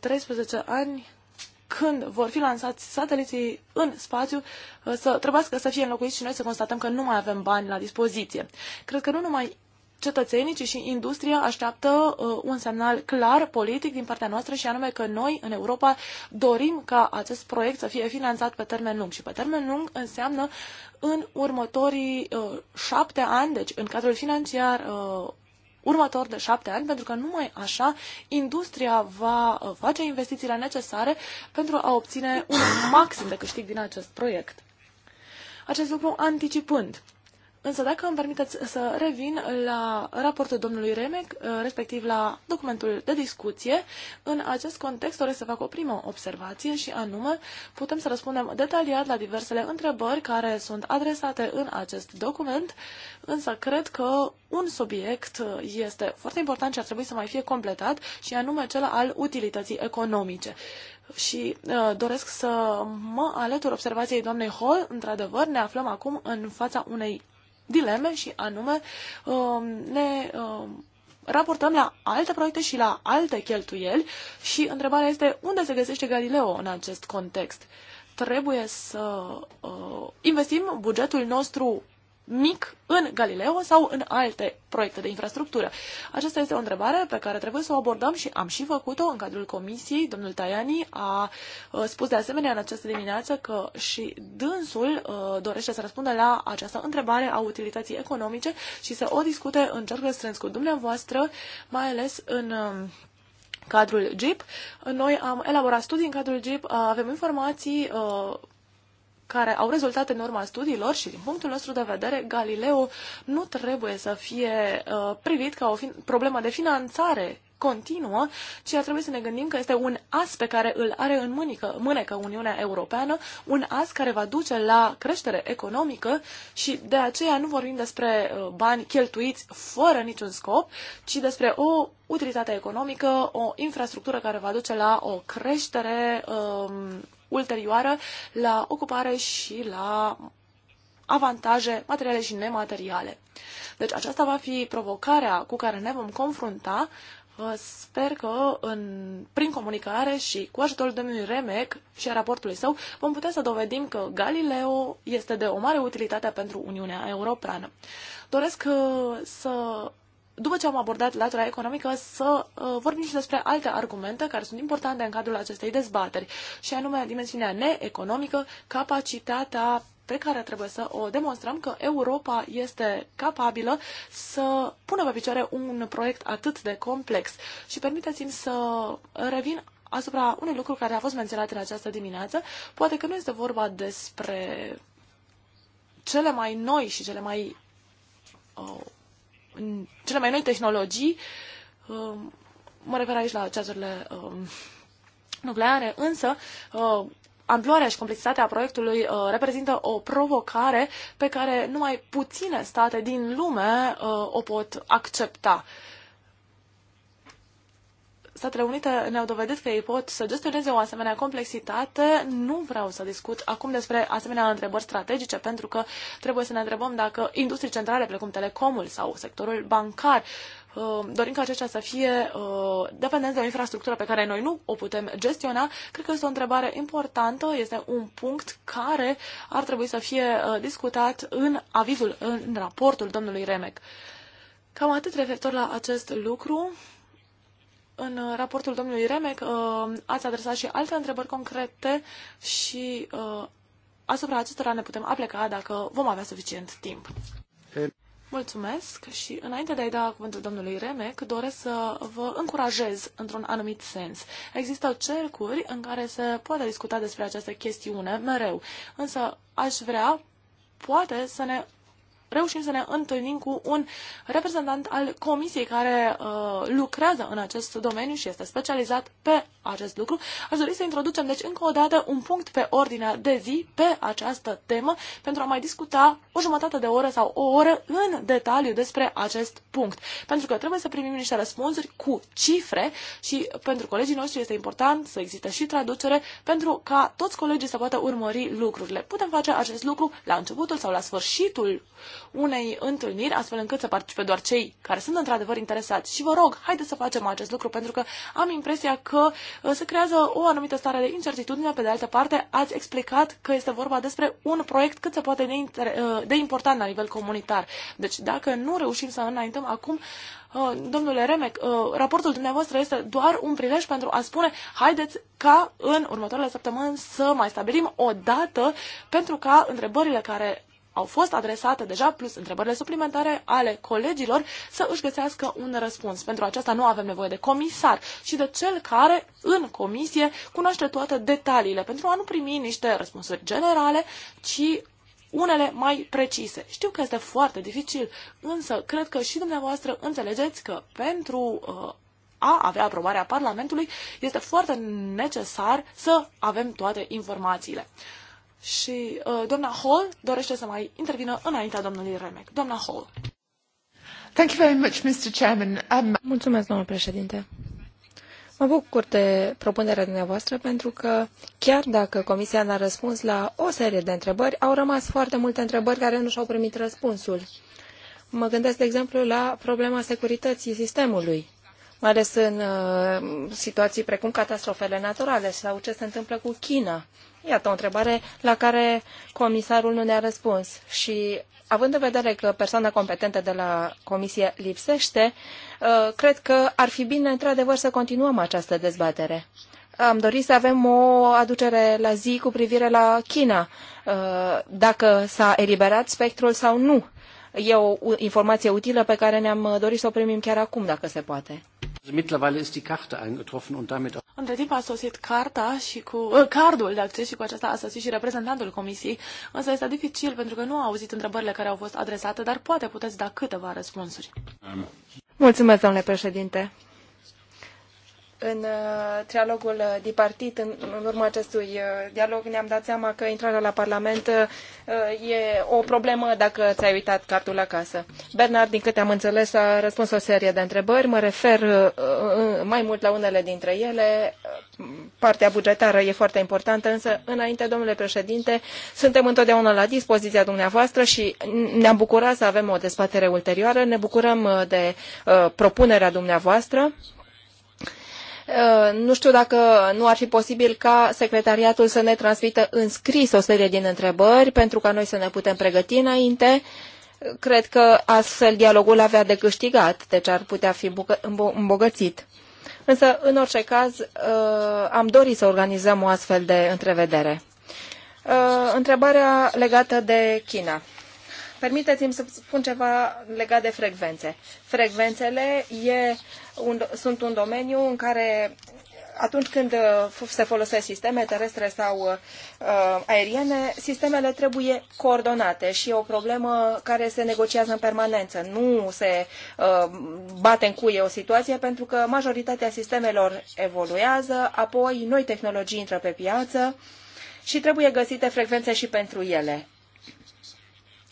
13 ani, când vor fi lansați sateliții în spațiu, uh, să trebuiască să fie înlocuiți și noi să constatăm că nu mai avem bani la dispoziție. Cred că nu numai cetățenii, ci și industria așteaptă uh, un semnal clar politic din partea noastră și anume că noi, în Europa, dorim ca acest proiect să fie finanțat pe termen lung. Și pe termen lung înseamnă în următorii uh, șapte ani, deci în cadrul financiar uh, următor de șapte ani, pentru că numai așa industria va uh, face investițiile necesare pentru a obține un maxim de câștig din acest proiect. Acest lucru anticipând Însă dacă îmi permiteți să revin la raportul domnului Remec, uh, respectiv la documentul de discuție, în acest context doresc să fac o primă observație și anume putem să răspundem detaliat la diversele întrebări care sunt adresate în acest document, însă cred că un subiect uh, este foarte important și ar trebui să mai fie completat și anume cel al utilității economice și uh, doresc să mă alătur observației doamnei Hall. Într-adevăr, ne aflăm acum în fața unei dileme și anume um, ne um, raportăm la alte proiecte și la alte cheltuieli și întrebarea este unde se găsește Galileo în acest context. Trebuie să uh, investim bugetul nostru mic în Galileo sau în alte proiecte de infrastructură? Aceasta este o întrebare pe care trebuie să o abordăm și am și făcut-o în cadrul comisiei. Domnul Tajani a uh, spus de asemenea în această dimineață că și dânsul uh, dorește să răspundă la această întrebare a utilității economice și să o discute în cercul strâns cu dumneavoastră, mai ales în um, cadrul GIP. Noi am elaborat studii în cadrul GIP, uh, avem informații care au rezultat în urma studiilor și din punctul nostru de vedere, Galileo nu trebuie să fie uh, privit ca o problemă de finanțare continuă, ci ar trebui să ne gândim că este un as pe care îl are în mânică, mânecă Uniunea Europeană, un as care va duce la creștere economică și de aceea nu vorbim despre uh, bani cheltuiți fără niciun scop, ci despre o utilitate economică, o infrastructură care va duce la o creștere um, ulterioară, la ocupare și la avantaje materiale și nemateriale. Deci aceasta va fi provocarea cu care ne vom confrunta Sper că în, prin comunicare și cu ajutorul domnului Remec și a raportului său vom putea să dovedim că Galileo este de o mare utilitate pentru Uniunea Europeană. Doresc uh, să, după ce am abordat latura economică, să uh, vorbim și despre alte argumente care sunt importante în cadrul acestei dezbateri, și anume dimensiunea neeconomică, capacitatea pe care trebuie să o demonstrăm că Europa este capabilă să pună pe picioare un proiect atât de complex. Și permiteți-mi să revin asupra unui lucru care a fost menționat în această dimineață. Poate că nu este vorba despre cele mai noi și cele mai uh, cele mai noi tehnologii, uh, mă refer aici la ceasurile uh, nucleare, însă uh, amploarea și complexitatea proiectului uh, reprezintă o provocare pe care numai puține state din lume uh, o pot accepta. Statele Unite ne-au dovedit că ei pot să gestioneze o asemenea complexitate. Nu vreau să discut acum despre asemenea întrebări strategice, pentru că trebuie să ne întrebăm dacă industrii centrale, precum telecomul sau sectorul bancar, uh, Uh, dorim ca aceștia să fie uh, dependenți de o infrastructură pe care noi nu o putem gestiona, cred că este o întrebare importantă, este un punct care ar trebui să fie uh, discutat în avizul, în raportul domnului Remec. Cam atât referitor la acest lucru. În raportul domnului Remec ați adresat și alte întrebări concrete și asupra acestora ne putem apleca dacă vom avea suficient timp. Mulțumesc și înainte de a-i da cuvântul domnului Remec, doresc să vă încurajez într-un anumit sens. Există cercuri în care se poate discuta despre această chestiune mereu, însă aș vrea poate să ne reușim să ne întâlnim cu un reprezentant al comisiei care uh, lucrează în acest domeniu și este specializat pe acest lucru. Aș dori să introducem, deci, încă o dată un punct pe ordinea de zi pe această temă pentru a mai discuta o jumătate de oră sau o oră în detaliu despre acest punct. Pentru că trebuie să primim niște răspunsuri cu cifre și pentru colegii noștri este important să existe și traducere pentru ca toți colegii să poată urmări lucrurile. Putem face acest lucru la începutul sau la sfârșitul unei întâlniri, astfel încât să participe doar cei care sunt într-adevăr interesați. Și vă rog, haideți să facem acest lucru, pentru că am impresia că uh, se creează o anumită stare de incertitudine. Pe de altă parte, ați explicat că este vorba despre un proiect cât se poate de, uh, de important la nivel comunitar. Deci, dacă nu reușim să înaintăm acum, uh, domnule Remec, raportul dumneavoastră este doar un prilej pentru a spune haideți ca în următoarele săptămâni să mai stabilim o dată pentru ca întrebările care au fost adresate deja, plus întrebările suplimentare ale colegilor, să își găsească un răspuns. Pentru aceasta nu avem nevoie de comisar, ci de cel care, în comisie, cunoaște toate detaliile, pentru a nu primi niște răspunsuri generale, ci unele mai precise. Știu că este foarte dificil, însă cred că și dumneavoastră înțelegeți că pentru uh, a avea aprobarea Parlamentului este foarte necesar să avem toate informațiile și uh, doamna Hall dorește să mai intervină înaintea domnului Remek, Doamna Hall. Thank you very much, Mr. Chairman. Um... Mulțumesc, domnule președinte. Mă bucur de propunerea dumneavoastră pentru că chiar dacă Comisia n-a răspuns la o serie de întrebări, au rămas foarte multe întrebări care nu și-au primit răspunsul. Mă gândesc, de exemplu, la problema securității sistemului, mai ales în uh, situații precum catastrofele naturale sau ce se întâmplă cu China. Iată o întrebare la care comisarul nu ne-a răspuns și având în vedere că persoana competentă de la comisie lipsește, uh, cred că ar fi bine într-adevăr să continuăm această dezbatere. Am dorit să avem o aducere la zi cu privire la China, uh, dacă s-a eliberat spectrul sau nu. E o informație utilă pe care ne-am dorit să o primim chiar acum, dacă se poate. Mittlerweile ist die Karte eingetroffen und damit între timp a sosit carta și cu, uh, cardul de acces și cu acesta a sosit și reprezentantul comisiei, însă este dificil pentru că nu a auzit întrebările care au fost adresate, dar poate puteți da câteva răspunsuri. Mulțumesc, domnule președinte în uh, trialogul dipartit, în, în urma acestui uh, dialog, ne-am dat seama că intrarea la Parlament uh, e o problemă dacă ți-ai uitat cartul acasă. Bernard, din câte am înțeles, a răspuns o serie de întrebări. Mă refer mai mult la unele dintre ele. Partea bugetară e foarte importantă, însă, înainte, domnule președinte, suntem întotdeauna la dispoziția dumneavoastră și ne-am bucurat să avem o dezbatere ulterioară. Ne bucurăm de propunerea dumneavoastră Uh, nu știu dacă nu ar fi posibil ca secretariatul să ne transmită în scris o serie din întrebări pentru ca noi să ne putem pregăti înainte. Cred că astfel dialogul avea de câștigat, deci ar putea fi îmbogățit. Însă, în orice caz, uh, am dorit să organizăm o astfel de întrevedere. Uh, întrebarea legată de China. Permiteți-mi să spun ceva legat de frecvențe. Frecvențele e un, sunt un domeniu în care atunci când uh, se folosesc sisteme terestre sau uh, aeriene, sistemele trebuie coordonate și e o problemă care se negociază în permanență. Nu se uh, bate în cuie o situație pentru că majoritatea sistemelor evoluează, apoi noi tehnologii intră pe piață și trebuie găsite frecvențe și pentru ele.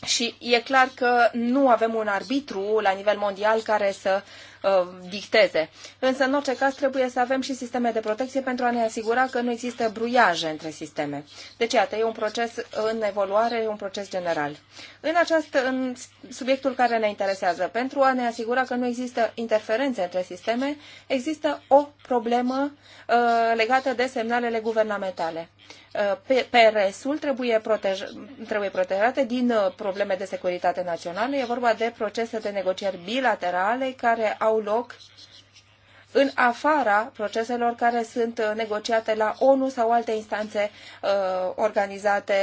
Și e clar că nu avem un arbitru la nivel mondial care să Uh, dicteze. Însă, în orice caz, trebuie să avem și sisteme de protecție pentru a ne asigura că nu există bruiaje între sisteme. Deci, iată, e un proces în evoluare, e un proces general. În, acest în subiectul care ne interesează, pentru a ne asigura că nu există interferențe între sisteme, există o problemă uh, legată de semnalele guvernamentale. Uh, PRS-ul trebuie, protej- trebuie protejate din uh, probleme de securitate națională. E vorba de procese de negocieri bilaterale care au au loc în afara proceselor care sunt uh, negociate la ONU sau alte instanțe uh, organizate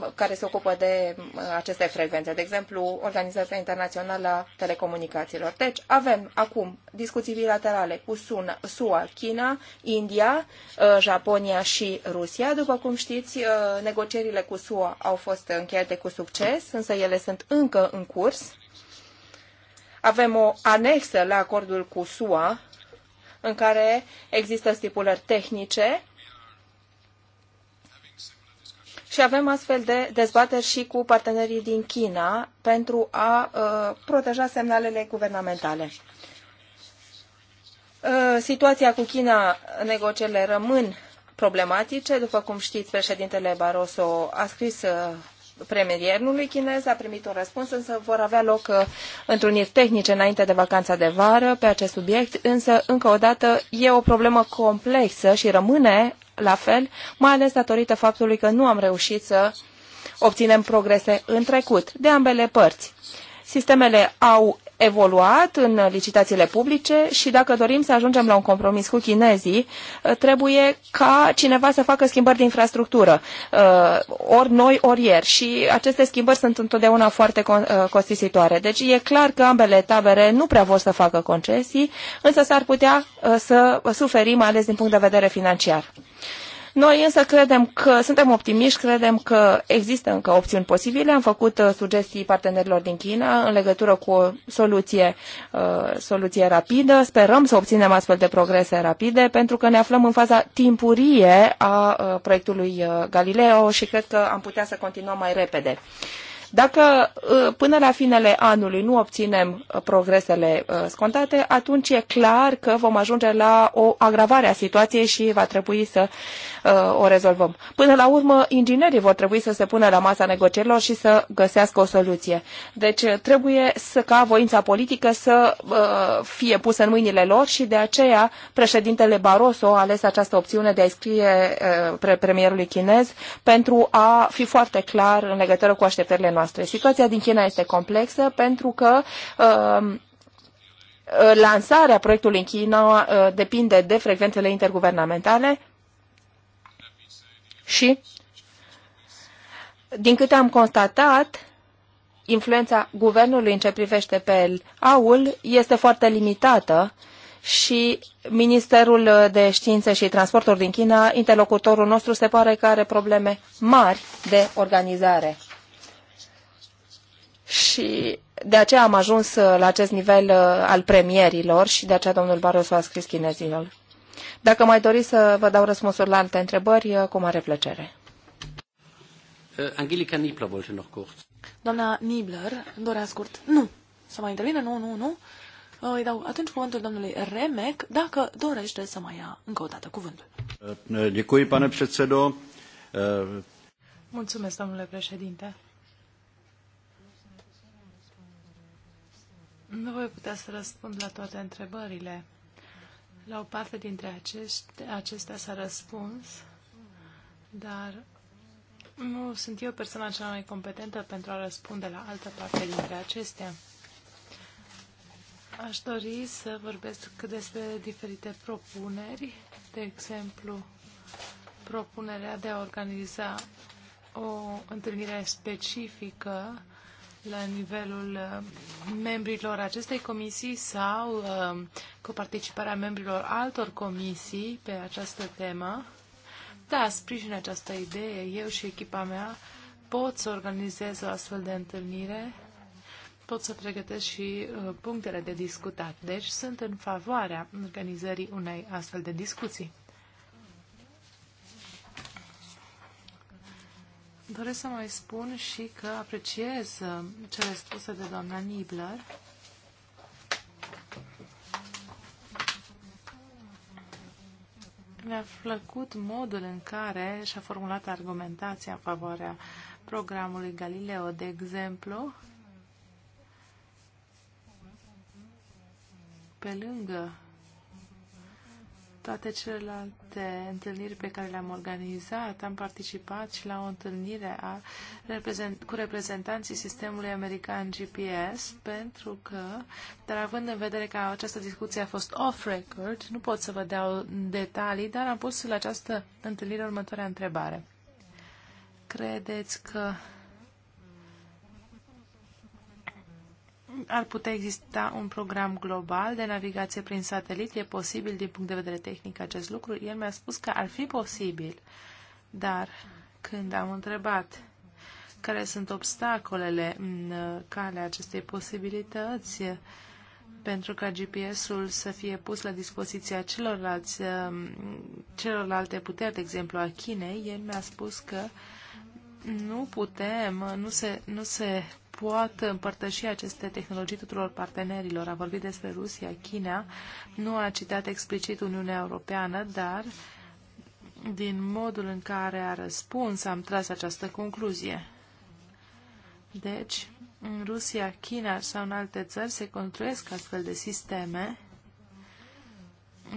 uh, care se ocupă de uh, aceste frecvențe, de exemplu Organizația Internațională a Telecomunicațiilor. Deci avem acum discuții bilaterale cu Suna, SUA, China, India, uh, Japonia și Rusia. După cum știți, uh, negocierile cu SUA au fost încheiate cu succes, însă ele sunt încă în curs avem o anexă la acordul cu SUA, în care există stipulări tehnice și avem astfel de dezbateri și cu partenerii din China pentru a uh, proteja semnalele guvernamentale. Uh, situația cu China, negocierile rămân problematice. După cum știți, președintele Barroso a scris uh, premierului chinez a primit un răspuns, însă vor avea loc uh, întruniri tehnice înainte de vacanța de vară pe acest subiect, însă, încă o dată, e o problemă complexă și rămâne la fel, mai ales datorită faptului că nu am reușit să obținem progrese în trecut, de ambele părți. Sistemele au evoluat în licitațiile publice și dacă dorim să ajungem la un compromis cu chinezii, uh, trebuie ca cineva să facă schimbări de infrastructură, uh, ori noi, ori ieri. Și aceste schimbări sunt întotdeauna foarte uh, costisitoare. Deci e clar că ambele tabere nu prea vor să facă concesii, însă s-ar putea să suferim, mai ales din punct de vedere financiar. Noi însă credem că suntem optimiști, credem că există încă opțiuni posibile. Am făcut uh, sugestii partenerilor din China în legătură cu o soluție, uh, soluție rapidă. Sperăm să obținem astfel de progrese rapide pentru că ne aflăm în faza timpurie a uh, proiectului Galileo și cred că am putea să continuăm mai repede. Dacă până la finele anului nu obținem progresele scontate, atunci e clar că vom ajunge la o agravare a situației și va trebui să Uh, o rezolvăm. Până la urmă, inginerii vor trebui să se pună la masa negocierilor și să găsească o soluție. Deci uh, trebuie să ca voința politică să uh, fie pusă în mâinile lor și de aceea președintele Barroso a ales această opțiune de a-i scrie premierului chinez pentru a fi foarte clar în legătură cu așteptările noastre. Situația din China este complexă pentru că lansarea proiectului în China depinde de frecvențele interguvernamentale și, din câte am constatat, influența guvernului în ce privește pe AUL este foarte limitată și Ministerul de Științe și Transporturi din China, interlocutorul nostru, se pare că are probleme mari de organizare. Și de aceea am ajuns la acest nivel uh, al premierilor și de aceea domnul Barroso a scris chinezilor. Dacă mai doriți să vă dau răspunsuri la alte întrebări, uh, cu mare plăcere. Uh, Angelica Nibler wollte noch kurz. Doamna Nibler dorea scurt. Nu. Să mai intervine? Nu, nu, nu. Uh, îi dau atunci cuvântul domnului Remec, dacă dorește să mai ia încă o dată cuvântul. Děkuji, pane předsedo. Mulțumesc, domnule președinte. Nu voi putea să răspund la toate întrebările la o parte dintre acești, acestea s-a răspuns, dar nu sunt eu persoana cea mai competentă pentru a răspunde la altă parte dintre acestea. Aș dori să vorbesc despre diferite propuneri, de exemplu, propunerea de a organiza o întâlnire specifică la nivelul uh, membrilor acestei comisii sau uh, cu participarea membrilor altor comisii pe această temă. Da, sprijin această idee. Eu și echipa mea pot să organizez o astfel de întâlnire, pot să pregătesc și uh, punctele de discutat. Deci sunt în favoarea organizării unei astfel de discuții. Doresc să mai spun și că apreciez uh, cele spuse de doamna Nibler. Mi-a plăcut modul în care și-a formulat argumentația în favoarea programului Galileo, de exemplu, pe lângă toate celelalte întâlniri pe care le-am organizat, am participat și la o întâlnire a, reprezent, cu reprezentanții sistemului american GPS, pentru că, dar având în vedere că această discuție a fost off-record, nu pot să vă dau detalii, dar am pus la această întâlnire următoarea întrebare. Credeți că ar putea exista un program global de navigație prin satelit. E posibil din punct de vedere tehnic acest lucru. El mi-a spus că ar fi posibil, dar când am întrebat care sunt obstacolele în uh, calea acestei posibilități, uh, pentru ca GPS-ul să fie pus la dispoziția celorlalți, uh, celorlalte puteri, de exemplu a Chinei, el mi-a spus că nu putem, nu se, nu se poată împărtăși aceste tehnologii tuturor partenerilor. A vorbit despre Rusia, China, nu a citat explicit Uniunea Europeană, dar din modul în care a răspuns am tras această concluzie. Deci, în Rusia, China sau în alte țări se construiesc astfel de sisteme.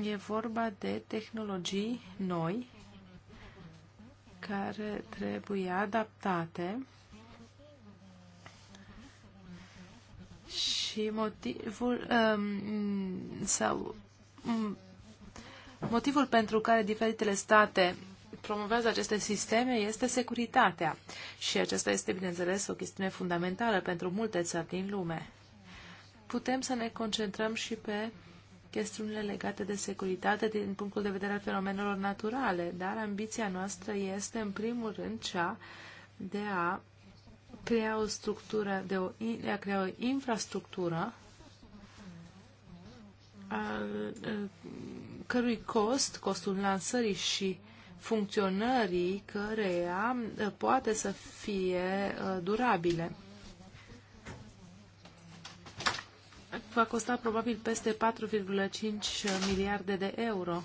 E vorba de tehnologii noi care trebuie adaptate Și motivul um, sau um, motivul pentru care diferitele state promovează aceste sisteme este securitatea. Și aceasta este, bineînțeles, o chestiune fundamentală pentru multe țări din lume. Putem să ne concentrăm și pe chestiunile legate de securitate din punctul de vedere al fenomenelor naturale, dar ambiția noastră este, în primul rând, cea de a crea o structură, de o, de a crea o infrastructură al cărui cost, costul lansării și funcționării căreia poate să fie durabile. Va costa probabil peste 4,5 miliarde de euro.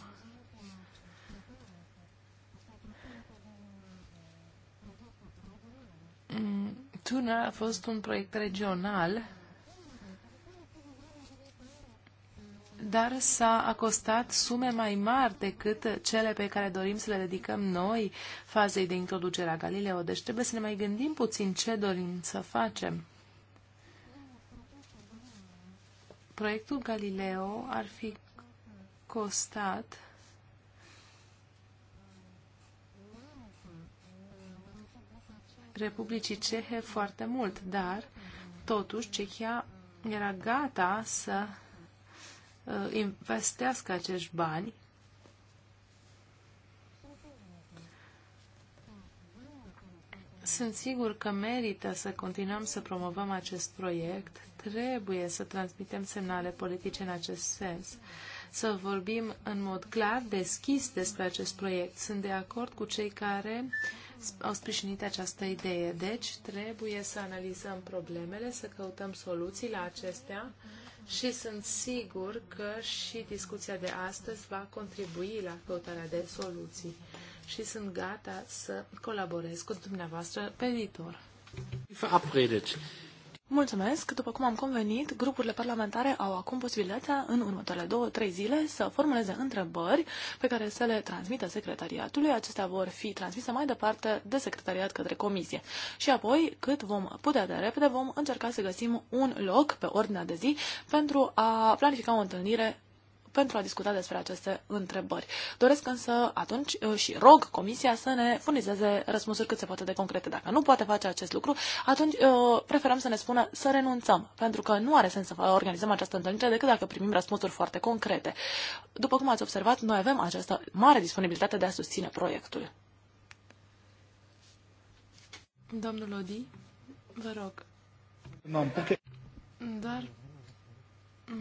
Mm Tuner a fost un proiect regional, dar s-a acostat sume mai mari decât cele pe care dorim să le dedicăm noi fazei de introducere a Galileo. Deci trebuie să ne mai gândim puțin ce dorim să facem. Proiectul Galileo ar fi costat Republicii Cehe foarte mult, dar totuși Cehia era gata să uh, investească acești bani Sunt sigur că merită să continuăm să promovăm acest proiect. Trebuie să transmitem semnale politice în acest sens. Să vorbim în mod clar, deschis despre acest proiect. Sunt de acord cu cei care uh, au sprijinit această idee. Deci, trebuie să analizăm problemele, să căutăm soluții la acestea și sunt sigur că și discuția de astăzi va contribui la căutarea de soluții și sunt gata să colaborez cu dumneavoastră pe viitor. Verabredet. Mulțumesc! După cum am convenit, grupurile parlamentare au acum posibilitatea în următoarele două-trei zile să formuleze întrebări pe care să le transmită secretariatului. Acestea vor fi transmise mai departe de secretariat către comisie. Și apoi, cât vom putea de repede, vom încerca să găsim un loc pe ordinea de zi pentru a planifica o întâlnire pentru a discuta despre aceste întrebări. Doresc însă atunci uh, și rog Comisia să ne furnizeze răspunsuri cât se poate de concrete. Dacă nu poate face acest lucru, atunci uh, preferăm să ne spună să renunțăm, pentru că nu are sens să organizăm această întâlnire decât dacă primim răspunsuri foarte concrete. După cum ați observat, noi avem această mare disponibilitate de a susține proiectul. Domnul Odi, vă rog. Doar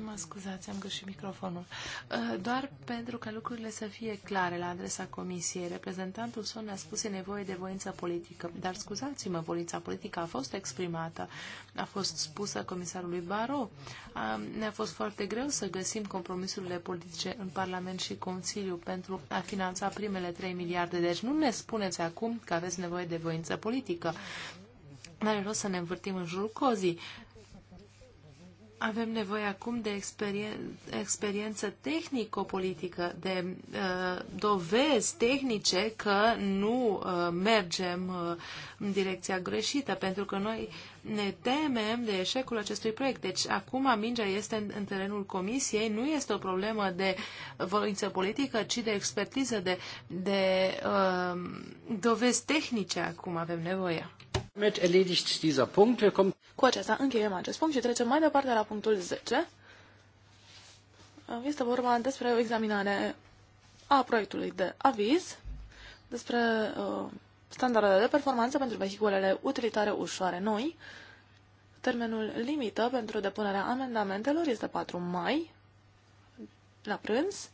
Mă scuzați, am greșit microfonul. Uh, doar pentru ca lucrurile să fie clare la adresa comisiei, reprezentantul său ne-a spus e nevoie de voință politică. Dar scuzați-mă, voința politică a fost exprimată, a fost spusă comisarului Baro. Ne-a fost foarte greu să găsim compromisurile politice în Parlament și Consiliu pentru a finanța primele 3 miliarde. Deci nu ne spuneți acum că aveți nevoie de voință politică. Dar are rost să ne învârtim în jurul cozii. Avem nevoie acum de experien experiență tehnico-politică, de uh, dovezi tehnice că nu uh, mergem uh, în direcția greșită, pentru că noi ne temem de eșecul acestui proiect. Deci acum mingea este în, în terenul comisiei, nu este o problemă de voință politică, ci de expertiză, de, de uh, dovezi tehnice acum avem nevoie. Mit erledigt dieser Punkt. Wir kommen cu aceasta încheiem acest punct și trecem mai departe la punctul 10. Este vorba despre o examinare a proiectului de aviz, despre uh, standardele de performanță pentru vehiculele utilitare ușoare noi. Termenul limită pentru depunerea amendamentelor este 4 mai la prânz,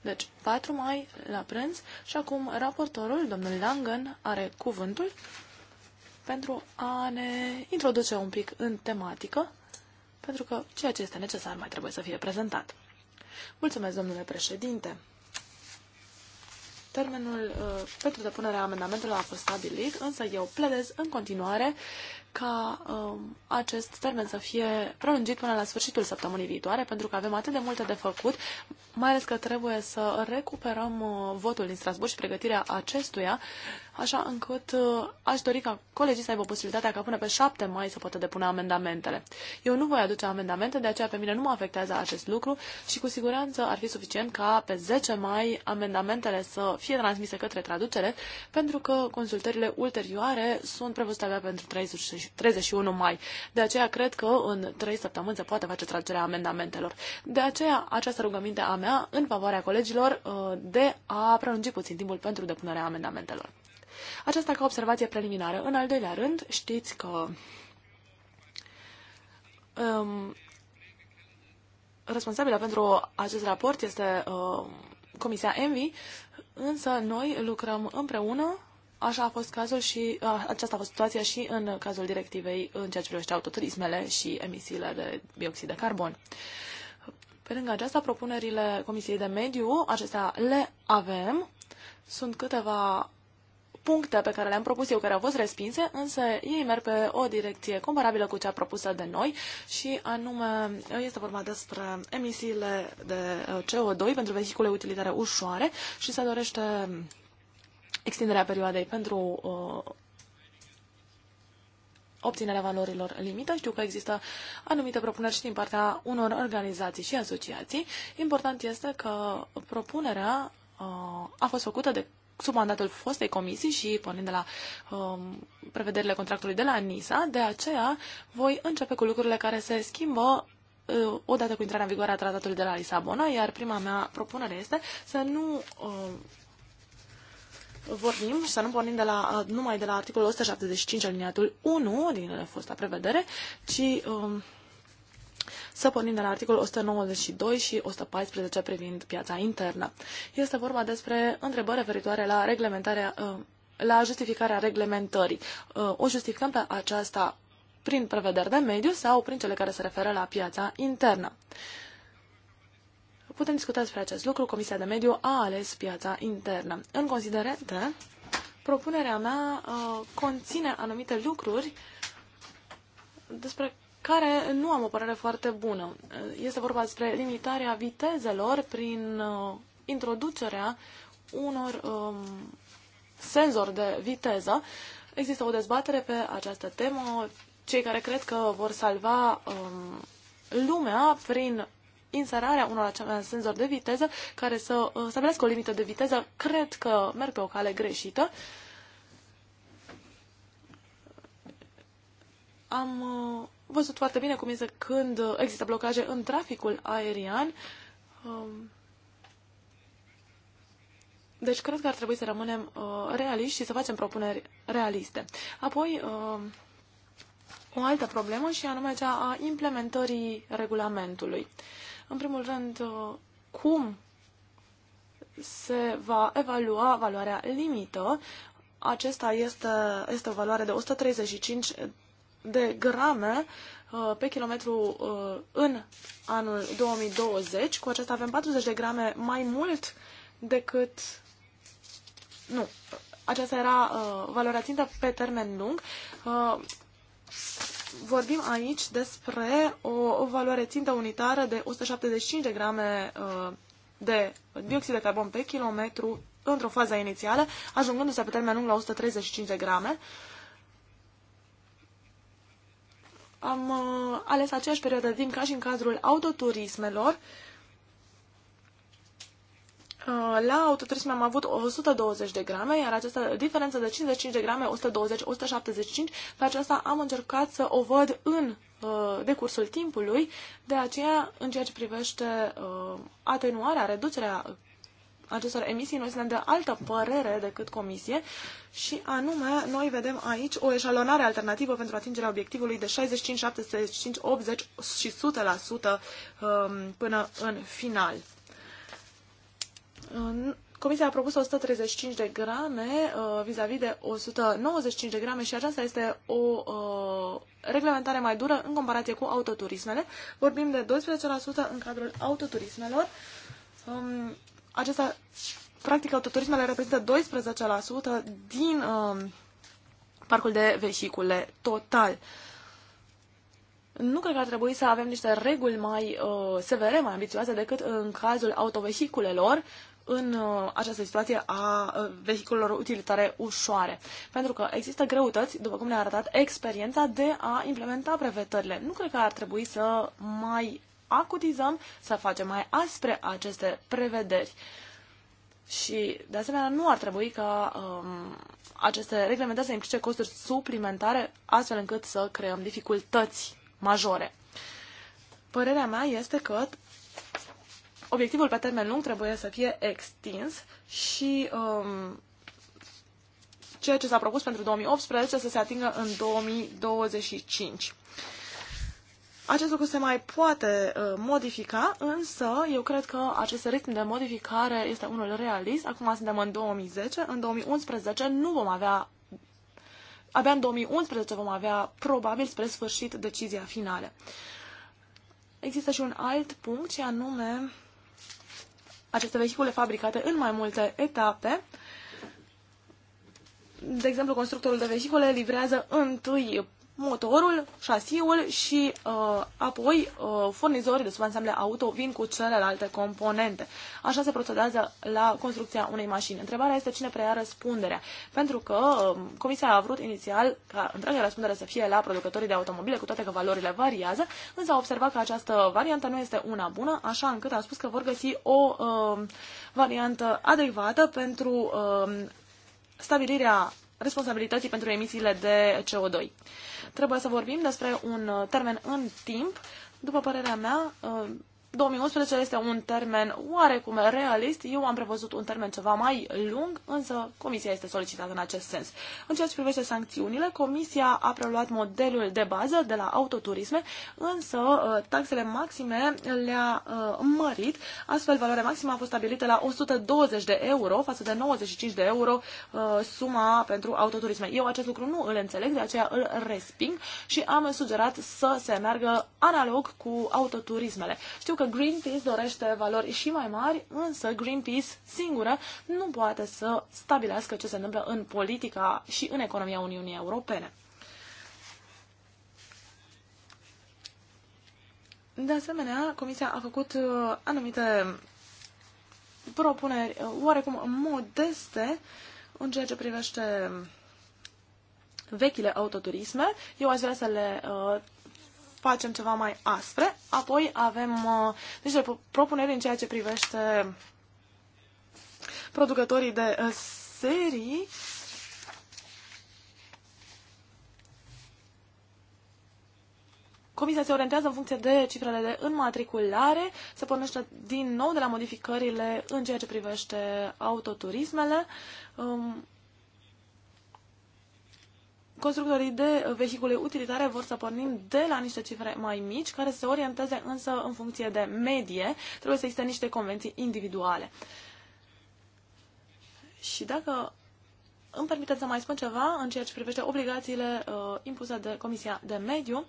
deci 4 mai la prânz și acum raportorul, domnul Langen, are cuvântul pentru a ne introduce un pic în tematică, pentru că ceea ce este necesar mai trebuie să fie prezentat. Mulțumesc, domnule președinte. Termenul uh, pentru depunerea amendamentelor a fost stabilit, însă eu pledez în continuare ca uh, acest termen să fie prelungit până la sfârșitul săptămânii viitoare, pentru că avem atât de multe de făcut, mai ales că trebuie să recuperăm uh, votul din Strasburg și pregătirea acestuia așa încât uh, aș dori ca colegii să aibă posibilitatea ca până pe 7 mai să poată depune amendamentele. Eu nu voi aduce amendamente, de aceea pe mine nu mă afectează acest lucru și cu siguranță ar fi suficient ca pe 10 mai amendamentele să fie transmise către traducere, pentru că consultările ulterioare sunt prevăzute abia pentru 31 mai. De aceea cred că în 3 săptămâni se poate face traducerea amendamentelor. De aceea această rugăminte a mea în favoarea colegilor uh, de a prelungi puțin timpul pentru depunerea amendamentelor. Aceasta ca observație preliminară. În al doilea rând, știți că um, responsabilă pentru acest raport este um, Comisia Envi, însă noi lucrăm împreună Așa a fost cazul și a, uh, aceasta a fost situația și în cazul directivei în ceea ce privește autoturismele și emisiile de dioxid de carbon. Pe lângă aceasta, propunerile Comisiei de Mediu, acestea le avem. Sunt câteva puncte pe care le-am propus eu, care au fost respinse, însă ei merg pe o direcție comparabilă cu cea propusă de noi și anume este vorba despre emisiile de uh, CO2 pentru vehicule utilitare ușoare și se dorește extinderea perioadei pentru uh, obținerea valorilor limită. Știu că există anumite propuneri și din partea unor organizații și asociații. Important este că propunerea uh, a fost făcută de sub mandatul fostei comisii și pornind de la um, prevederile contractului de la NISA, de aceea voi începe cu lucrurile care se schimbă uh, odată cu intrarea în vigoare a tratatului de la Lisabona, iar prima mea propunere este să nu uh, vorbim și să nu pornim de la, uh, numai de la articolul 175 aliniatul 1 din fosta prevedere, ci uh, să pornim de la articolul 192 și 114 privind piața internă. Este vorba despre întrebări referitoare la reglementarea uh, la justificarea reglementării. Uh, o justificăm pe aceasta prin prevederi de mediu sau prin cele care se referă la piața internă. Putem discuta despre acest lucru. Comisia de Mediu a ales piața internă. În considerente, propunerea mea uh, conține anumite lucruri despre care nu am o părere foarte bună. Este vorba despre limitarea vitezelor prin uh, introducerea unor um, senzori de viteză. Există o dezbatere pe această temă. Cei care cred că vor salva um, lumea prin inserarea unor asemenea senzori de viteză care să uh, stabilească o limită de viteză, cred că merg pe o cale greșită. Am uh, văzut foarte bine cum este când există blocaje în traficul aerian. Um, deci cred că ar trebui să rămânem uh, realiști și să facem propuneri realiste. Apoi, um, o altă problemă și anume cea a implementării regulamentului. În primul rând, uh, cum se va evalua valoarea limită? Acesta este, este o valoare de 135 de grame uh, pe kilometru uh, în anul 2020. Cu acesta avem 40 de grame mai mult decât... Nu, aceasta era uh, valoarea țintă pe termen lung. Uh, vorbim aici despre o, o valoare țintă unitară de 175 de grame uh, de dioxid de carbon pe kilometru într-o fază inițială, ajungându-se pe termen lung la 135 de grame. Uh, am uh, ales aceeași perioadă de timp ca și în cadrul autoturismelor. Uh, la autoturism am avut 120 de grame, iar această diferență de 55 de grame, 120-175, pe aceasta am încercat să o văd în uh, decursul timpului, de aceea, în ceea ce privește uh, atenuarea, reducerea acestor emisii, noi suntem de altă părere decât Comisie și anume, noi vedem aici o eșalonare alternativă pentru atingerea obiectivului de 65, 75, 80 și 100% um, până în final. Comisia a propus 135 de grame uh, vis-a-vis -vis de 195 de grame și aceasta este o uh, reglementare mai dură în comparație cu autoturismele. Vorbim de 12% în cadrul autoturismelor. Um, acesta, practic, autoturismele reprezintă 12% din um, parcul de vehicule total. Nu cred că ar trebui să avem niște reguli mai uh, severe, mai ambițioase decât în cazul autovehiculelor în uh, această situație a uh, vehiculelor utilitare ușoare. Pentru că există greutăți, după cum ne-a arătat experiența, de a implementa prevetările. Nu cred că ar trebui să mai acutizăm, să facem mai aspre aceste prevederi. Și, de asemenea, nu ar trebui ca um, aceste reglementări să implice costuri suplimentare, astfel încât să creăm dificultăți majore. Părerea mea este că obiectivul pe termen lung trebuie să fie extins și um, ceea ce s-a propus pentru 2018 să se atingă în 2025. Acest lucru se mai poate uh, modifica, însă eu cred că acest ritm de modificare este unul realist. Acum suntem în 2010, în 2011 nu vom avea, abia în 2011 vom avea probabil spre sfârșit decizia finală. Există și un alt punct, și anume aceste vehicule fabricate în mai multe etape. De exemplu, constructorul de vehicule livrează întâi motorul, șasiul și uh, apoi uh, furnizorii de subansamble auto vin cu celelalte componente. Așa se procedează la construcția unei mașini. Întrebarea este cine preia răspunderea, pentru că uh, Comisia a vrut inițial ca întreaga răspundere să fie la producătorii de automobile, cu toate că valorile variază, însă a observat că această variantă nu este una bună, așa încât a spus că vor găsi o uh, variantă adecvată pentru uh, stabilirea responsabilității pentru emisiile de CO2. Trebuie să vorbim despre un termen în timp. După părerea mea, 2011 este un termen oarecum realist. Eu am prevăzut un termen ceva mai lung, însă Comisia este solicitată în acest sens. În ceea ce privește sancțiunile, Comisia a preluat modelul de bază de la autoturisme, însă uh, taxele maxime le-a uh, mărit. Astfel, valoarea maximă a fost stabilită la 120 de euro față de 95 de euro uh, suma pentru autoturisme. Eu acest lucru nu îl înțeleg, de aceea îl resping și am sugerat să se meargă analog cu autoturismele. Știu că că Greenpeace dorește valori și mai mari, însă Greenpeace singură nu poate să stabilească ce se întâmplă în politica și în economia Uniunii Europene. De asemenea, Comisia a făcut uh, anumite propuneri uh, oarecum modeste în ceea ce privește vechile autoturisme. Eu aș vrea să le uh, facem ceva mai aspre. Apoi avem uh, niște propuneri în ceea ce privește producătorii de uh, serii. Comisia se orientează în funcție de cifrele de înmatriculare, se pornește din nou de la modificările în ceea ce privește autoturismele. Um, constructorii de vehicule utilitare vor să pornim de la niște cifre mai mici, care se orienteze însă în funcție de medie. Trebuie să existe niște convenții individuale. Și dacă îmi permiteți să mai spun ceva în ceea ce privește obligațiile uh, impuse de Comisia de Mediu,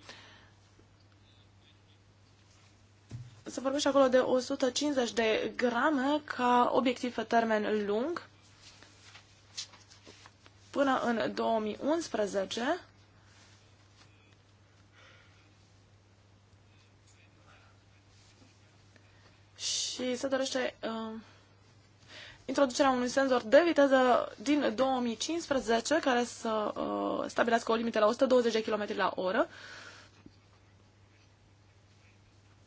se vorbește acolo de 150 de grame ca obiectiv pe termen lung. Până în 2011, și se dorește uh, introducerea unui senzor de viteză din 2015 care să uh, stabilească o limită la 120 km la oră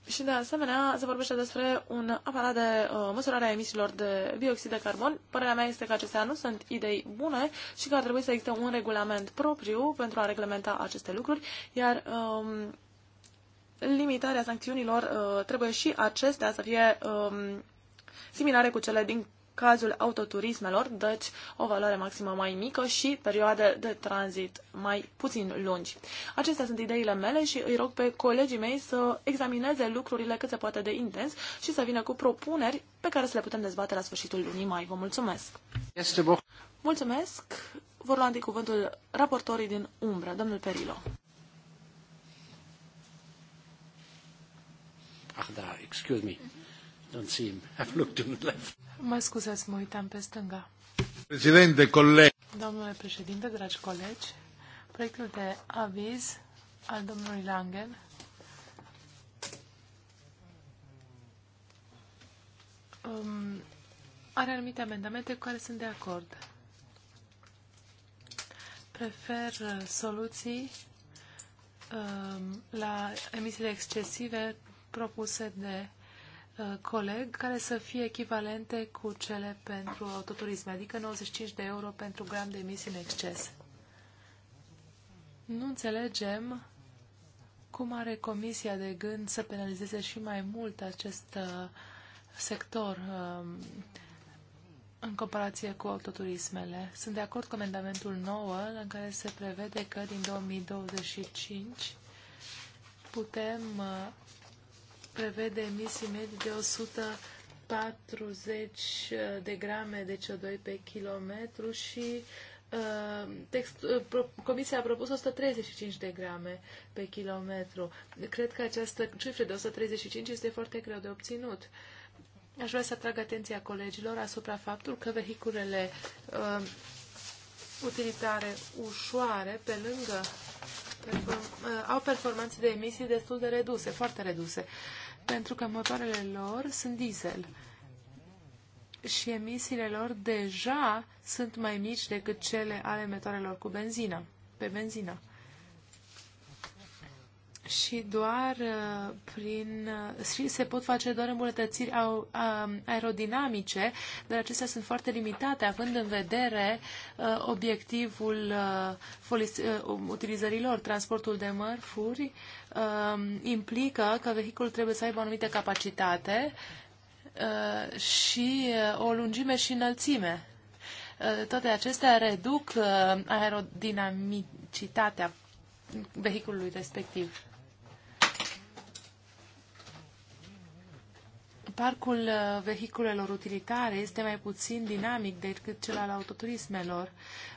și de asemenea se vorbește despre un aparat de uh, măsurare a emisiilor de bioxid de carbon. Părerea mea este că acestea nu sunt idei bune și că ar trebui să existe un regulament propriu pentru a reglementa aceste lucruri, iar um, limitarea sancțiunilor uh, trebuie și acestea să fie um, similare cu cele din cazul autoturismelor, deci o valoare maximă mai mică și perioade de tranzit mai puțin lungi. Acestea sunt ideile mele și îi rog pe colegii mei să examineze lucrurile cât se poate de intens și să vină cu propuneri pe care să le putem dezbate la sfârșitul lunii mai. Vă mulțumesc! Este bo- Mulțumesc! Vor lua cuvântul raportorii din umbră, domnul Perilo. Ah, da, excuse me. Don't see him. I've looked to the left. Mă scuzați, mă uitam pe stânga. Președinte, colegi. Domnule președinte, dragi colegi, proiectul de aviz al domnului Langen um, are anumite amendamente cu care sunt de acord. Prefer uh, soluții um, la emisiile excesive propuse de coleg care să fie echivalente cu cele pentru autoturisme, adică 95 de euro pentru gram de emisii în exces. Nu înțelegem cum are Comisia de gând să penalizeze și mai mult acest uh, sector um, în comparație cu autoturismele. Sunt de acord cu amendamentul 9, în care se prevede că din 2025 putem uh, prevede emisii medii de 140 de grame de CO2 pe kilometru și uh, Text, uh, comisia a propus 135 de grame pe kilometru. Cred că această cifră de 135 este foarte greu de obținut. Aș vrea să atrag atenția colegilor asupra faptul că vehiculele uh, utilitare ușoare, pe lângă, perform, uh, au performanțe de emisii destul de reduse, foarte reduse. Uh, pentru că motoarele lor sunt diesel și emisiile lor deja sunt mai mici decât cele ale motoarelor cu benzină, pe benzină și doar uh, prin uh, și se pot face doar îmbunătățiri um, aerodinamice, dar acestea sunt foarte limitate, având în vedere uh, obiectivul um, utilizărilor. Transportul de mărfuri um, implică că vehiculul trebuie să aibă o anumită capacitate și o lungime și înălțime. Toate acestea reduc aerodinamicitatea vehiculului respectiv. Parcul uh, vehiculelor utilitare este mai puțin dinamic decât cel al autoturismelor.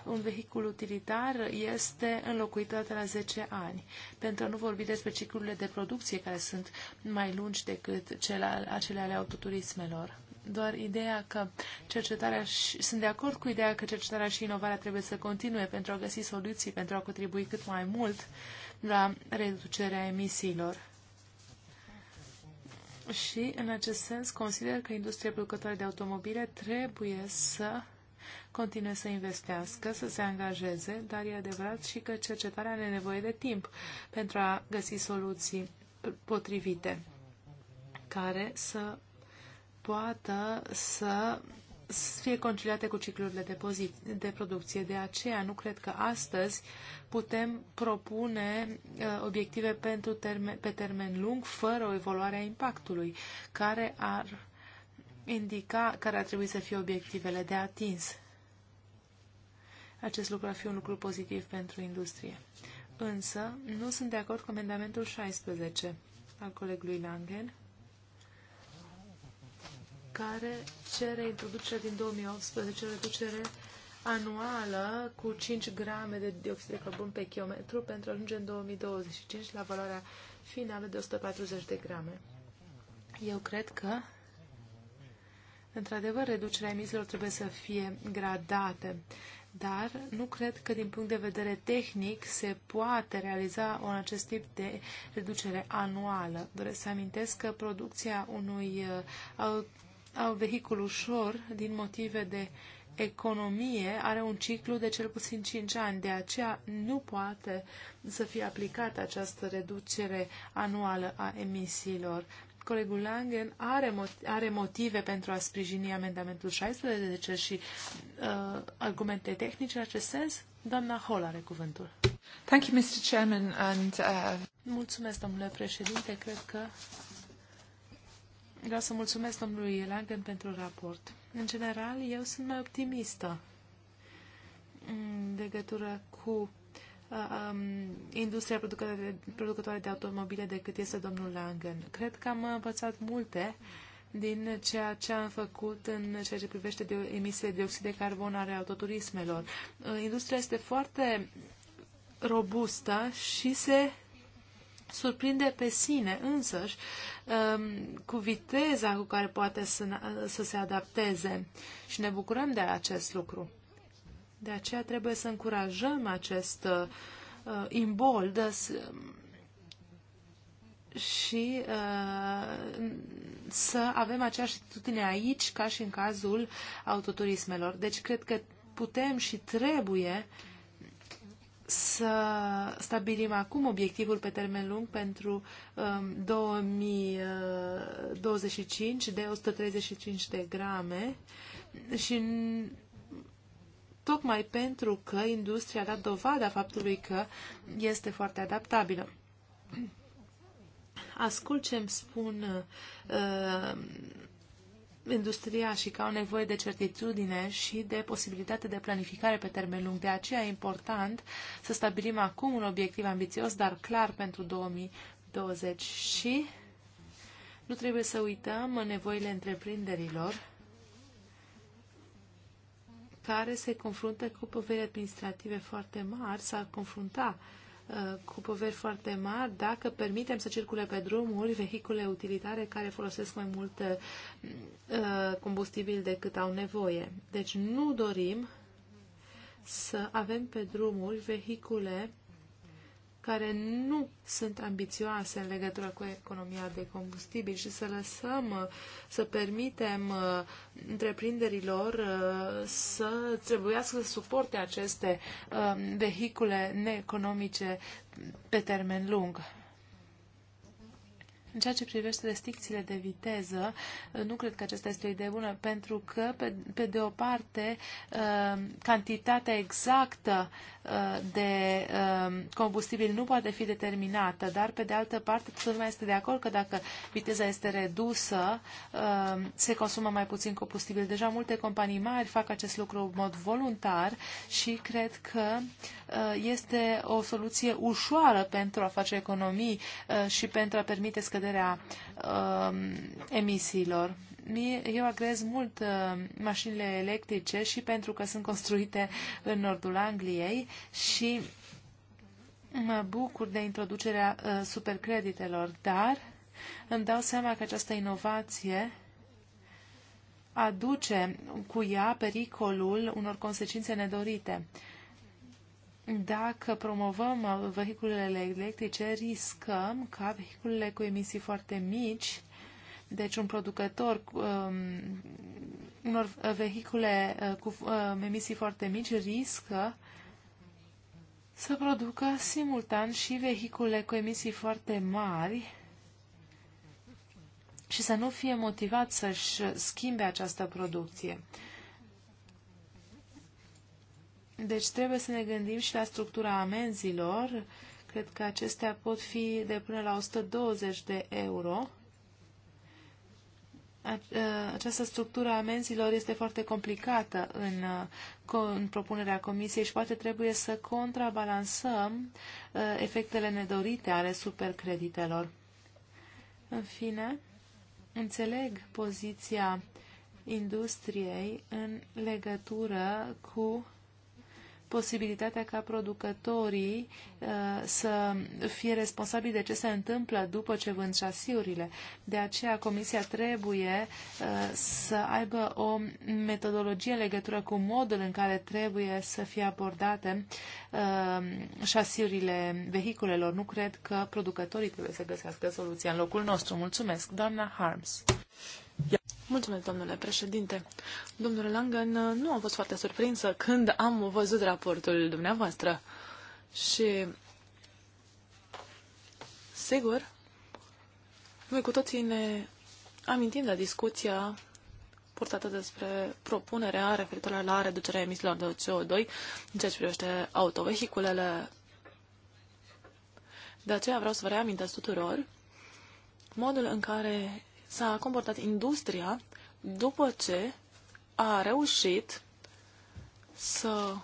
Un vehicul utilitar este înlocuit de la 10 ani, pentru a nu vorbi despre ciclurile de producție care sunt mai lungi decât cele al, acele ale autoturismelor. Doar ideea că cercetarea și, sunt de acord cu ideea că cercetarea și inovarea trebuie să continue pentru a găsi soluții, pentru a contribui cât mai mult la reducerea emisiilor și, în acest sens, consider că industria producătoare de automobile trebuie să continue să investească, să se angajeze, dar e adevărat și că cercetarea are nevoie de timp pentru a găsi soluții potrivite care să poată să să fie conciliate cu ciclurile de, pozit, de producție. De aceea nu cred că astăzi putem propune uh, obiective pentru termen, pe termen lung fără o evoluare a impactului, care ar indica care ar trebui să fie obiectivele de atins. Acest lucru ar fi un lucru pozitiv pentru industrie. Însă, nu sunt de acord cu amendamentul 16 al colegului Langen, care cere introducerea din 2018 reducere anuală cu 5 grame de dioxid de carbon pe kilometru pentru a ajunge în 2025 la valoarea finală de 140 de grame. Eu cred că, într-adevăr, reducerea emisiilor trebuie să fie gradate, dar nu cred că, din punct de vedere tehnic, se poate realiza un acest tip de reducere anuală. Doresc să amintesc că producția unui uh, vehicul ușor, din motive de economie, are un ciclu de cel puțin 5 ani. De aceea nu poate să fie aplicată această reducere anuală a emisiilor. Colegul Langen are, motive, are motive pentru a sprijini amendamentul 16 și uh, argumente tehnice în acest sens. Doamna Hall are cuvântul. Thank you, Mr. Chairman, and, uh... Mulțumesc, domnule președinte. Cred că Vreau să mulțumesc domnului Langen pentru raport. În general, eu sunt mai optimistă în legătură cu uh, um, industria producătoare, producătoare de automobile decât este domnul Langen. Cred că am învățat multe din ceea ce am făcut în ceea ce privește de emisiile de oxid de carbon ale autoturismelor. Uh, industria este foarte robustă și se surprinde pe sine însăși um, cu viteza cu care poate să, să se adapteze și ne bucurăm de acest lucru. De aceea trebuie să încurajăm acest uh, uh imbold um, și uh, să avem aceeași atitudine aici ca și în cazul autoturismelor. Deci cred că putem și trebuie uh, să stabilim acum obiectivul pe termen lung pentru um, 2025 uh, de 135 de grame și tocmai pentru că industria a dat dovada faptului că este foarte adaptabilă. Ascult ce îmi spun uh, și că au nevoie de certitudine și de posibilitate de planificare pe termen lung. De aceea e important să stabilim acum un obiectiv ambițios, dar clar pentru 2020 și nu trebuie să uităm nevoile întreprinderilor care se confruntă cu poveri administrative foarte mari, s-ar confrunta uh, cu poveri foarte mari dacă permitem să circule pe drumuri vehicule utilitare care folosesc mai mult uh, combustibil decât au nevoie. Deci nu dorim să avem pe drumuri vehicule care nu sunt ambițioase în legătură cu economia de combustibil și să lăsăm, să permitem uh, întreprinderilor uh, să trebuiască să suporte aceste uh, vehicule neeconomice pe termen lung. În ceea ce privește restricțiile de viteză, nu cred că aceasta este o idee bună, pentru că, pe, pe de o parte, uh, cantitatea exactă uh, de uh, combustibil nu poate fi determinată, dar, pe de altă parte, toată lumea este de acord că dacă viteza este redusă, se consumă mai puțin combustibil. Deja multe companii mari fac acest lucru în mod voluntar și cred că este o soluție ușoară pentru a face economii și pentru a permite scăderea scăderea uh, emisiilor. Eu agrez mult uh, mașinile electrice și pentru că sunt construite în nordul Angliei și mă bucur de introducerea uh, supercreditelor, dar îmi dau seama că această inovație aduce cu ea pericolul unor consecințe nedorite. Uh, dacă promovăm uh, vehiculele electrice, riscăm ca vehiculele cu emisii foarte mici, deci un producător um, unor vehicule uh, cu um, emisii foarte mici riscă să producă simultan și vehicule cu emisii foarte mari și să nu fie motivat să-și schimbe această producție. Deci trebuie să ne gândim și la structura amenzilor. Cred că acestea pot fi de până la 120 de euro. Această structură a amenzilor este foarte complicată în, în propunerea comisiei și poate trebuie să contrabalansăm efectele nedorite ale supercreditelor. În fine, înțeleg poziția industriei în legătură cu posibilitatea ca producătorii uh, să fie responsabili de ce se întâmplă după ce vând șasiurile. De aceea Comisia trebuie uh, să aibă o metodologie în legătură cu modul în care trebuie să fie abordate uh, șasiurile vehiculelor. Nu cred că producătorii trebuie să găsească soluția în locul nostru. Mulțumesc, doamna Harms. Mulțumesc, domnule președinte. Domnule Langen, nu am fost foarte surprinsă când am văzut raportul dumneavoastră. Și, sigur, noi cu toții ne amintim de discuția purtată despre propunerea referitoare la reducerea emisiilor de CO2 în ceea ce privește autovehiculele. De aceea vreau să vă reamintesc tuturor modul în care s-a comportat industria după ce a reușit să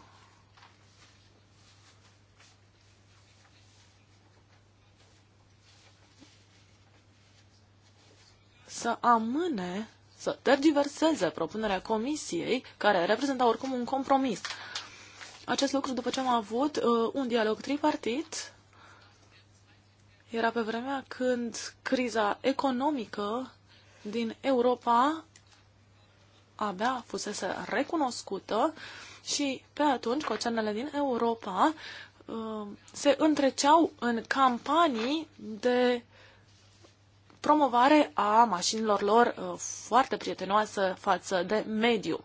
să amâne, să tergiverseze propunerea comisiei, care reprezenta oricum un compromis. Acest lucru după ce am avut uh, un dialog tripartit, era pe vremea când criza economică din Europa abia fusese recunoscută și pe atunci concernele din Europa uh, se întreceau în campanii de promovare a mașinilor lor uh, foarte prietenoasă față de mediu.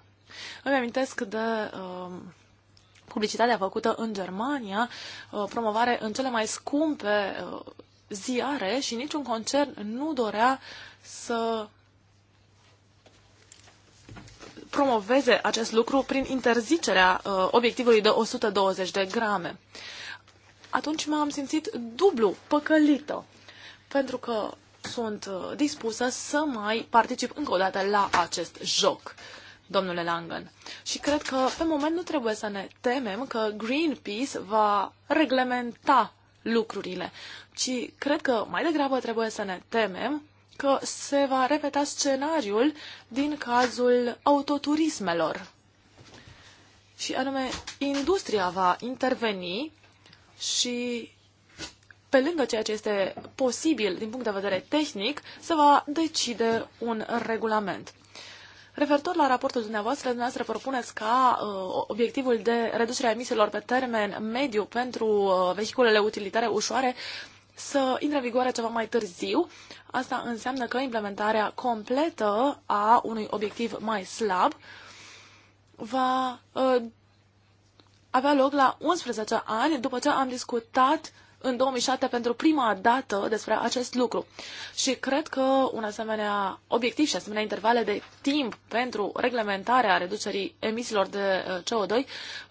Îmi amintesc de uh, publicitatea făcută în Germania, promovare în cele mai scumpe ziare și niciun concern nu dorea uh, să promoveze acest lucru prin interzicerea uh, obiectivului de 120 de grame. Atunci m-am simțit dublu păcălită, pentru că sunt uh, dispusă să mai particip încă o dată la acest joc, domnule Langen. Și cred că, pe moment, nu trebuie să ne temem că Greenpeace va reglementa lucrurile, ci cred că mai degrabă trebuie să ne temem că se va repeta scenariul din cazul autoturismelor. Și anume, industria va interveni și pe lângă ceea ce este posibil din punct de vedere tehnic, se va decide un regulament. Referitor la raportul dumneavoastră, dumneavoastră propuneți ca uh, obiectivul de reducere a emisiilor pe termen mediu pentru uh, vehiculele utilitare ușoare uh, să intre în vigoare ceva mai târziu. Asta înseamnă că implementarea completă a unui obiectiv mai slab va uh, avea loc la 11 ani după ce am discutat în 2007 pentru prima dată despre acest lucru. Și cred că un asemenea obiectiv și asemenea intervale de timp pentru reglementarea reducerii emisiilor de uh, CO2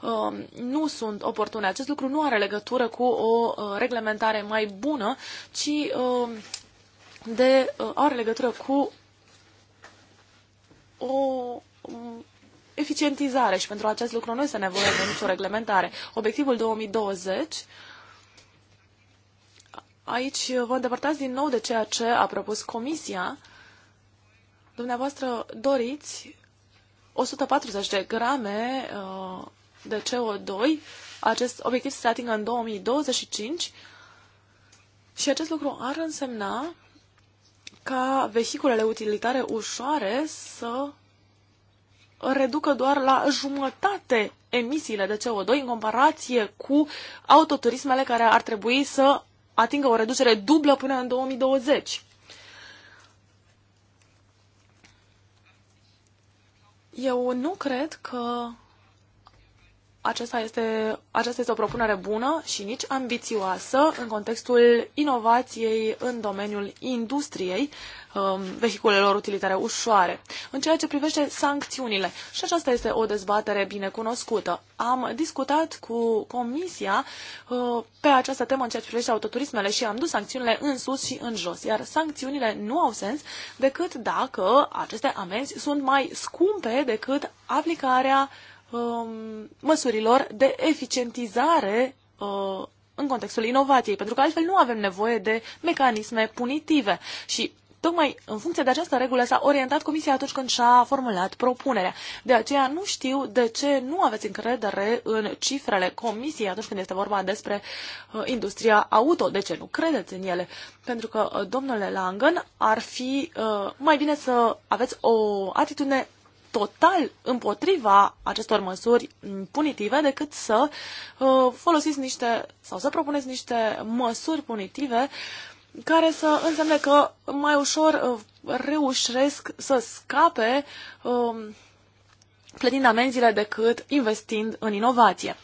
um, nu sunt oportune. Acest lucru nu are legătură cu o uh, reglementare mai bună, ci um, de, uh, are legătură cu o um, eficientizare și pentru acest lucru nu este nevoie de nicio reglementare. Obiectivul 2020 aici vă îndepărtați din nou de ceea ce a propus Comisia. Dumneavoastră doriți 140 de grame uh, de CO2, acest obiectiv se atingă în 2025 și acest lucru ar însemna ca vehiculele utilitare ușoare să reducă doar la jumătate emisiile de CO2 în comparație cu autoturismele care ar trebui să atingă o reducere dublă până în 2020. Eu nu cred că aceasta este, aceasta este o propunere bună și nici ambițioasă în contextul inovației în domeniul industriei um, vehiculelor utilitare ușoare. În ceea ce privește sancțiunile, și aceasta este o dezbatere bine cunoscută. Am discutat cu Comisia uh, pe această temă în ceea ce privește autoturismele și am dus sancțiunile în sus și în jos, iar sancțiunile nu au sens decât dacă aceste amenzi sunt mai scumpe decât aplicarea Um, măsurilor de eficientizare uh, în contextul inovației, pentru că altfel nu avem nevoie de mecanisme punitive. Și tocmai în funcție de această regulă s-a orientat Comisia atunci când și-a formulat propunerea. De aceea nu știu de ce nu aveți încredere în cifrele Comisiei atunci când este vorba despre uh, industria auto. De ce nu credeți în ele? Pentru că, uh, domnule Langen, ar fi mai bine să aveți o atitudine total împotriva acestor măsuri punitive decât să uh, folosiți niște sau să propuneți niște măsuri punitive care să însemne că mai ușor uh, reușesc să scape uh, plătind amenziile decât investind în inovație.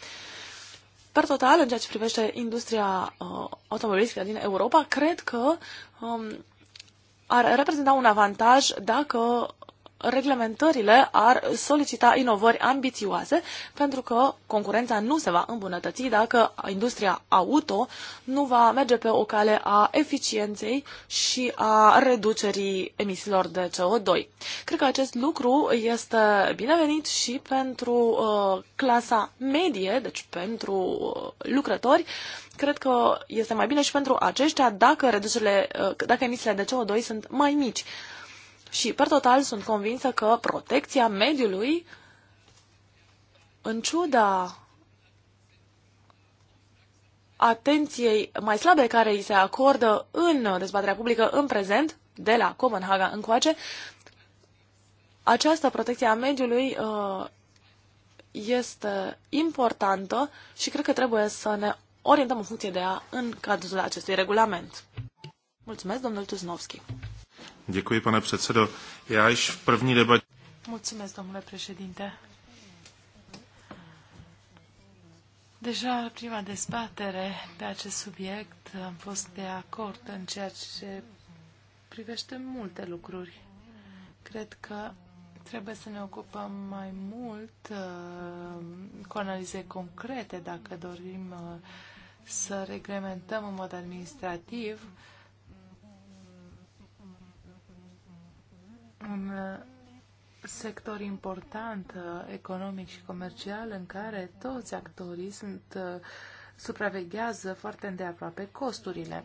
Per total, în ceea ce privește industria uh, automobilistică din Europa, cred că um, ar reprezenta un avantaj dacă reglementările ar solicita inovări ambițioase, pentru că concurența nu se va îmbunătăți dacă industria auto nu va merge pe o cale a eficienței și a reducerii emisiilor de CO2. Cred că acest lucru este binevenit și pentru uh, clasa medie, deci pentru uh, lucrători, cred că este mai bine și pentru aceștia dacă, uh, dacă emisiile de CO2 sunt mai mici. Și, per total, sunt convinsă că protecția mediului, în ciuda atenției mai slabe care îi se acordă în dezbaterea publică în prezent, de la Copenhaga încoace, această protecție a mediului uh, este importantă și cred că trebuie să ne orientăm în funcție de ea în cadrul acestui regulament. Mulțumesc, domnul Tuznovski. Děkuji, pane předsedo. Já již v první debatě... Mulțumesc, domnule președinte. Deja în prima dezbatere pe acest subiect am fost de acord în ceea ce privește multe lucruri. Cred că trebuie să ne ocupăm mai mult uh, cu analize concrete dacă dorim uh, să reglementăm în mod administrativ un uh, sector important uh, economic și comercial în care toți actorii sunt uh, supraveghează foarte îndeaproape costurile.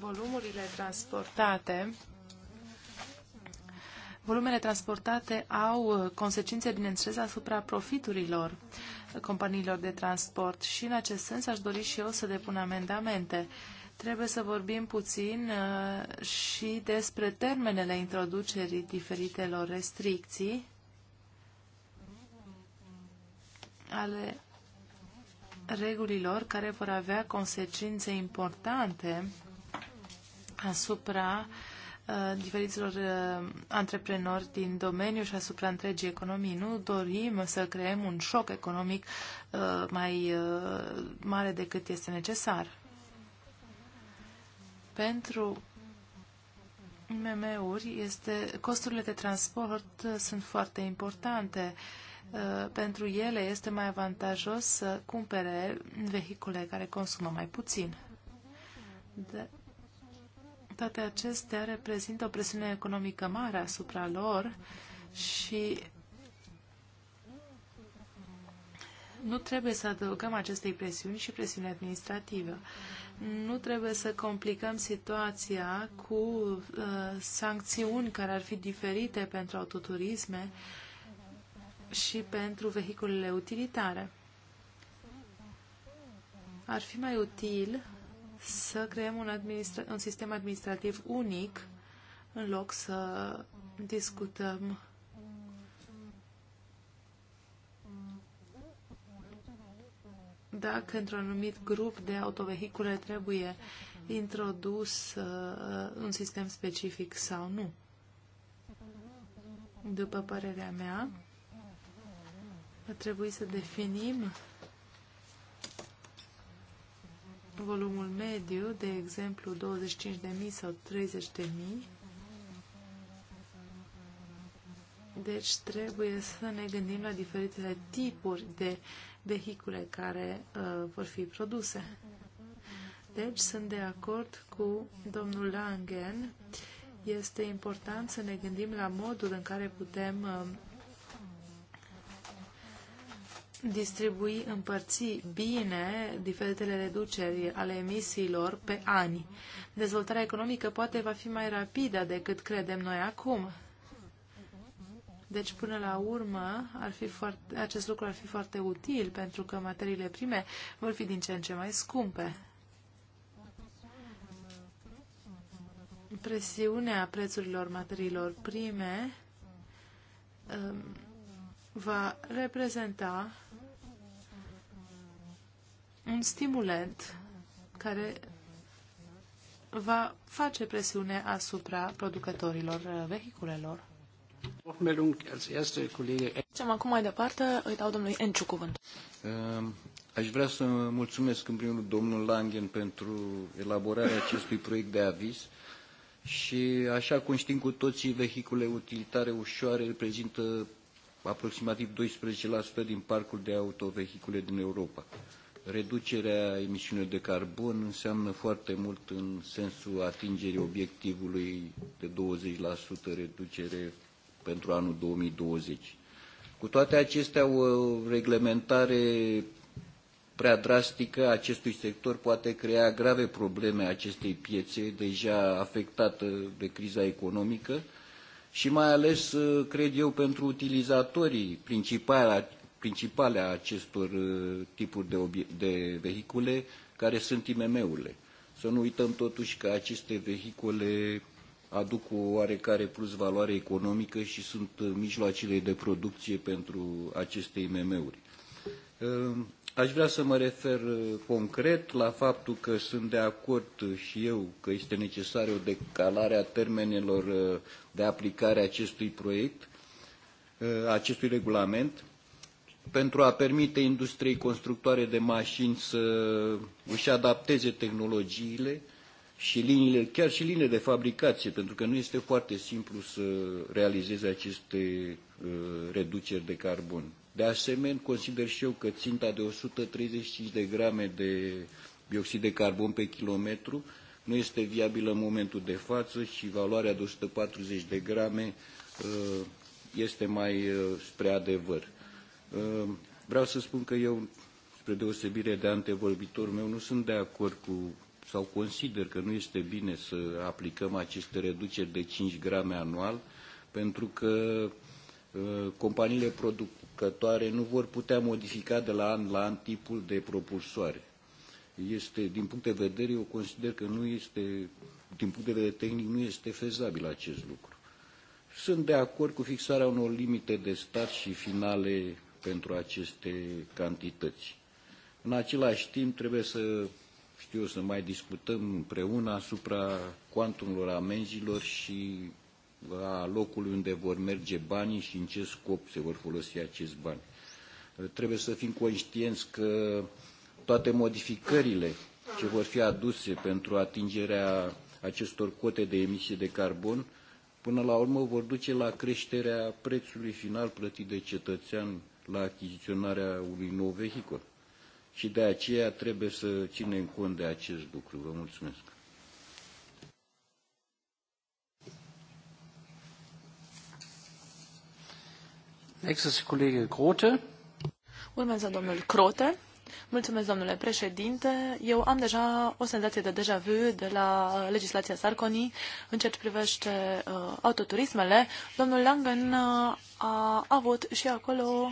Volumurile transportate Volumele transportate au consecințe, bineînțeles, asupra profiturilor companiilor de transport și, în acest sens, aș dori și eu să depun amendamente. Uh, Trebuie să vorbim puțin uh, și despre termenele introducerii diferitelor restricții ale regulilor care vor avea consecințe importante asupra uh, diferiților uh, antreprenori din domeniu și asupra întregii economii. Nu dorim să creăm un șoc economic uh, mai uh, mare decât este necesar. Pentru MM-uri este, costurile de transport uh, sunt foarte importante. Uh, pentru ele este mai avantajos să cumpere vehicule care consumă mai puțin. De, toate acestea reprezintă o presiune economică mare asupra lor și nu trebuie să adăugăm acestei presiuni și presiune administrativă nu trebuie să complicăm situația cu uh, sancțiuni care ar fi diferite pentru autoturisme și pentru vehiculele utilitare. Ar fi mai util să creăm un, administra- un sistem administrativ unic în loc să discutăm dacă într-un anumit grup de autovehicule trebuie introdus uh, un sistem specific sau nu. După părerea mea, trebuie trebui să definim volumul mediu, de exemplu 25.000 sau 30.000. Deci trebuie să ne gândim la diferitele tipuri de uh, vehicule care uh, vor fi produse. Deci sunt de acord cu domnul Langen. Este important să ne gândim la modul în care putem uh, distribui, împărți bine diferitele reduceri ale emisiilor pe ani. Dezvoltarea economică poate va fi mai rapidă decât credem noi acum. Deci, până la urmă, ar fi foarte, acest lucru ar fi foarte util, pentru că materiile prime vor fi din ce în ce mai scumpe. Presiunea prețurilor materiilor prime um, va reprezenta un stimulant care va face presiune asupra producătorilor uh, vehiculelor. Zicem acum mai departe, îi dau domnului Enciu cuvânt. Ehm, aș vrea să mulțumesc în primul rând domnul Langen pentru elaborarea acestui proiect de aviz și așa cum știm cu toții, vehicule utilitare ușoare reprezintă aproximativ 12% din parcul de autovehicule din Europa. Reducerea emisiunilor de carbon înseamnă foarte mult în sensul atingerii obiectivului de 20% reducere pentru anul 2020. Cu toate acestea, o reglementare prea drastică acestui sector poate crea grave probleme acestei piețe, deja afectată de criza economică și mai ales, ă, cred eu, pentru utilizatorii principali, principale a acestor ă, tipuri de, de vehicule, care sunt IMM-urile. Să nu uităm totuși că aceste vehicule aduc o oarecare plus valoare economică și sunt uh, mijloacele de producție pentru aceste IMM-uri. Uh, aș vrea să mă refer uh, concret la faptul că sunt de acord și eu că este necesară o decalare a termenelor de aplicare a acestui proiect, acestui regulament, pentru a permite industriei constructoare de mașini să își adapteze tehnologiile și liniile, chiar și liniile de fabricație, pentru că nu este foarte simplu să realizeze aceste uh, reduceri de carbon. De asemenea, consider și eu că ținta de 135 de grame de dioxid de carbon pe kilometru nu este viabilă în momentul de față și valoarea de 140 de grame uh, este mai uh, spre adevăr. Uh, vreau să spun că eu, spre deosebire de antevorbitorul meu, nu sunt de acord cu sau consider că nu este bine să aplicăm aceste reduceri de 5 grame anual, pentru că uh, companiile producătoare nu vor putea modifica de la an la an tipul de propulsoare. Este, din punct de vedere, eu consider că nu este, din punct de vedere tehnic, nu este fezabil acest lucru. Sunt de acord cu fixarea unor limite de start și finale pentru aceste cantități. În același timp, trebuie să știu eu, să mai discutăm împreună asupra cuantumului amenzilor și a locului unde vor merge banii și în ce scop se vor folosi acești bani. Trebuie să fim conștienți că toate modificările ce vor fi aduse pentru atingerea acestor cote de emisie de carbon, până la urmă vor duce la creșterea prețului final plătit de cetățean la achiziționarea unui nou vehicul și de aceea trebuie să ținem cont de acest lucru. Vă mulțumesc. Nächstes Kollege Grote. Urmează domnul Crote. Mulțumesc, domnule președinte. Eu am deja o senzație de deja vu de la uh, legislația Sarconi în ceea ce privește uh, autoturismele. Domnul Langen uh, a avut și acolo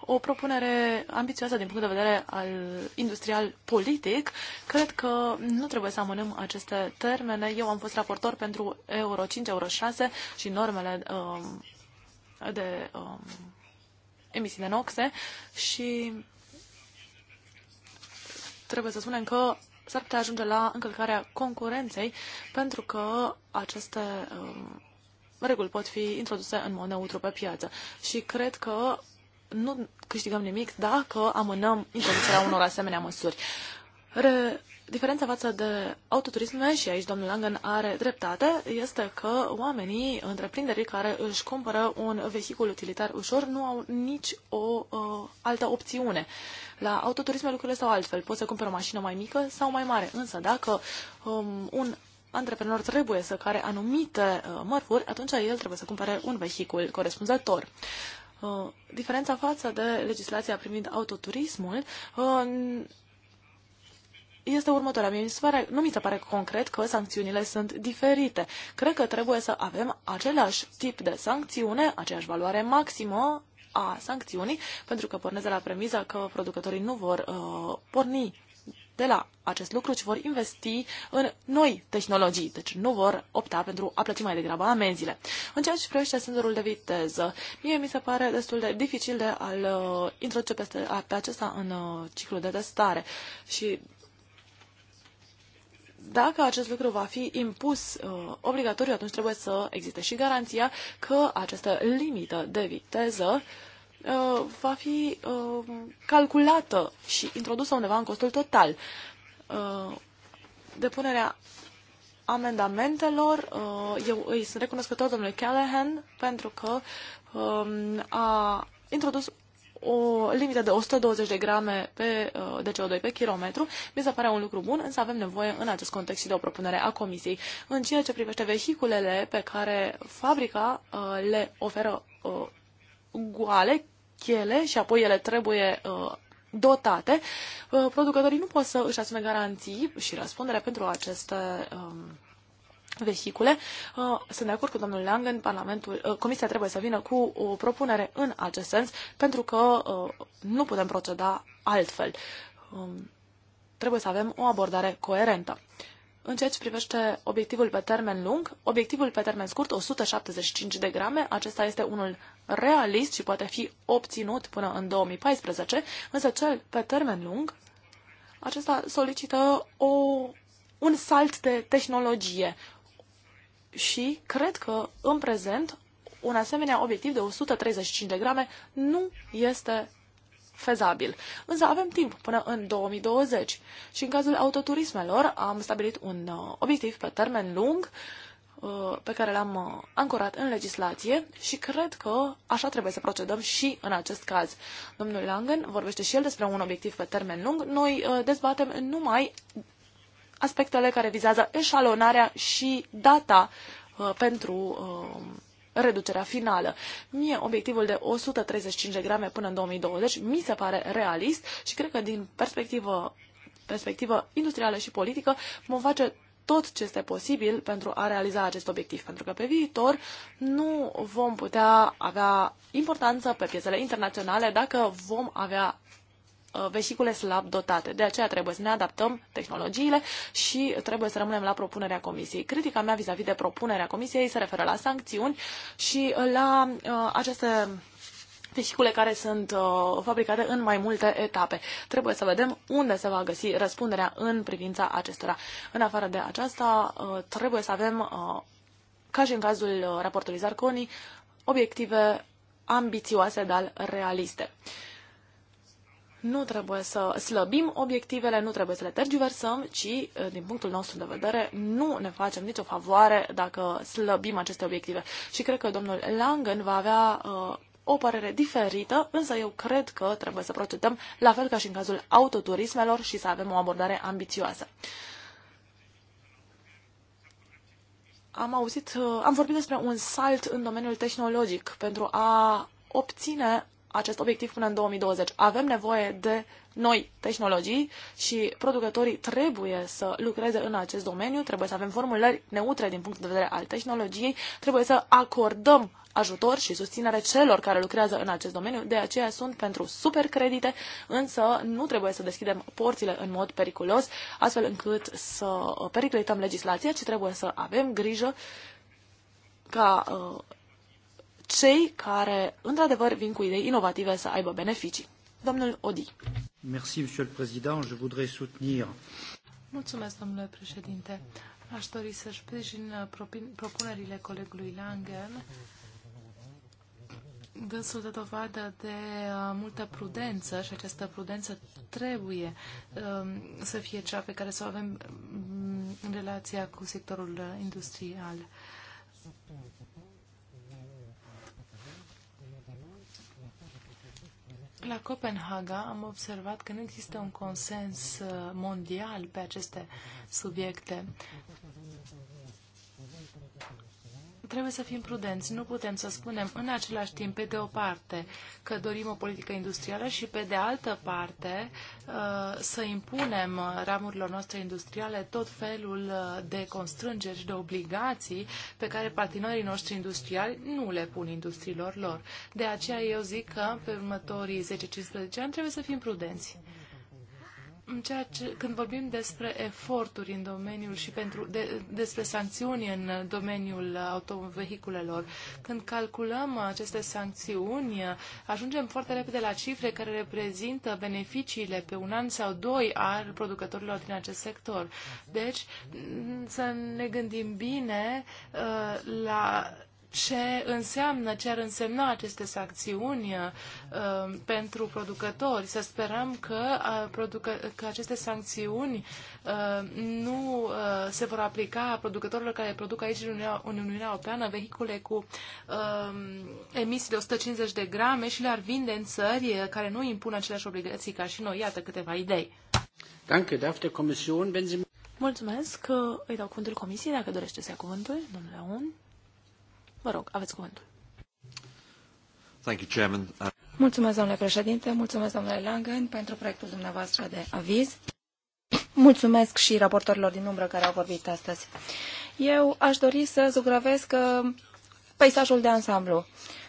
o propunere ambițioasă din punct de vedere al industrial politic. Cred că nu trebuie să amânăm aceste termene. Eu am fost raportor pentru Euro 5, Euro 6 și normele um, de um, emisii de noxe și trebuie să spunem că s-ar putea ajunge la încălcarea concurenței pentru că aceste um, reguli pot fi introduse în mod neutru pe piață. Și cred că nu câștigăm nimic dacă amânăm introducerea unor asemenea măsuri. Re... Diferența față de autoturisme, și aici domnul Langen are dreptate, este că oamenii, întreprinderii care își cumpără un vehicul utilitar ușor, nu au nici o uh, altă opțiune. La autoturisme lucrurile stau altfel. Poți să cumperi o mașină mai mică sau mai mare. Însă dacă um, un antreprenor trebuie să care anumite uh, mărfuri, atunci el trebuie să cumpere un vehicul corespunzător. Uh, diferența față de legislația privind autoturismul uh, este următoarea. mi se pare, nu mi se pare concret că sancțiunile sunt diferite. Cred că trebuie să avem același tip de sancțiune, aceeași valoare maximă a sancțiunii, pentru că de la premiza că producătorii nu vor uh, porni de la acest lucru, ci vor investi în noi tehnologii, deci nu vor opta pentru a plăti mai degrabă amenziile. În ceea ce privește senzorul de viteză, mie mi se pare destul de dificil de a-l uh, introduce peste, a, pe acesta în uh, ciclul de testare și dacă acest lucru va fi impus uh, obligatoriu, atunci trebuie să existe și garanția că această limită de viteză uh, Uh, va fi uh, calculată și introdusă undeva în costul total. Uh, depunerea amendamentelor, eu îi sunt recunoscător domnului Callahan pentru că um, a introdus o limită de 120 de grame pe, de CO2 pe kilometru. Mi se pare un lucru bun, însă avem nevoie în acest context și de o propunere a Comisiei. În ceea ce privește vehiculele pe care fabrica le oferă goale, chele, și apoi ele trebuie uh, dotate, uh, producătorii nu pot să își asume garanții și răspundere pentru aceste um, vehicule. Uh, sunt de acord cu domnul în Parlamentul, uh, Comisia trebuie să vină cu o propunere în acest sens, pentru că uh, nu putem proceda altfel. Um, trebuie să avem o abordare coerentă. În ceea ce privește obiectivul pe termen lung, obiectivul pe termen scurt, 175 de grame, acesta este unul realist și poate fi obținut până în 2014, însă cel pe termen lung, acesta solicită o, un salt de tehnologie și cred că în prezent un asemenea obiectiv de 135 de grame nu este fezabil. Însă avem timp până în 2020 și în cazul autoturismelor am stabilit un uh, obiectiv pe termen lung uh, pe care l-am uh, ancorat în legislație și cred că așa trebuie să procedăm și în acest caz. Domnul Langen vorbește și el despre un obiectiv pe termen lung. Noi dezbatem numai aspectele care vizează eșalonarea și data pentru reducerea finală. Mie obiectivul de 135 de grame până în 2020 mi se pare realist și cred că din perspectivă, perspectivă industrială și politică vom face tot ce este posibil pentru a realiza acest obiectiv, pentru că pe viitor nu vom putea avea importanță pe piețele internaționale dacă vom avea Uh, vehicule slab dotate. De aceea trebuie să ne adaptăm tehnologiile și trebuie să rămânem la propunerea comisiei. Critica mea vis-a-vis -vis de propunerea comisiei se referă la sancțiuni și uh, la uh, aceste vehicule care sunt uh, fabricate în mai multe etape. Trebuie să vedem unde se va găsi răspunderea în privința acestora. În afară de aceasta, uh, trebuie să avem, uh, ca și în cazul uh, raportului Zarconi, obiective ambițioase, dar realiste. Uh, nu trebuie să slăbim obiectivele, nu trebuie să le tergiversăm, ci, eh, din punctul nostru de vedere, nu ne facem nicio favoare dacă slăbim aceste obiective. Și cred că domnul Langen va avea uh, o părere diferită, însă eu cred că trebuie să procedăm la fel ca și în cazul autoturismelor și să avem o abordare ambițioasă. Am auzit, eh, am vorbit despre un salt în domeniul tehnologic pentru a obține acest obiectiv până în 2020. Avem nevoie de noi tehnologii și producătorii trebuie să lucreze în acest domeniu, trebuie să avem formulări neutre din punct de vedere al tehnologiei, trebuie să acordăm ajutor și susținere celor care lucrează în acest domeniu, de aceea sunt pentru supercredite, însă nu trebuie să deschidem porțile în mod periculos, astfel încât să periclităm legislația, ci trebuie să avem grijă ca uh, cei care, într-adevăr, vin cu idei inovative să aibă beneficii. Domnul Odi. Merci, Monsieur le Président. Je voudrais soutenir. Mulțumesc, domnule președinte. Aș dori să sprijin uh, propunerile colegului Langen. Dânsul de dovadă de uh, multă prudență și această prudență trebuie um, să fie cea pe care să o avem mm, în relația cu sectorul uh, industrial. La Copenhaga am observat că nu există un consens uh, mondial pe aceste subiecte trebuie să fim prudenți. Nu putem să spunem în același timp, pe de o parte, că dorim o politică industrială și pe de altă parte uh, să impunem ramurilor noastre industriale tot felul uh, de constrângeri și de obligații pe care partenerii noștri industriali nu le pun industriilor lor. De aceea eu zic că pe următorii 10-15 ani trebuie să fim prudenți în ceea ce, când vorbim despre eforturi în domeniul și pentru, de, despre sancțiuni în domeniul autovehiculelor, când calculăm aceste sancțiuni, ajungem foarte repede la cifre care reprezintă beneficiile pe un an sau doi al producătorilor din acest sector. Deci, să ne gândim bine uh, la ce înseamnă, ce ar însemna aceste sancțiuni uh, pentru producători. Să sperăm că, uh, producă, că aceste sancțiuni uh, nu uh, se vor aplica producătorilor care produc aici în Uniunea, Uniunea Europeană vehicule cu uh, emisii de 150 de grame și le-ar vinde în țări uh, care nu impun aceleași obligații ca și noi. Iată câteva idei. Danke, darf der Kommission, wenn Sie... Mulțumesc. Uh, îi dau cuvântul comisiei dacă dorește să ia cuvântul, domnule Un. Vă rog, aveți cuvântul. Thank you, Chairman. Uh, mulțumesc, domnule președinte, mulțumesc, domnule Langen, pentru proiectul dumneavoastră de aviz. Mulțumesc și raportorilor din umbră care au vorbit astăzi. Eu aș dori să zugrăvesc uh, peisajul de ansamblu.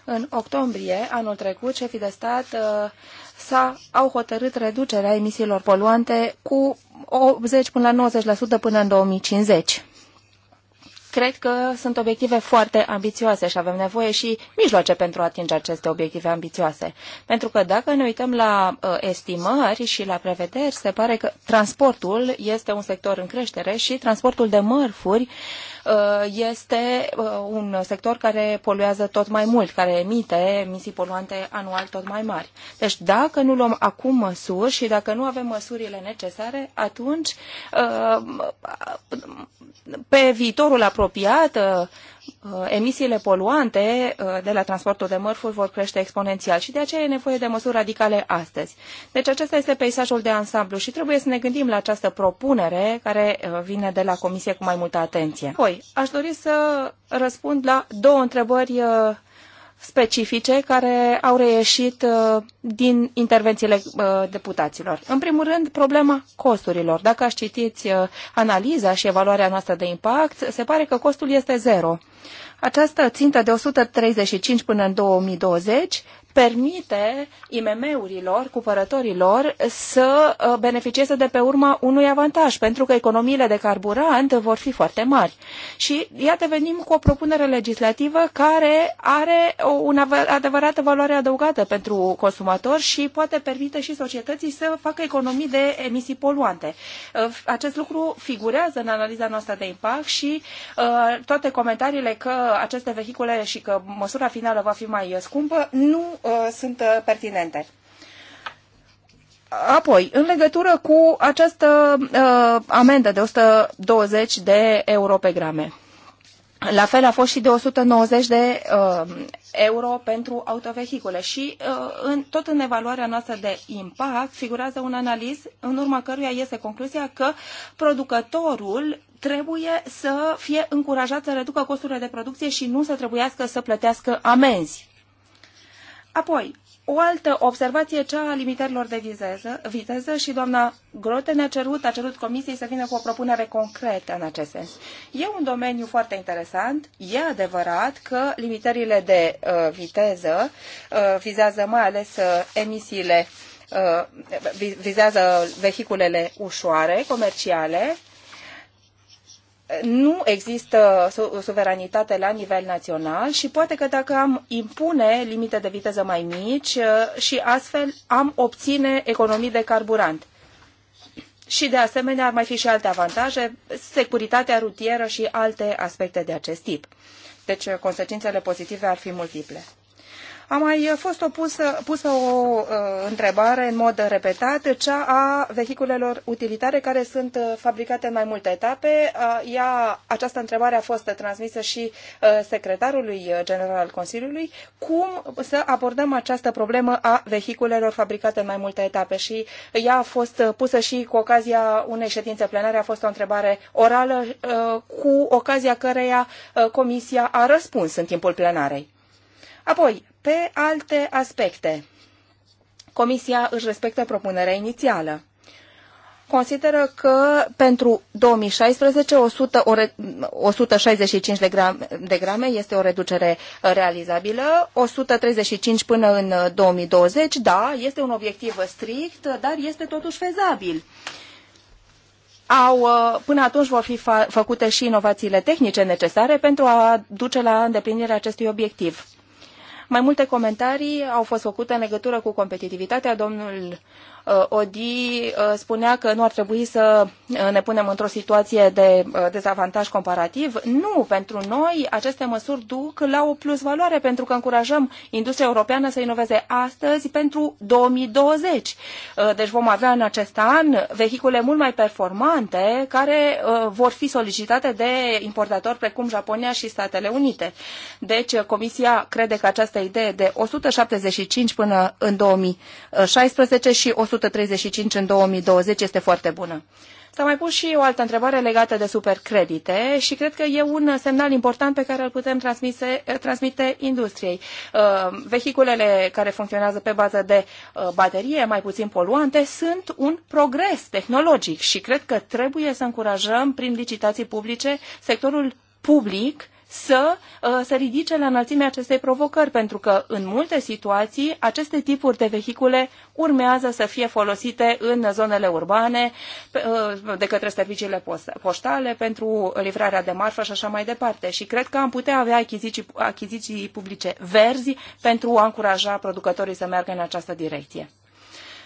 În octombrie anul trecut, șefii de stat uh, s au hotărât reducerea emisiilor poluante cu 80 până la 90% până în 2050. Cred că sunt obiective foarte ambițioase și avem nevoie și mijloace pentru a atinge aceste obiective ambițioase. Pentru că dacă ne uităm la uh, estimări și la prevederi, se pare că transportul este un sector în creștere și transportul de mărfuri uh, Uh, este uh, un sector care poluează tot mai mult, care emite emisii poluante anual tot mai mari. Deci dacă nu luăm acum măsuri și dacă nu avem măsurile necesare, atunci uh, pe viitorul apropiat Uh, emisiile poluante uh, de la transportul de mărfuri vor crește exponențial și de aceea e nevoie de măsuri radicale astăzi. Deci acesta este peisajul de ansamblu și trebuie să ne gândim la această propunere care uh, vine de la Comisie cu mai multă atenție. Apoi, aș dori să răspund la două întrebări specifice care au reieșit uh, din intervențiile uh, deputaților. În primul rând, problema costurilor. Dacă aș citiți uh, analiza și evaluarea noastră de impact, se pare că costul este zero. Această țintă de 135 până în 2020 permite IMM-urilor, cumpărătorilor, să uh, beneficieze de pe urma unui avantaj, pentru că economiile de carburant vor fi foarte mari. Și iată venim cu o propunere legislativă care are o adevărată valoare adăugată pentru consumator și poate permite și societății să facă economii de emisii poluante. Uh, acest lucru figurează în analiza noastră de impact și uh, toate comentariile că aceste vehicule și că măsura finală va fi mai scumpă nu Uh, sunt uh, pertinente. Apoi, în legătură cu această uh, amendă de 120 de euro pe grame. La fel a fost și de 190 de uh, euro pentru autovehicule și uh, în, tot în evaluarea noastră de impact figurează un analiz în urma căruia iese concluzia că producătorul trebuie să fie încurajat să reducă costurile de producție și nu să trebuiască să plătească amenzi Apoi, o altă observație, cea a limitărilor de viteză, viteză și doamna Grote ne-a cerut, a cerut comisiei să vină cu o propunere concretă în acest sens. E un domeniu foarte interesant. E adevărat că limitările de uh, viteză uh, vizează mai ales uh, emisiile, uh, vizează vehiculele ușoare, comerciale, nu există suveranitate la nivel național și poate că dacă am impune limite de viteză mai mici uh, și astfel am obține economii de carburant. Și de asemenea ar mai fi și alte avantaje, securitatea rutieră și alte aspecte de acest tip. Deci uh, consecințele pozitive ar fi multiple. A mai fost opusă, pusă o uh, întrebare în mod repetat, cea a vehiculelor utilitare care sunt uh, fabricate în mai multe etape. Uh, ea, această întrebare a fost transmisă și uh, secretarului uh, general al Consiliului. Cum să abordăm această problemă a vehiculelor fabricate în mai multe etape? Și ea a fost uh, pusă și cu ocazia unei ședințe plenare, a fost o întrebare orală uh, cu ocazia căreia uh, Comisia a răspuns în timpul plenarei. Apoi, pe alte aspecte, Comisia își respectă propunerea inițială consideră că pentru 2016 100, o sută 165 de grame, de grame este o reducere uh, realizabilă, 135 până în 2020, uh, da, este un obiectiv strict, dar este totuși fezabil. Au, uh, până atunci vor fi fa- făcute și inovațiile tehnice necesare pentru a duce la îndeplinirea acestui obiectiv. Mai multe comentarii au fost făcute în legătură cu competitivitatea. Domnul Uh, Odi uh, spunea că nu ar trebui să uh, ne punem într-o situație de dezavantaj comparativ. Nu, pentru noi aceste măsuri duc la o plusvaloare pentru că încurajăm industria europeană să inoveze astăzi pentru 2020. Deci vom avea în acest an vehicule mult mai performante care vor fi solicitate de importatori precum Japonia și Statele Unite. Deci Comisia crede că această idee de 175 până în 2016 și 100 135 în 2020 este foarte bună. S-a mai pus și o altă întrebare legată de supercredite și cred că e un semnal important pe care îl putem transmise, eh, transmite industriei. Eh, vehiculele care funcționează pe bază de eh, baterie, mai puțin poluante, sunt un progres tehnologic și cred că trebuie să încurajăm prin licitații publice sectorul public să uh, se ridice la înălțimea acestei provocări, pentru că în multe situații aceste tipuri de vehicule urmează să fie folosite în zonele urbane uh, de către serviciile poștale pentru livrarea de marfă și așa mai departe. Și cred că am putea avea achiziții, achiziții publice verzi pentru a încuraja producătorii să meargă în această direcție.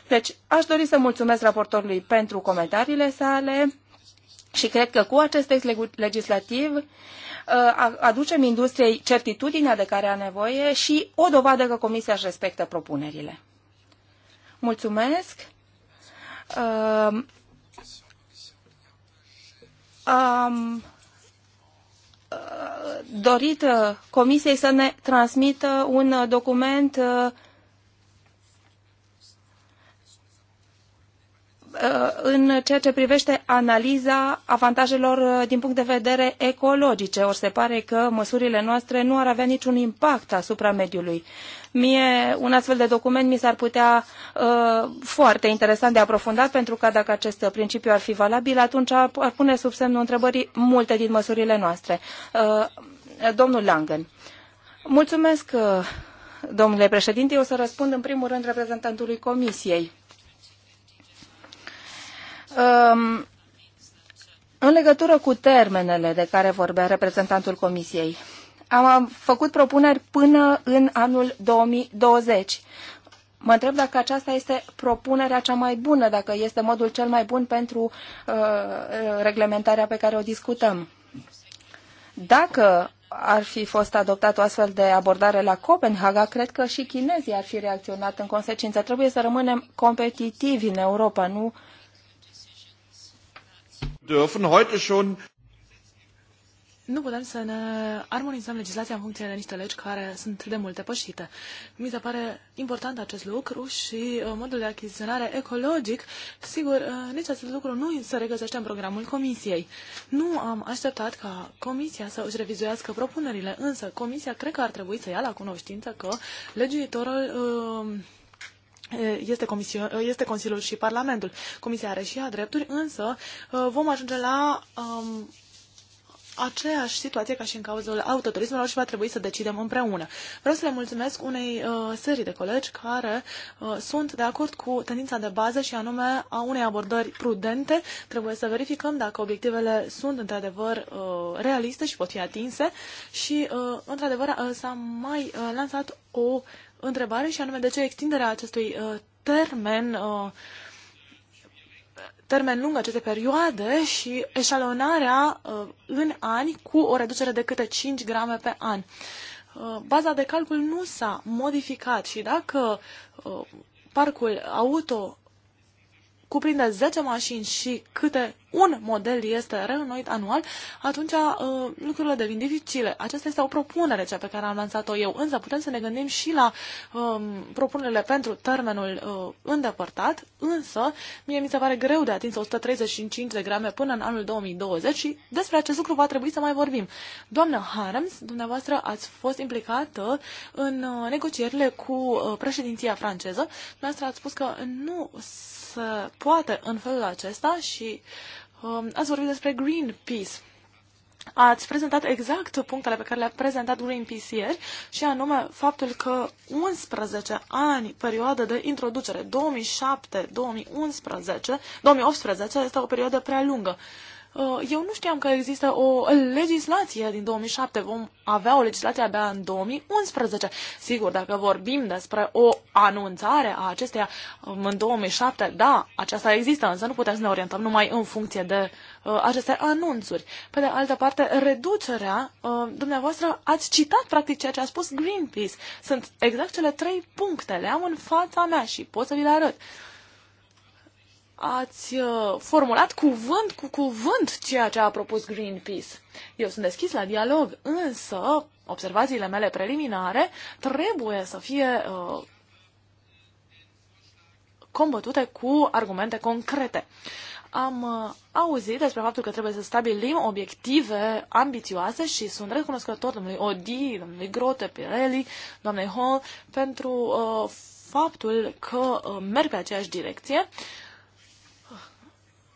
Deci, aș dori să mulțumesc raportorului pentru comentariile sale și cred că cu acest text legislativ Uh, aducem industriei certitudinea de care are nevoie și o dovadă că Comisia își respectă propunerile. Mulțumesc! Uh, am uh, dorit Comisiei să ne transmită un document Uh, în ceea ce privește analiza avantajelor uh, din punct de vedere ecologice. Ori se pare că măsurile noastre nu ar avea niciun impact asupra mediului. Mie, un astfel de document mi s-ar putea uh, foarte interesant de aprofundat, pentru că dacă acest principiu ar fi valabil, atunci ar pune sub semnul întrebării multe din măsurile noastre. Uh, domnul Langen, mulțumesc, uh, domnule președinte. Eu o să răspund în primul rând reprezentantului Comisiei Um, în legătură cu termenele de care vorbea reprezentantul Comisiei, am făcut propuneri până în anul 2020. Mă întreb dacă aceasta este propunerea cea mai bună, dacă este modul cel mai bun pentru uh, reglementarea pe care o discutăm. Dacă ar fi fost adoptat o astfel de abordare la Copenhaga, cred că și chinezii ar fi reacționat în consecință. Trebuie să rămânem competitivi în Europa, nu dürfen heute schon nu putem să ne armonizăm legislația în funcție de niște legi care sunt de mult depășite. Mi se pare important acest lucru și uh, modul de achiziționare ecologic, sigur, uh, nici acest lucru nu se regăsește în programul Comisiei. Nu am așteptat ca Comisia să își revizuiască propunerile, însă Comisia cred că ar trebui să ia la cunoștință că legiuitorul uh, este, comisia, este Consiliul și Parlamentul. Comisia are și ea drepturi, însă vom ajunge la um, aceeași situație ca și în cazul autoturismelor și va trebui să decidem împreună. Vreau să le mulțumesc unei uh, serii de colegi care uh, sunt de acord cu tendința de bază și anume a unei abordări prudente. Trebuie să verificăm dacă obiectivele sunt într-adevăr uh, realiste și pot fi atinse și uh, într-adevăr uh, s-a mai uh, lansat o uh, întrebare și anume de ce extinderea acestui uh, termen, uh, termen lung, aceste perioade și eșalonarea uh, în ani cu o reducere de câte 5 grame pe an. Uh, baza de calcul nu s-a modificat și dacă uh, parcul auto cuprinde 10 mașini și câte un model este reînnoit anual, atunci uh, lucrurile devin dificile. Aceasta este o propunere, cea pe care am lansat-o eu, însă putem să ne gândim și la um, propunerile pentru termenul uh, îndepărtat, însă mie mi se pare greu de atins 135 de grame până în anul 2020 și despre acest lucru va trebui să mai vorbim. Doamnă Harms, dumneavoastră ați fost implicată în uh, negocierile cu uh, președinția franceză, dumneavoastră ați spus că nu să poată în felul acesta și um, ați vorbit despre Greenpeace. Ați prezentat exact punctele pe care le-a prezentat Greenpeace ieri și anume faptul că 11 ani, perioadă de introducere, 2007-2011, 2018, este o perioadă prea lungă. Uh, eu nu știam că există o legislație din 2007. Vom avea o legislație abia în 2011. Sigur, dacă vorbim despre o anunțare a acesteia um, în 2007, da, aceasta există, însă nu putem să ne orientăm numai în funcție de uh, aceste anunțuri. Pe de altă parte, reducerea, uh, dumneavoastră ați citat practic ceea ce a spus Greenpeace. Sunt exact cele trei puncte, le am în fața mea și pot să vi le arăt. Uh, ați uh, formulat cuvânt cu cuvânt ceea ce a propus Greenpeace. Eu sunt deschis la dialog, însă observațiile mele preliminare trebuie să fie uh, combătute cu argumente concrete. Am uh, auzit despre faptul că trebuie să stabilim obiective ambițioase și sunt recunoscător domnului Odi, domnului Grote, Pirelli, doamnei Hall pentru uh, faptul că uh, merg pe aceeași direcție. Uh,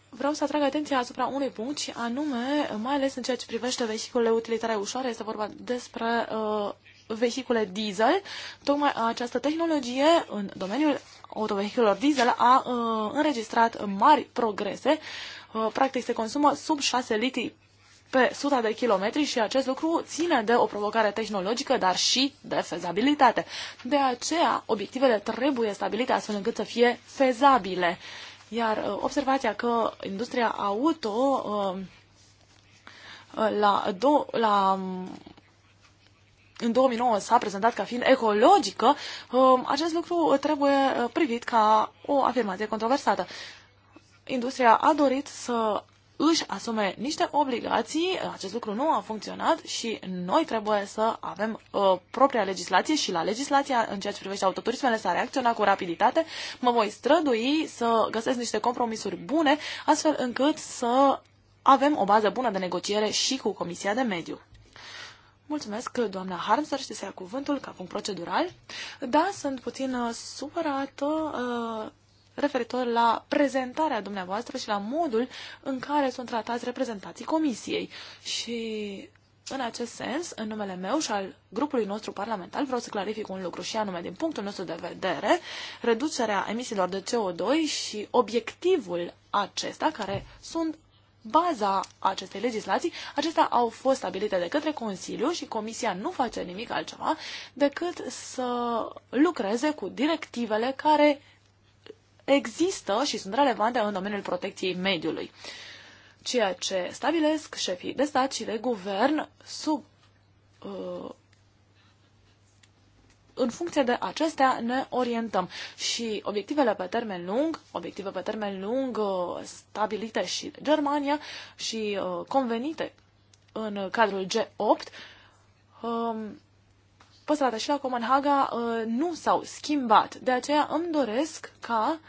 vreau să atrag atenția asupra unui punct și anume, mai ales în ceea ce privește vehiculele utilitare ușoare, este vorba despre uh, vehicule diesel. Tocmai această tehnologie în domeniul autovehiculelor diesel a uh, înregistrat mari progrese. Uh, practic se consumă sub 6 litri pe 100 de kilometri și acest lucru ține de o provocare tehnologică, dar și de fezabilitate. De aceea, obiectivele trebuie stabilite astfel încât să fie fezabile. Uh, iar uh, observația că industria auto uh, uh, la, do, la um, în 2009 s-a prezentat ca fiind ecologică, um, acest lucru trebuie privit ca o afirmație controversată. Industria a dorit să își asume niște obligații, acest lucru nu a funcționat și noi trebuie să avem uh, propria legislație și la legislația în ceea ce privește autoturismele s-a reacționat cu rapiditate. Mă voi strădui să găsesc niște compromisuri bune, astfel încât să avem o bază bună de negociere și cu Comisia de Mediu. Mulțumesc, doamna Harms, să se ia cuvântul ca punct procedural. Da, sunt puțin uh, supărată. Uh, referitor la prezentarea dumneavoastră și la modul în care sunt tratați reprezentații comisiei. Și în acest sens, în numele meu și al grupului nostru parlamentar, vreau să clarific un lucru și anume, din punctul nostru de vedere, reducerea emisiilor de CO2 și obiectivul acesta, care sunt baza acestei legislații, acestea au fost stabilite de către Consiliu și Comisia nu face nimic altceva decât să lucreze cu directivele care există și sunt relevante în domeniul protecției mediului. Ceea ce stabilesc șefii de stat și de guvern sub uh, în funcție de acestea ne orientăm și obiectivele pe termen lung, obiective pe termen lung uh, stabilite și de Germania și uh, convenite în cadrul G8, um, păstrată și la Copenhaga uh, nu s-au schimbat. De aceea îmi doresc ca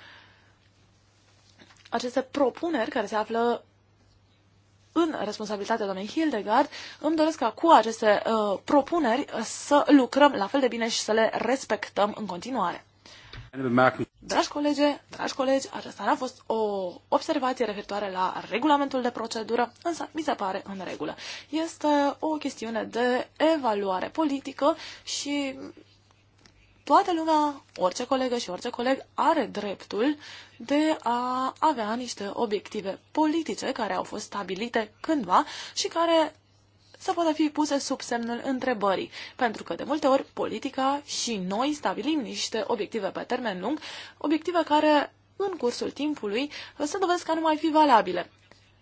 aceste propuneri care se află în responsabilitatea doamnei Hildegard, îmi doresc ca cu aceste uh, propuneri să lucrăm la fel de bine și să le respectăm în continuare. Dragi colegi, dragi colegi, aceasta n-a fost o observație referitoare la regulamentul de procedură, însă mi se pare în regulă. Este o chestiune de evaluare politică și toată lumea, orice colegă și orice coleg are dreptul de a avea niște obiective politice care au fost stabilite cândva și care să poată fi puse sub semnul întrebării, pentru că de multe ori politica și noi stabilim niște obiective pe termen lung, obiective care în cursul timpului se dovedesc că nu mai fi valabile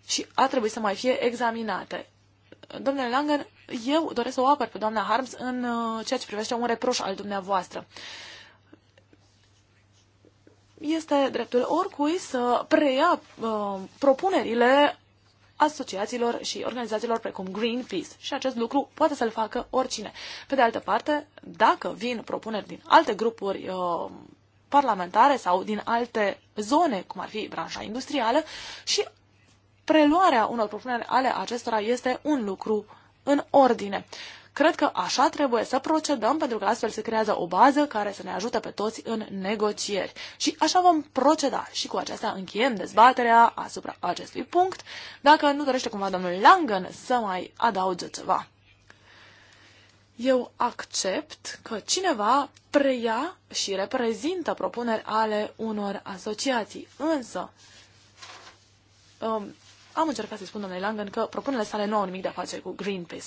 și a trebuit să mai fie examinate. Domnule Langen, eu doresc să o apăr pe doamna Harms în uh, ceea ce privește un reproș al dumneavoastră este dreptul oricui să preia uh, propunerile asociațiilor și organizațiilor precum Greenpeace. Și acest lucru poate să-l facă oricine. Pe de altă parte, dacă vin propuneri din alte grupuri uh, parlamentare sau din alte zone, cum ar fi branșa industrială, și preluarea unor propuneri ale acestora este un lucru în ordine. Cred că așa trebuie să procedăm, pentru că astfel se creează o bază care să ne ajute pe toți în negocieri. Și așa vom proceda. Și cu aceasta încheiem dezbaterea asupra acestui punct. Dacă nu dorește cumva domnul Langen să mai adauge ceva. Eu accept că cineva preia și reprezintă propuneri ale unor asociații, însă um, am încercat să spun domnului Langen că propunerile sale nu au nimic de a face cu Greenpeace.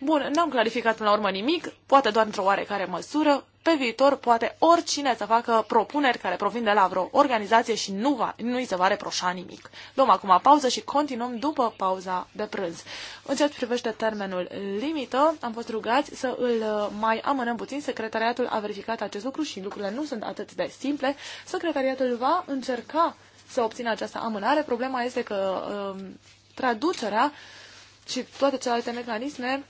Bun, n-am clarificat până la urmă nimic, poate doar într-o oarecare măsură. Pe viitor, poate oricine să facă propuneri care provin de la vreo organizație și nu, va, nu îi se va reproșa nimic. Luăm acum pauză și continuăm după pauza de prânz. În ceea ce privește termenul limită, am fost rugați să îl uh, mai amânăm puțin. Secretariatul a verificat acest lucru și lucrurile nu sunt atât de simple. Secretariatul va încerca să obțină această amânare. Problema este că um, traducerea și toate celelalte mecanisme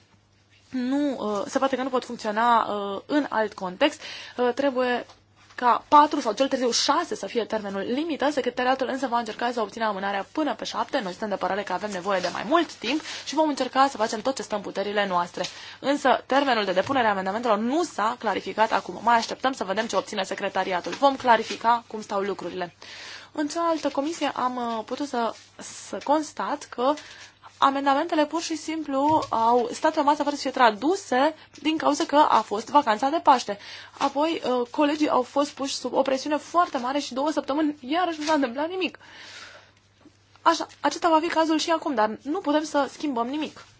nu, uh, se poate că nu pot funcționa uh, în alt context. Uh, trebuie ca 4 sau cel târziu 6 să fie termenul limită, secretariatul însă va încerca să obțină amânarea până pe 7. Noi suntem de părere că avem nevoie de mai mult timp și vom încerca să facem tot ce stă în puterile noastre. Însă termenul de depunere a amendamentelor nu s-a clarificat acum. Mai așteptăm să vedem ce obține secretariatul. Vom clarifica cum stau lucrurile. În cealaltă comisie am uh, putut să, să constat că amendamentele pur și simplu au stat rămase fără să fie traduse din cauza că a fost vacanța de Paște. Apoi, uh, colegii au fost puși sub o presiune foarte mare și două săptămâni iarăși nu s-a întâmplat nimic. Așa, acesta va fi cazul și acum, dar nu putem să schimbăm nimic.